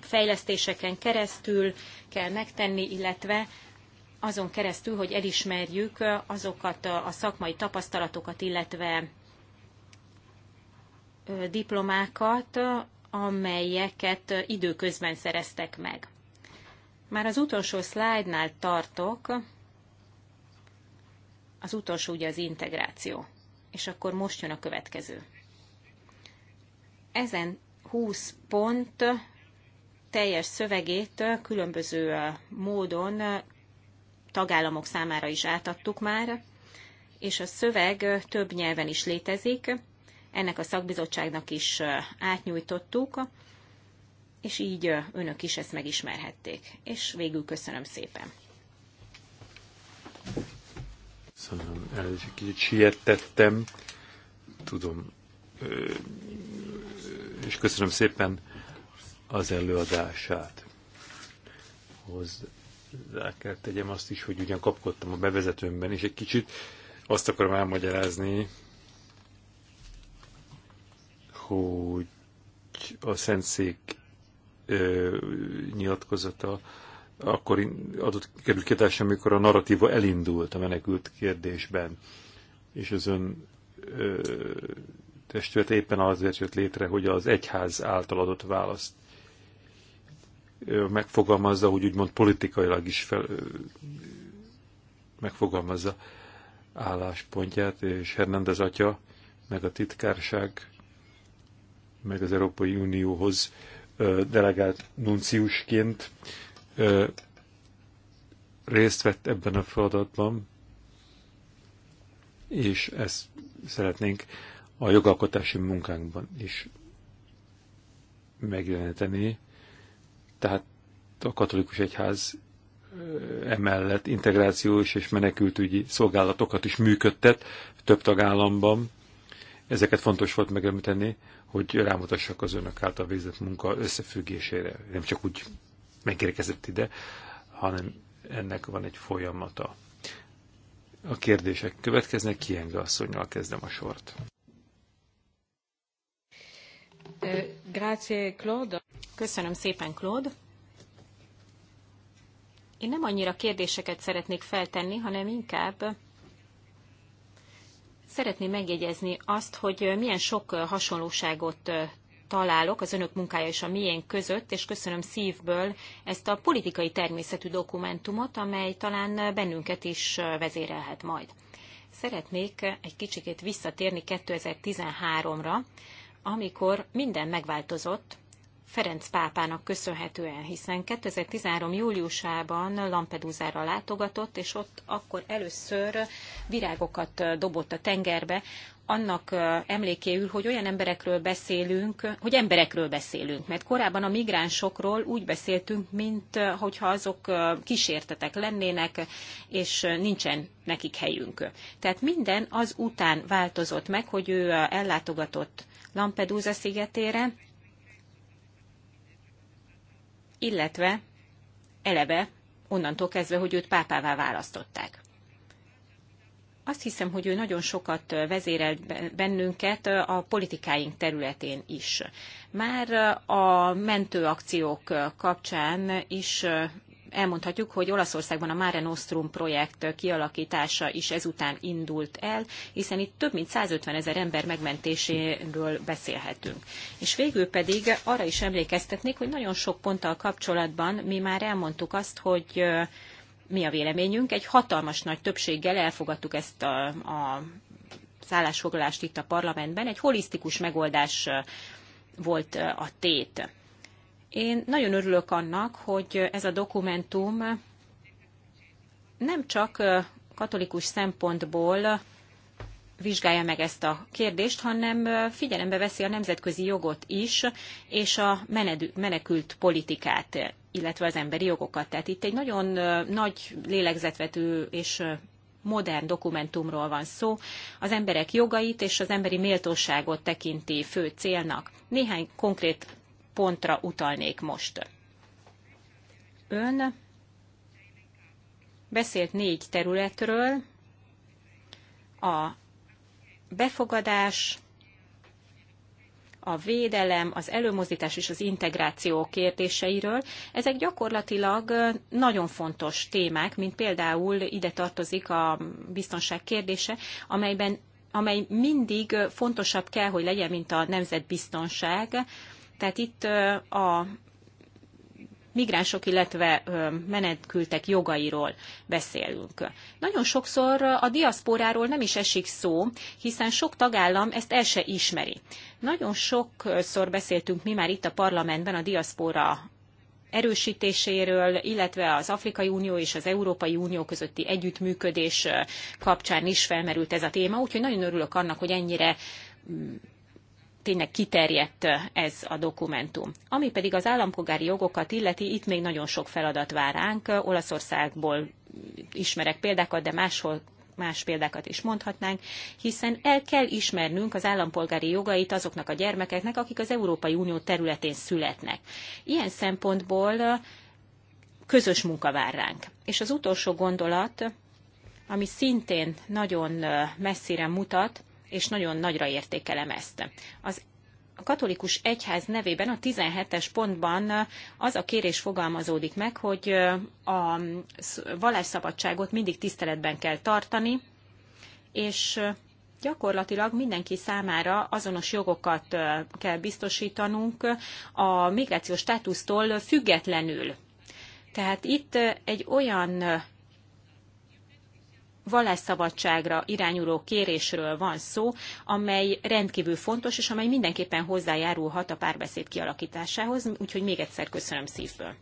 fejlesztéseken keresztül kell megtenni, illetve azon keresztül, hogy elismerjük azokat a szakmai tapasztalatokat, illetve diplomákat, amelyeket időközben szereztek meg. Már az utolsó szlájdnál tartok, az utolsó ugye az integráció. És akkor most jön a következő. Ezen 20 pont teljes szövegét különböző módon tagállamok számára is átadtuk már, és a szöveg több nyelven is létezik, ennek a szakbizottságnak is átnyújtottuk, és így önök is ezt megismerhették. És végül köszönöm szépen. Köszönöm, elnézést, kicsit sietettem, Tudom. És köszönöm szépen az előadását. Hozzá kell tegyem azt is, hogy ugyan kapkodtam a bevezetőmben, és egy kicsit azt akarom elmagyarázni, hogy a Szentszék nyilatkozata akkor adott került kérdés, amikor a narratíva elindult a menekült kérdésben, és az ön ö, testület éppen azért jött létre, hogy az egyház által adott választ ö, megfogalmazza, hogy úgymond politikailag is fel, ö, megfogalmazza álláspontját, és Hernández atya, meg a titkárság meg az Európai Unióhoz delegált nunciusként részt vett ebben a feladatban, és ezt szeretnénk a jogalkotási munkánkban is megjeleníteni. Tehát a katolikus egyház emellett integrációs és menekültügyi szolgálatokat is működtet több tagállamban. Ezeket fontos volt megemlíteni hogy rámutassak az önök által végzett munka összefüggésére. Nem csak úgy megérkezett ide, hanem ennek van egy folyamata. A kérdések következnek, Kienge asszonynal kezdem a sort. Grazie, Claude. Köszönöm szépen, Claude. Én nem annyira kérdéseket szeretnék feltenni, hanem inkább Szeretném megjegyezni azt, hogy milyen sok hasonlóságot találok az önök munkája és a miénk között, és köszönöm szívből ezt a politikai természetű dokumentumot, amely talán bennünket is vezérelhet majd. Szeretnék egy kicsikét visszatérni 2013-ra, amikor minden megváltozott, Ferenc pápának köszönhetően, hiszen 2013. júliusában Lampedusára látogatott, és ott akkor először virágokat dobott a tengerbe, annak emlékéül, hogy olyan emberekről beszélünk, hogy emberekről beszélünk, mert korábban a migránsokról úgy beszéltünk, mint hogyha azok kísértetek lennének, és nincsen nekik helyünk. Tehát minden az után változott meg, hogy ő ellátogatott Lampedusa szigetére, illetve eleve onnantól kezdve, hogy őt pápává választották. Azt hiszem, hogy ő nagyon sokat vezérel bennünket a politikáink területén is. Már a mentőakciók kapcsán is elmondhatjuk, hogy Olaszországban a Mare Nostrum projekt kialakítása is ezután indult el, hiszen itt több mint 150 ezer ember megmentéséről beszélhetünk. És végül pedig arra is emlékeztetnék, hogy nagyon sok ponttal kapcsolatban mi már elmondtuk azt, hogy mi a véleményünk. Egy hatalmas nagy többséggel elfogadtuk ezt a, a szállásfoglalást itt a parlamentben. Egy holisztikus megoldás volt a tét. Én nagyon örülök annak, hogy ez a dokumentum nem csak katolikus szempontból vizsgálja meg ezt a kérdést, hanem figyelembe veszi a nemzetközi jogot is, és a menekült politikát, illetve az emberi jogokat. Tehát itt egy nagyon nagy lélegzetvető és modern dokumentumról van szó, az emberek jogait és az emberi méltóságot tekinti fő célnak. Néhány konkrét pontra utalnék most. Ön beszélt négy területről, a befogadás, a védelem, az előmozdítás és az integráció kérdéseiről. Ezek gyakorlatilag nagyon fontos témák, mint például ide tartozik a biztonság kérdése, amelyben, amely mindig fontosabb kell, hogy legyen, mint a nemzetbiztonság, tehát itt a migránsok, illetve menekültek jogairól beszélünk. Nagyon sokszor a diaszporáról nem is esik szó, hiszen sok tagállam ezt el se ismeri. Nagyon sokszor beszéltünk mi már itt a parlamentben a diaszpora erősítéséről, illetve az Afrikai Unió és az Európai Unió közötti együttműködés kapcsán is felmerült ez a téma, úgyhogy nagyon örülök annak, hogy ennyire mm, tényleg kiterjedt ez a dokumentum. Ami pedig az állampolgári jogokat illeti, itt még nagyon sok feladat vár ránk. Olaszországból ismerek példákat, de máshol más példákat is mondhatnánk, hiszen el kell ismernünk az állampolgári jogait azoknak a gyermekeknek, akik az Európai Unió területén születnek. Ilyen szempontból közös munka vár ránk. És az utolsó gondolat, ami szintén nagyon messzire mutat, és nagyon nagyra értékelem ezt. Az a katolikus egyház nevében a 17-es pontban az a kérés fogalmazódik meg, hogy a vallásszabadságot mindig tiszteletben kell tartani, és gyakorlatilag mindenki számára azonos jogokat kell biztosítanunk a migrációs státusztól függetlenül. Tehát itt egy olyan vallásszabadságra irányuló kérésről van szó, amely rendkívül fontos, és amely mindenképpen hozzájárulhat a párbeszéd kialakításához, úgyhogy még egyszer köszönöm szívből.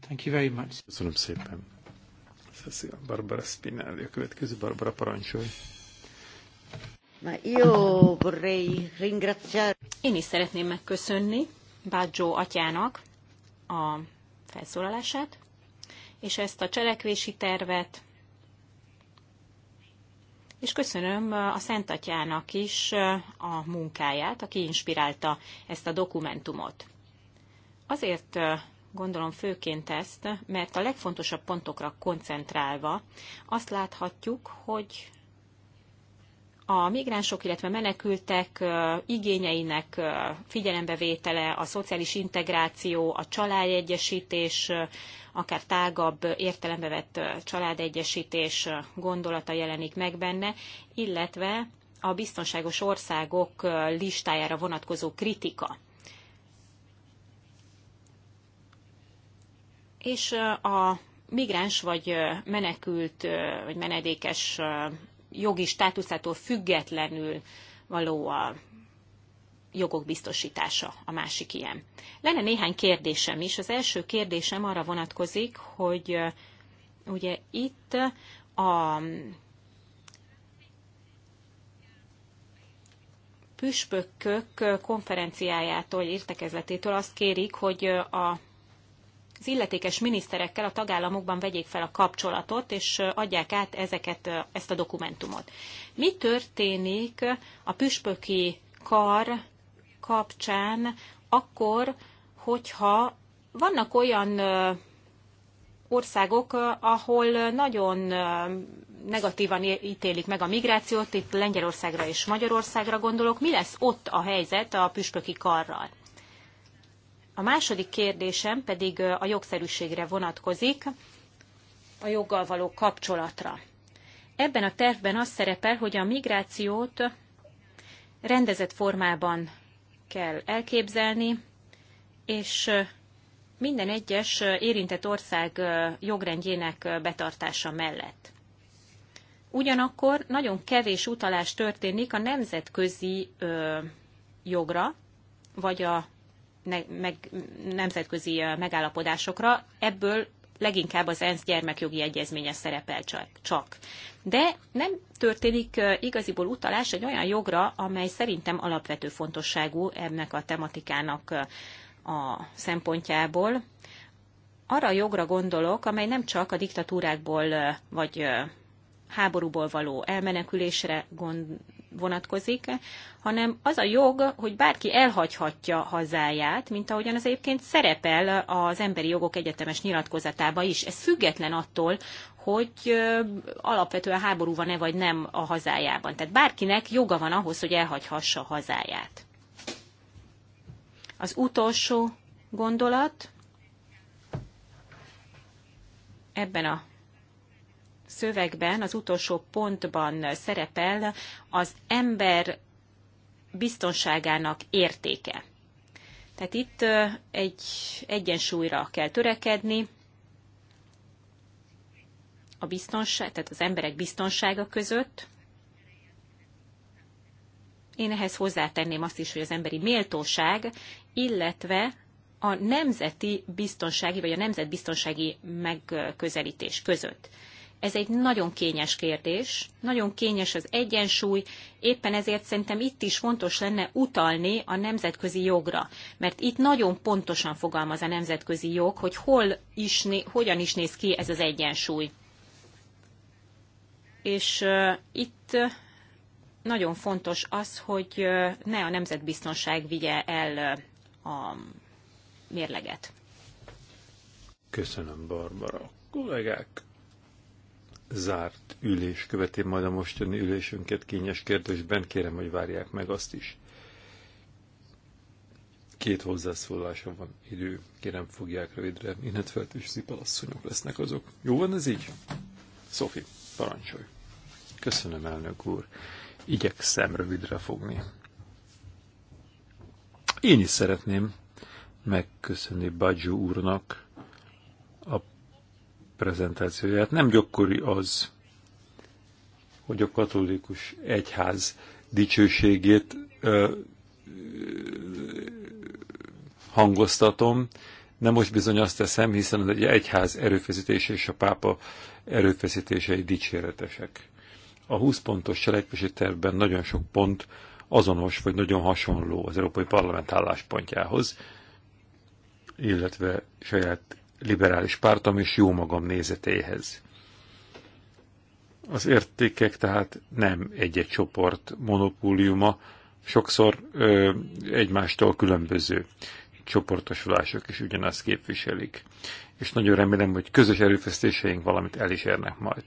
Thank you very much. Köszönöm szépen. Cecilia Barbara Spinelli, a következő Barbara parancsolj. Ma io vorrei ringraziare. Én is szeretném megköszönni Baggio atyának a felszólalását, és ezt a cselekvési tervet, és köszönöm a Szent Atyának is a munkáját, aki inspirálta ezt a dokumentumot. Azért gondolom főként ezt, mert a legfontosabb pontokra koncentrálva azt láthatjuk, hogy a migránsok, illetve menekültek igényeinek figyelembevétele, a szociális integráció, a családegyesítés, akár tágabb értelembe vett családegyesítés gondolata jelenik meg benne, illetve a biztonságos országok listájára vonatkozó kritika. És a migráns vagy menekült, vagy menedékes jogi státuszától függetlenül való a jogok biztosítása a másik ilyen. Lenne néhány kérdésem is. Az első kérdésem arra vonatkozik, hogy ugye itt a püspökök konferenciájától, értekezletétől azt kérik, hogy a az illetékes miniszterekkel a tagállamokban vegyék fel a kapcsolatot, és adják át ezeket, ezt a dokumentumot. Mi történik a püspöki kar kapcsán akkor, hogyha vannak olyan országok, ahol nagyon negatívan ítélik meg a migrációt, itt Lengyelországra és Magyarországra gondolok, mi lesz ott a helyzet a püspöki karral? A második kérdésem pedig a jogszerűségre vonatkozik, a joggal való kapcsolatra. Ebben a tervben az szerepel, hogy a migrációt rendezett formában kell elképzelni, és minden egyes érintett ország jogrendjének betartása mellett. Ugyanakkor nagyon kevés utalás történik a nemzetközi jogra, vagy a ne, meg, nemzetközi megállapodásokra, ebből leginkább az ENSZ gyermekjogi egyezménye szerepel csak. De nem történik igaziból utalás egy olyan jogra, amely szerintem alapvető fontosságú ennek a tematikának a szempontjából. Arra a jogra gondolok, amely nem csak a diktatúrákból vagy háborúból való elmenekülésre gond, vonatkozik, hanem az a jog, hogy bárki elhagyhatja hazáját, mint ahogyan az egyébként szerepel az Emberi Jogok Egyetemes nyilatkozatában is. Ez független attól, hogy alapvetően háború van-e vagy nem a hazájában. Tehát bárkinek joga van ahhoz, hogy elhagyhassa a hazáját. Az utolsó gondolat ebben a szövegben, az utolsó pontban szerepel az ember biztonságának értéke. Tehát itt egy egyensúlyra kell törekedni, a biztonság, tehát az emberek biztonsága között. Én ehhez hozzátenném azt is, hogy az emberi méltóság, illetve a nemzeti biztonsági, vagy a nemzetbiztonsági megközelítés között. Ez egy nagyon kényes kérdés, nagyon kényes az egyensúly, éppen ezért szerintem itt is fontos lenne utalni a nemzetközi jogra, mert itt nagyon pontosan fogalmaz a nemzetközi jog, hogy hol is, hogyan is néz ki ez az egyensúly. És uh, itt uh, nagyon fontos az, hogy uh, ne a nemzetbiztonság vigye el uh, a mérleget. Köszönöm, Barbara. Kollégák, zárt ülés követi majd a mostani ülésünket kényes kérdésben, kérem, hogy várják meg azt is. Két hozzászólása van idő, kérem fogják rövidre, Innetfelt és Szipalasszonyok lesznek azok. Jó van ez így? Szofi, parancsolj. Köszönöm, elnök úr. Igyekszem rövidre fogni. Én is szeretném megköszönni Bagyó úrnak, prezentációját. Nem gyakori az, hogy a katolikus egyház dicsőségét ö, hangoztatom. Nem most bizony azt teszem, hiszen az egy egyház erőfeszítése és a pápa erőfeszítései dicséretesek. A 20 pontos cselekvési tervben nagyon sok pont azonos vagy nagyon hasonló az Európai Parlament álláspontjához, illetve saját liberális pártom és jó magam nézetéhez. Az értékek tehát nem egy-egy csoport monopóliuma, sokszor ö, egymástól különböző csoportosulások is ugyanazt képviselik. És nagyon remélem, hogy közös erőfeszítéseink valamit el is érnek majd.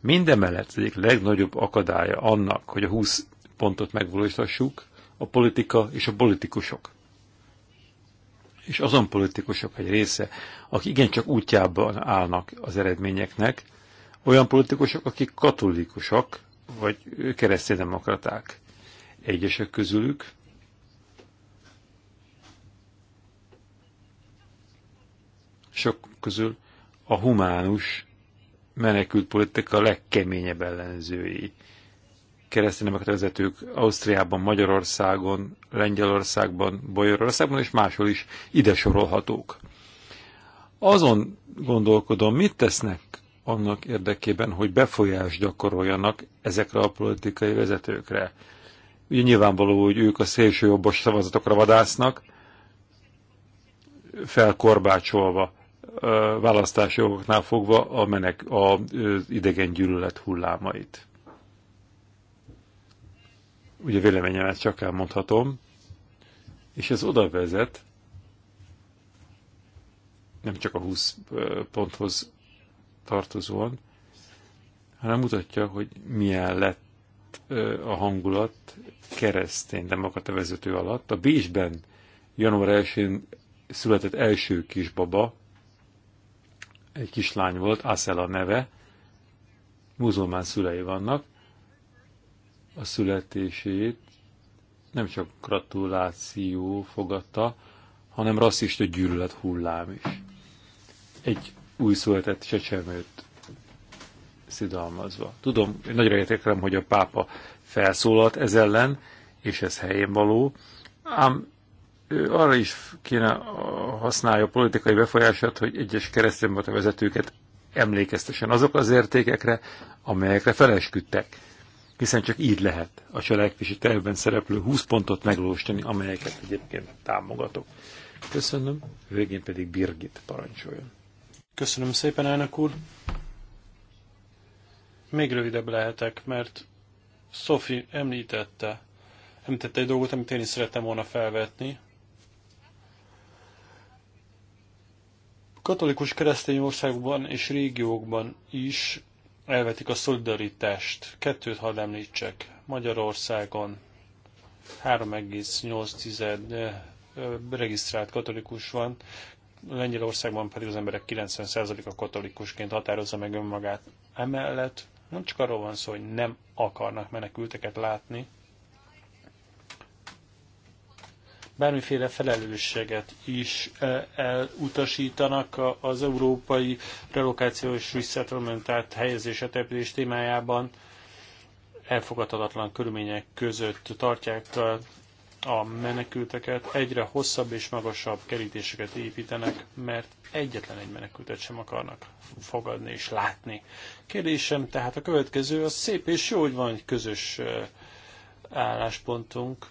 Mindemellett az egyik legnagyobb akadálya annak, hogy a 20 pontot megvalósítassuk, a politika és a politikusok és azon politikusok egy része, akik igencsak útjában állnak az eredményeknek, olyan politikusok, akik katolikusok, vagy kereszténydemokraták. Egyesek közülük sok közül a humánus menekült politika legkeményebb ellenzői kereszténynek vezetők Ausztriában, Magyarországon, Lengyelországban, Bajorországban és máshol is ide sorolhatók. Azon gondolkodom, mit tesznek annak érdekében, hogy befolyást gyakoroljanak ezekre a politikai vezetőkre. Ugye nyilvánvaló, hogy ők a szélsőjobbos szavazatokra vadásznak, felkorbácsolva, választási jogoknál fogva a menek, a idegen gyűlölet hullámait ugye véleményemet csak elmondhatom, és ez oda vezet, nem csak a 20 ponthoz tartozóan, hanem mutatja, hogy milyen lett a hangulat keresztény demokrata vezető alatt. A Bécsben január 1-én született első kisbaba, egy kislány volt, Asela neve, muzulmán szülei vannak, a születését nem csak gratuláció fogadta, hanem rasszista gyűlölet hullám is. Egy született csecsemőt szidalmazva. Tudom, én nagyra értékelem, hogy a pápa felszólalt ez ellen, és ez helyén való, ám ő arra is kéne használja a politikai befolyását, hogy egyes keresztény vezetőket emlékeztesen azok az értékekre, amelyekre felesküdtek hiszen csak így lehet a cselekvési tervben szereplő 20 pontot meglóstani, amelyeket egyébként támogatok. Köszönöm, végén pedig Birgit parancsoljon. Köszönöm szépen, elnök úr. Még rövidebb lehetek, mert Szofi említette, említette egy dolgot, amit én is szerettem volna felvetni. Katolikus keresztény országokban és régiókban is elvetik a szolidaritást. Kettőt hadd említsek. Magyarországon 3,8 regisztrált katolikus van, Lengyelországban pedig az emberek 90%-a katolikusként határozza meg önmagát. Emellett nem csak arról van szó, hogy nem akarnak menekülteket látni, bármiféle felelősséget is eh, elutasítanak az európai relokáció és resettlement, tehát helyezése település témájában elfogadhatatlan körülmények között tartják a menekülteket, egyre hosszabb és magasabb kerítéseket építenek, mert egyetlen egy menekültet sem akarnak fogadni és látni. Kérdésem tehát a következő, az szép és jó, hogy van egy közös eh, álláspontunk,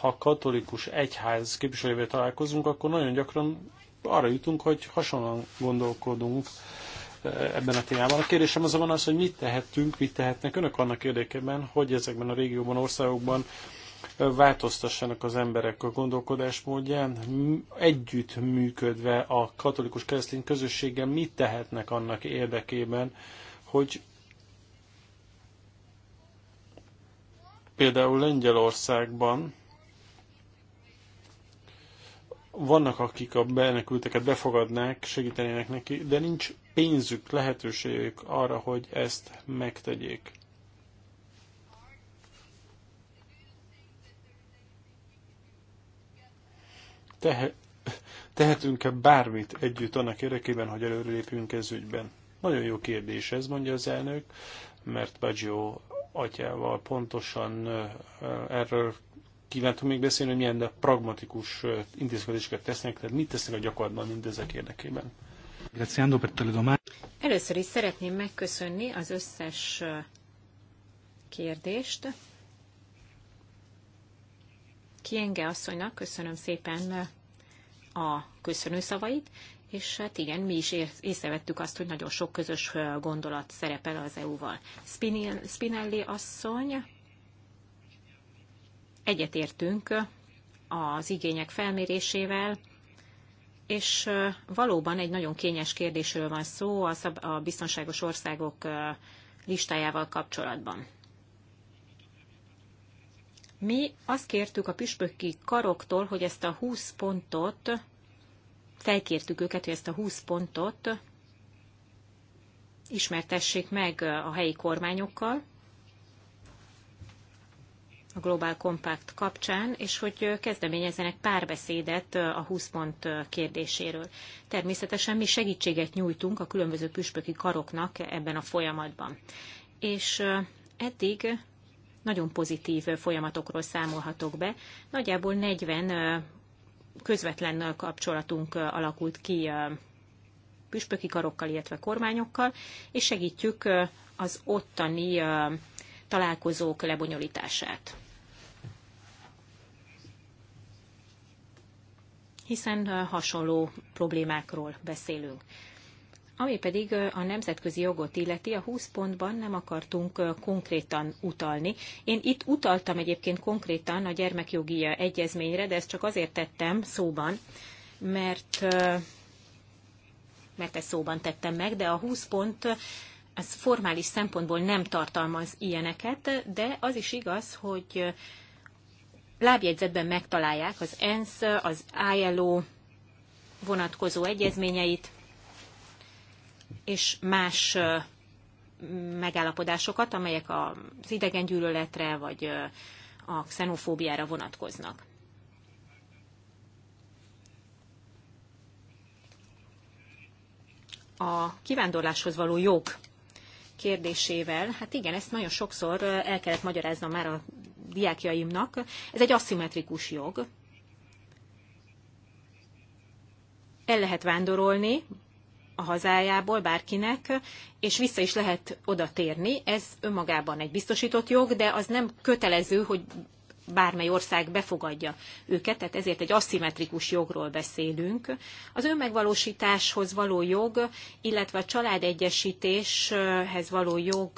ha katolikus egyház képviselővel találkozunk, akkor nagyon gyakran arra jutunk, hogy hasonlóan gondolkodunk eh, ebben a témában. A kérdésem azonban az, hogy mit tehetünk, mit tehetnek önök annak érdekében, hogy ezekben a régióban, országokban eh, változtassanak az emberek a gondolkodásmódján, együtt működve a katolikus keresztény közösséggel mit tehetnek annak érdekében, hogy például Lengyelországban vannak, akik a menekülteket befogadnák, segítenének neki, de nincs pénzük, lehetőségük arra, hogy ezt megtegyék. Tehe, tehetünk-e bármit együtt annak érdekében, hogy előrelépjünk ez ügyben? Nagyon jó kérdés ez, mondja az elnök, mert Baggio atyával pontosan erről kívántunk még beszélni, hogy milyen pragmatikus intézkedéseket tesznek, tehát mit tesznek a gyakorlatban mindezek érdekében. Először is szeretném megköszönni az összes kérdést. Kienge asszonynak köszönöm szépen a köszönő szavait, és hát igen, mi is észrevettük azt, hogy nagyon sok közös gondolat szerepel az EU-val. Spinelli asszony, egyetértünk az igények felmérésével, és valóban egy nagyon kényes kérdésről van szó a, a biztonságos országok listájával kapcsolatban. Mi azt kértük a püspöki karoktól, hogy ezt a 20 pontot, felkértük őket, hogy ezt a 20 pontot ismertessék meg a helyi kormányokkal, a Global Compact kapcsán, és hogy kezdeményezzenek párbeszédet a 20 pont kérdéséről. Természetesen mi segítséget nyújtunk a különböző püspöki karoknak ebben a folyamatban. És eddig nagyon pozitív folyamatokról számolhatok be. Nagyjából 40 közvetlen kapcsolatunk alakult ki püspöki karokkal, illetve kormányokkal, és segítjük az ottani találkozók lebonyolítását. Hiszen hasonló problémákról beszélünk. Ami pedig a nemzetközi jogot illeti, a 20 pontban nem akartunk konkrétan utalni. Én itt utaltam egyébként konkrétan a gyermekjogi egyezményre, de ezt csak azért tettem szóban, mert mert ezt szóban tettem meg, de a 20 pont ez formális szempontból nem tartalmaz ilyeneket, de az is igaz, hogy lábjegyzetben megtalálják az ENSZ, az ILO vonatkozó egyezményeit, és más megállapodásokat, amelyek az idegengyűlöletre vagy a xenofóbiára vonatkoznak. A kivándorláshoz való jog kérdésével, hát igen, ezt nagyon sokszor el kellett magyaráznom már a diákjaimnak. Ez egy aszimmetrikus jog. El lehet vándorolni a hazájából bárkinek, és vissza is lehet oda térni. Ez önmagában egy biztosított jog, de az nem kötelező, hogy bármely ország befogadja őket, tehát ezért egy aszimmetrikus jogról beszélünk. Az önmegvalósításhoz való jog, illetve a családegyesítéshez való jog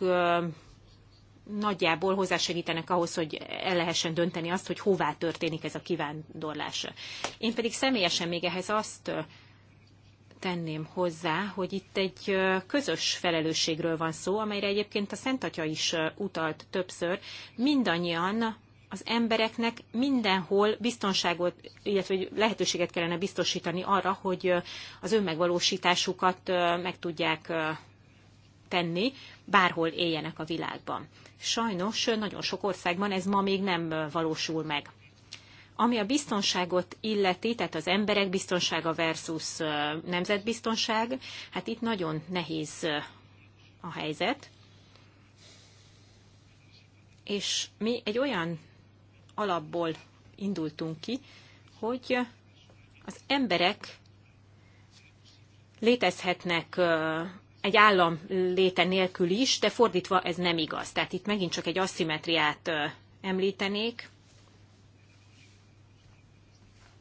nagyjából hozzásegítenek ahhoz, hogy el lehessen dönteni azt, hogy hová történik ez a kivándorlás. Én pedig személyesen még ehhez azt tenném hozzá, hogy itt egy közös felelősségről van szó, amelyre egyébként a Szent Atya is utalt többször. Mindannyian az embereknek mindenhol biztonságot, illetve lehetőséget kellene biztosítani arra, hogy az önmegvalósításukat meg tudják tenni, bárhol éljenek a világban. Sajnos nagyon sok országban ez ma még nem valósul meg. Ami a biztonságot illeti, tehát az emberek biztonsága versus nemzetbiztonság, hát itt nagyon nehéz a helyzet. És mi egy olyan alapból indultunk ki, hogy az emberek létezhetnek egy állam léte nélkül is, de fordítva ez nem igaz. Tehát itt megint csak egy aszimetriát említenék,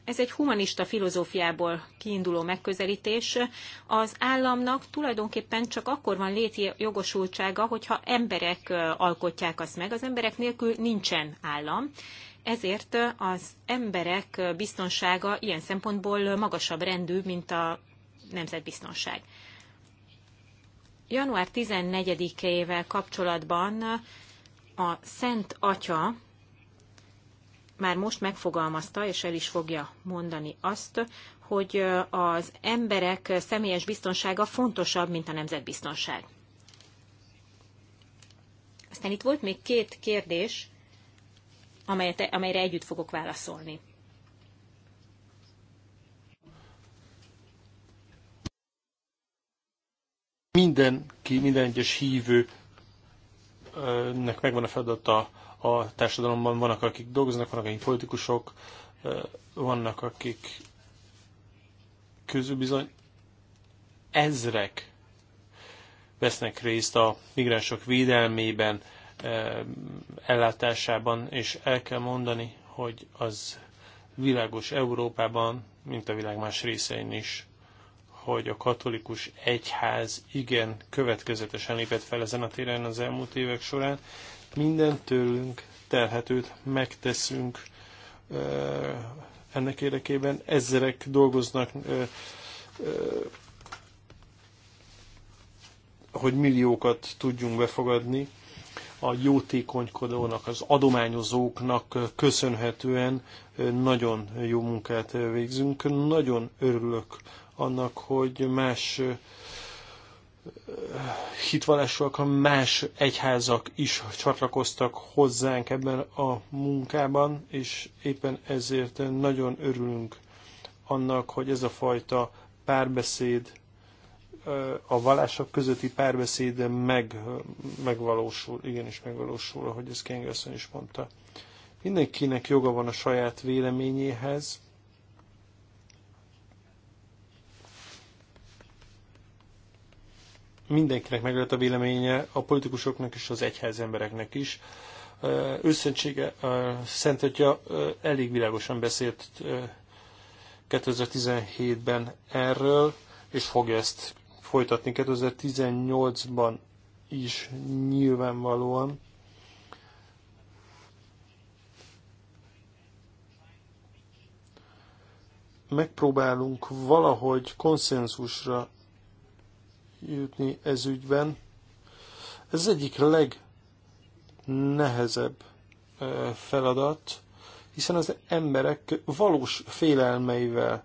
ez egy humanista filozófiából kiinduló megközelítés. Az államnak tulajdonképpen csak akkor van jogosultsága, hogyha emberek alkotják azt meg. Az emberek nélkül nincsen állam. Ezért az emberek biztonsága ilyen szempontból magasabb rendű, mint a nemzetbiztonság. Január 14-ével kapcsolatban a Szent Atya már most megfogalmazta, és el is fogja mondani azt, hogy az emberek személyes biztonsága fontosabb, mint a nemzetbiztonság. Aztán itt volt még két kérdés, amelyet, amelyre együtt fogok válaszolni. Mindenki, minden egyes hívőnek megvan a feladata a társadalomban. Vannak, akik dolgoznak, vannak, akik politikusok, vannak, akik közül bizony ezrek vesznek részt a migránsok védelmében, ellátásában, és el kell mondani, hogy az világos Európában, mint a világ más részein is, hogy a katolikus egyház igen következetesen lépett fel ezen a téren az elmúlt évek során, minden tőlünk telhetőt megteszünk ennek érdekében. Ezerek dolgoznak, hogy milliókat tudjunk befogadni. A jótékonykodónak, az adományozóknak köszönhetően nagyon jó munkát végzünk. Nagyon örülök annak, hogy más hitvallásúak, más egyházak is csatlakoztak hozzánk ebben a munkában, és éppen ezért nagyon örülünk annak, hogy ez a fajta párbeszéd, a vallások közötti párbeszéd meg, megvalósul, igenis megvalósul, ahogy ezt Kengelszön is mondta. Mindenkinek joga van a saját véleményéhez, mindenkinek meg lehet a véleménye, a politikusoknak és az egyház embereknek is. Összentsége Szent Atya elég világosan beszélt 2017-ben erről, és fogja ezt folytatni 2018-ban is nyilvánvalóan. Megpróbálunk valahogy konszenzusra jutni ez ügyben. Ez egyik legnehezebb feladat, hiszen az emberek valós félelmeivel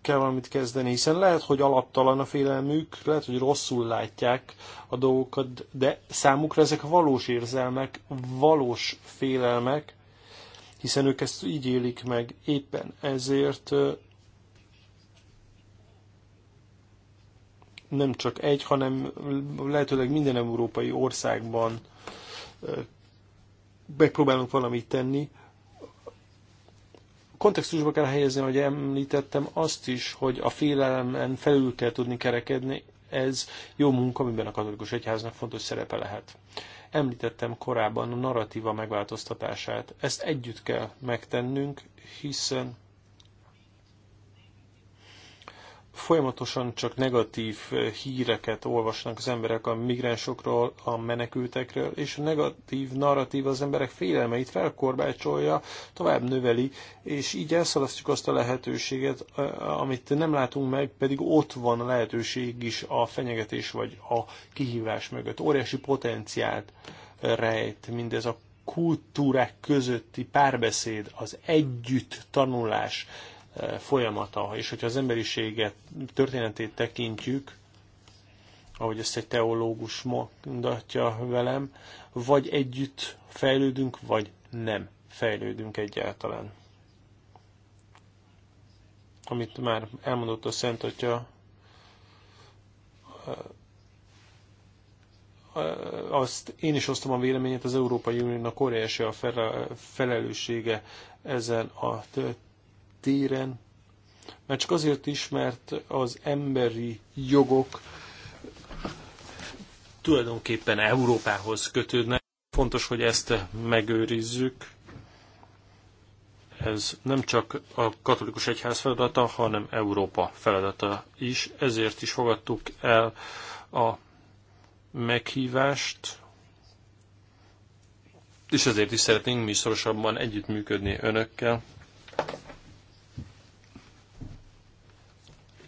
kell valamit kezdeni, hiszen lehet, hogy alaptalan a félelmük, lehet, hogy rosszul látják a dolgokat, de számukra ezek valós érzelmek, valós félelmek, hiszen ők ezt így élik meg. Éppen ezért nem csak egy, hanem lehetőleg minden európai országban megpróbálunk valamit tenni. Kontextusba kell helyezni, hogy említettem azt is, hogy a félelemen felül kell tudni kerekedni, ez jó munka, amiben a katolikus egyháznak fontos szerepe lehet. Említettem korábban a narratíva megváltoztatását. Ezt együtt kell megtennünk, hiszen Folyamatosan csak negatív eh, híreket olvasnak az emberek a migránsokról, a menekültekről, és a negatív narratív az emberek félelmeit felkorbácsolja, tovább növeli, és így elszalasztjuk azt a lehetőséget, eh, amit nem látunk meg, pedig ott van a lehetőség is a fenyegetés vagy a kihívás mögött. Óriási potenciált eh, rejt mindez a kultúrák közötti párbeszéd, az együtt tanulás, folyamata. És hogyha az emberiséget történetét tekintjük, ahogy ezt egy teológus mondatja velem, vagy együtt fejlődünk, vagy nem fejlődünk egyáltalán. Amit már elmondott a Szent Atya, azt én is osztom a véleményet, az Európai Uniónak óriási a felelőssége ezen a téren, mert csak azért is, mert az emberi jogok tulajdonképpen Európához kötődnek. Fontos, hogy ezt megőrizzük. Ez nem csak a katolikus egyház feladata, hanem Európa feladata is. Ezért is fogadtuk el a meghívást, és ezért is szeretnénk mi szorosabban együttműködni önökkel.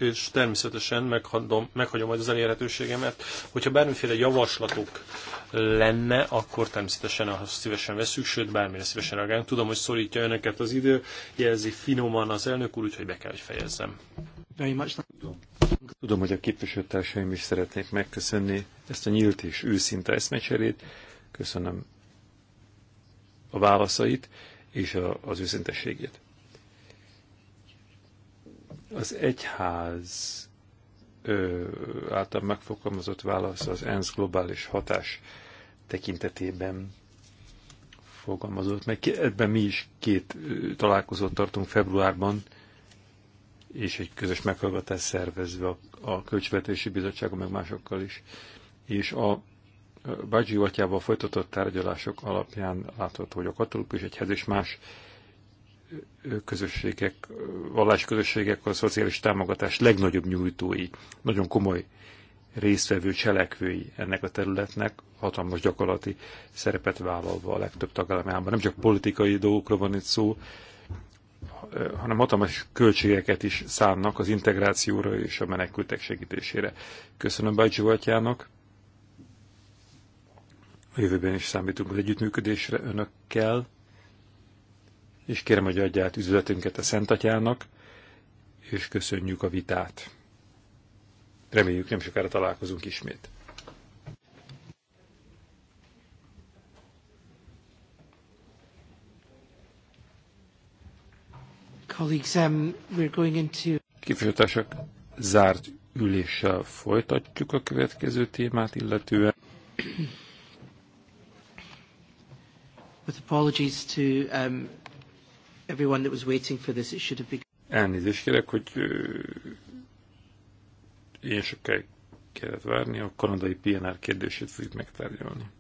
és természetesen meghagyom, meghagyom majd az elérhetőségemet. Hogyha bármiféle javaslatuk lenne, akkor természetesen azt szívesen veszük, sőt bármire szívesen reagálunk. Tudom, hogy szorítja önöket az idő, jelzi finoman az elnök úr, úgyhogy be kell, hogy fejezzem. Tudom, hogy a képviselőtársaim is szeretnék megköszönni ezt a nyílt és őszinte eszmecserét. Köszönöm a válaszait és a, az őszintességét. Az egyház ö, által megfogalmazott válasz az ENSZ globális hatás tekintetében fogalmazott meg. Ebben mi is két találkozót tartunk februárban, és egy közös meghallgatás szervezve a, a Költségvetési Bizottságon, meg másokkal is. És a Bácsi atyával folytatott tárgyalások alapján látható, hogy a katolikus egyhez és más közösségek, közösségek, a szociális támogatás legnagyobb nyújtói, nagyon komoly résztvevő cselekvői ennek a területnek, hatalmas gyakorlati szerepet vállalva a legtöbb tagállamában. Nem csak politikai dolgokról van itt szó, hanem hatalmas költségeket is szánnak az integrációra és a menekültek segítésére. Köszönöm Bajcsi Voltjának. A jövőben is számítunk az együttműködésre önökkel és kérem, hogy adját üzletünket a Szent Atyának, és köszönjük a vitát. Reméljük, nem sokára találkozunk ismét. Um, Képviselőtársak, zárt üléssel folytatjuk a következő témát, illetően With apologies to um, everyone that was waiting for this, it should have been... Elnézést kérek, hogy én sokáig kellett várni, a kanadai PNR kérdését fogjuk megtárgyalni.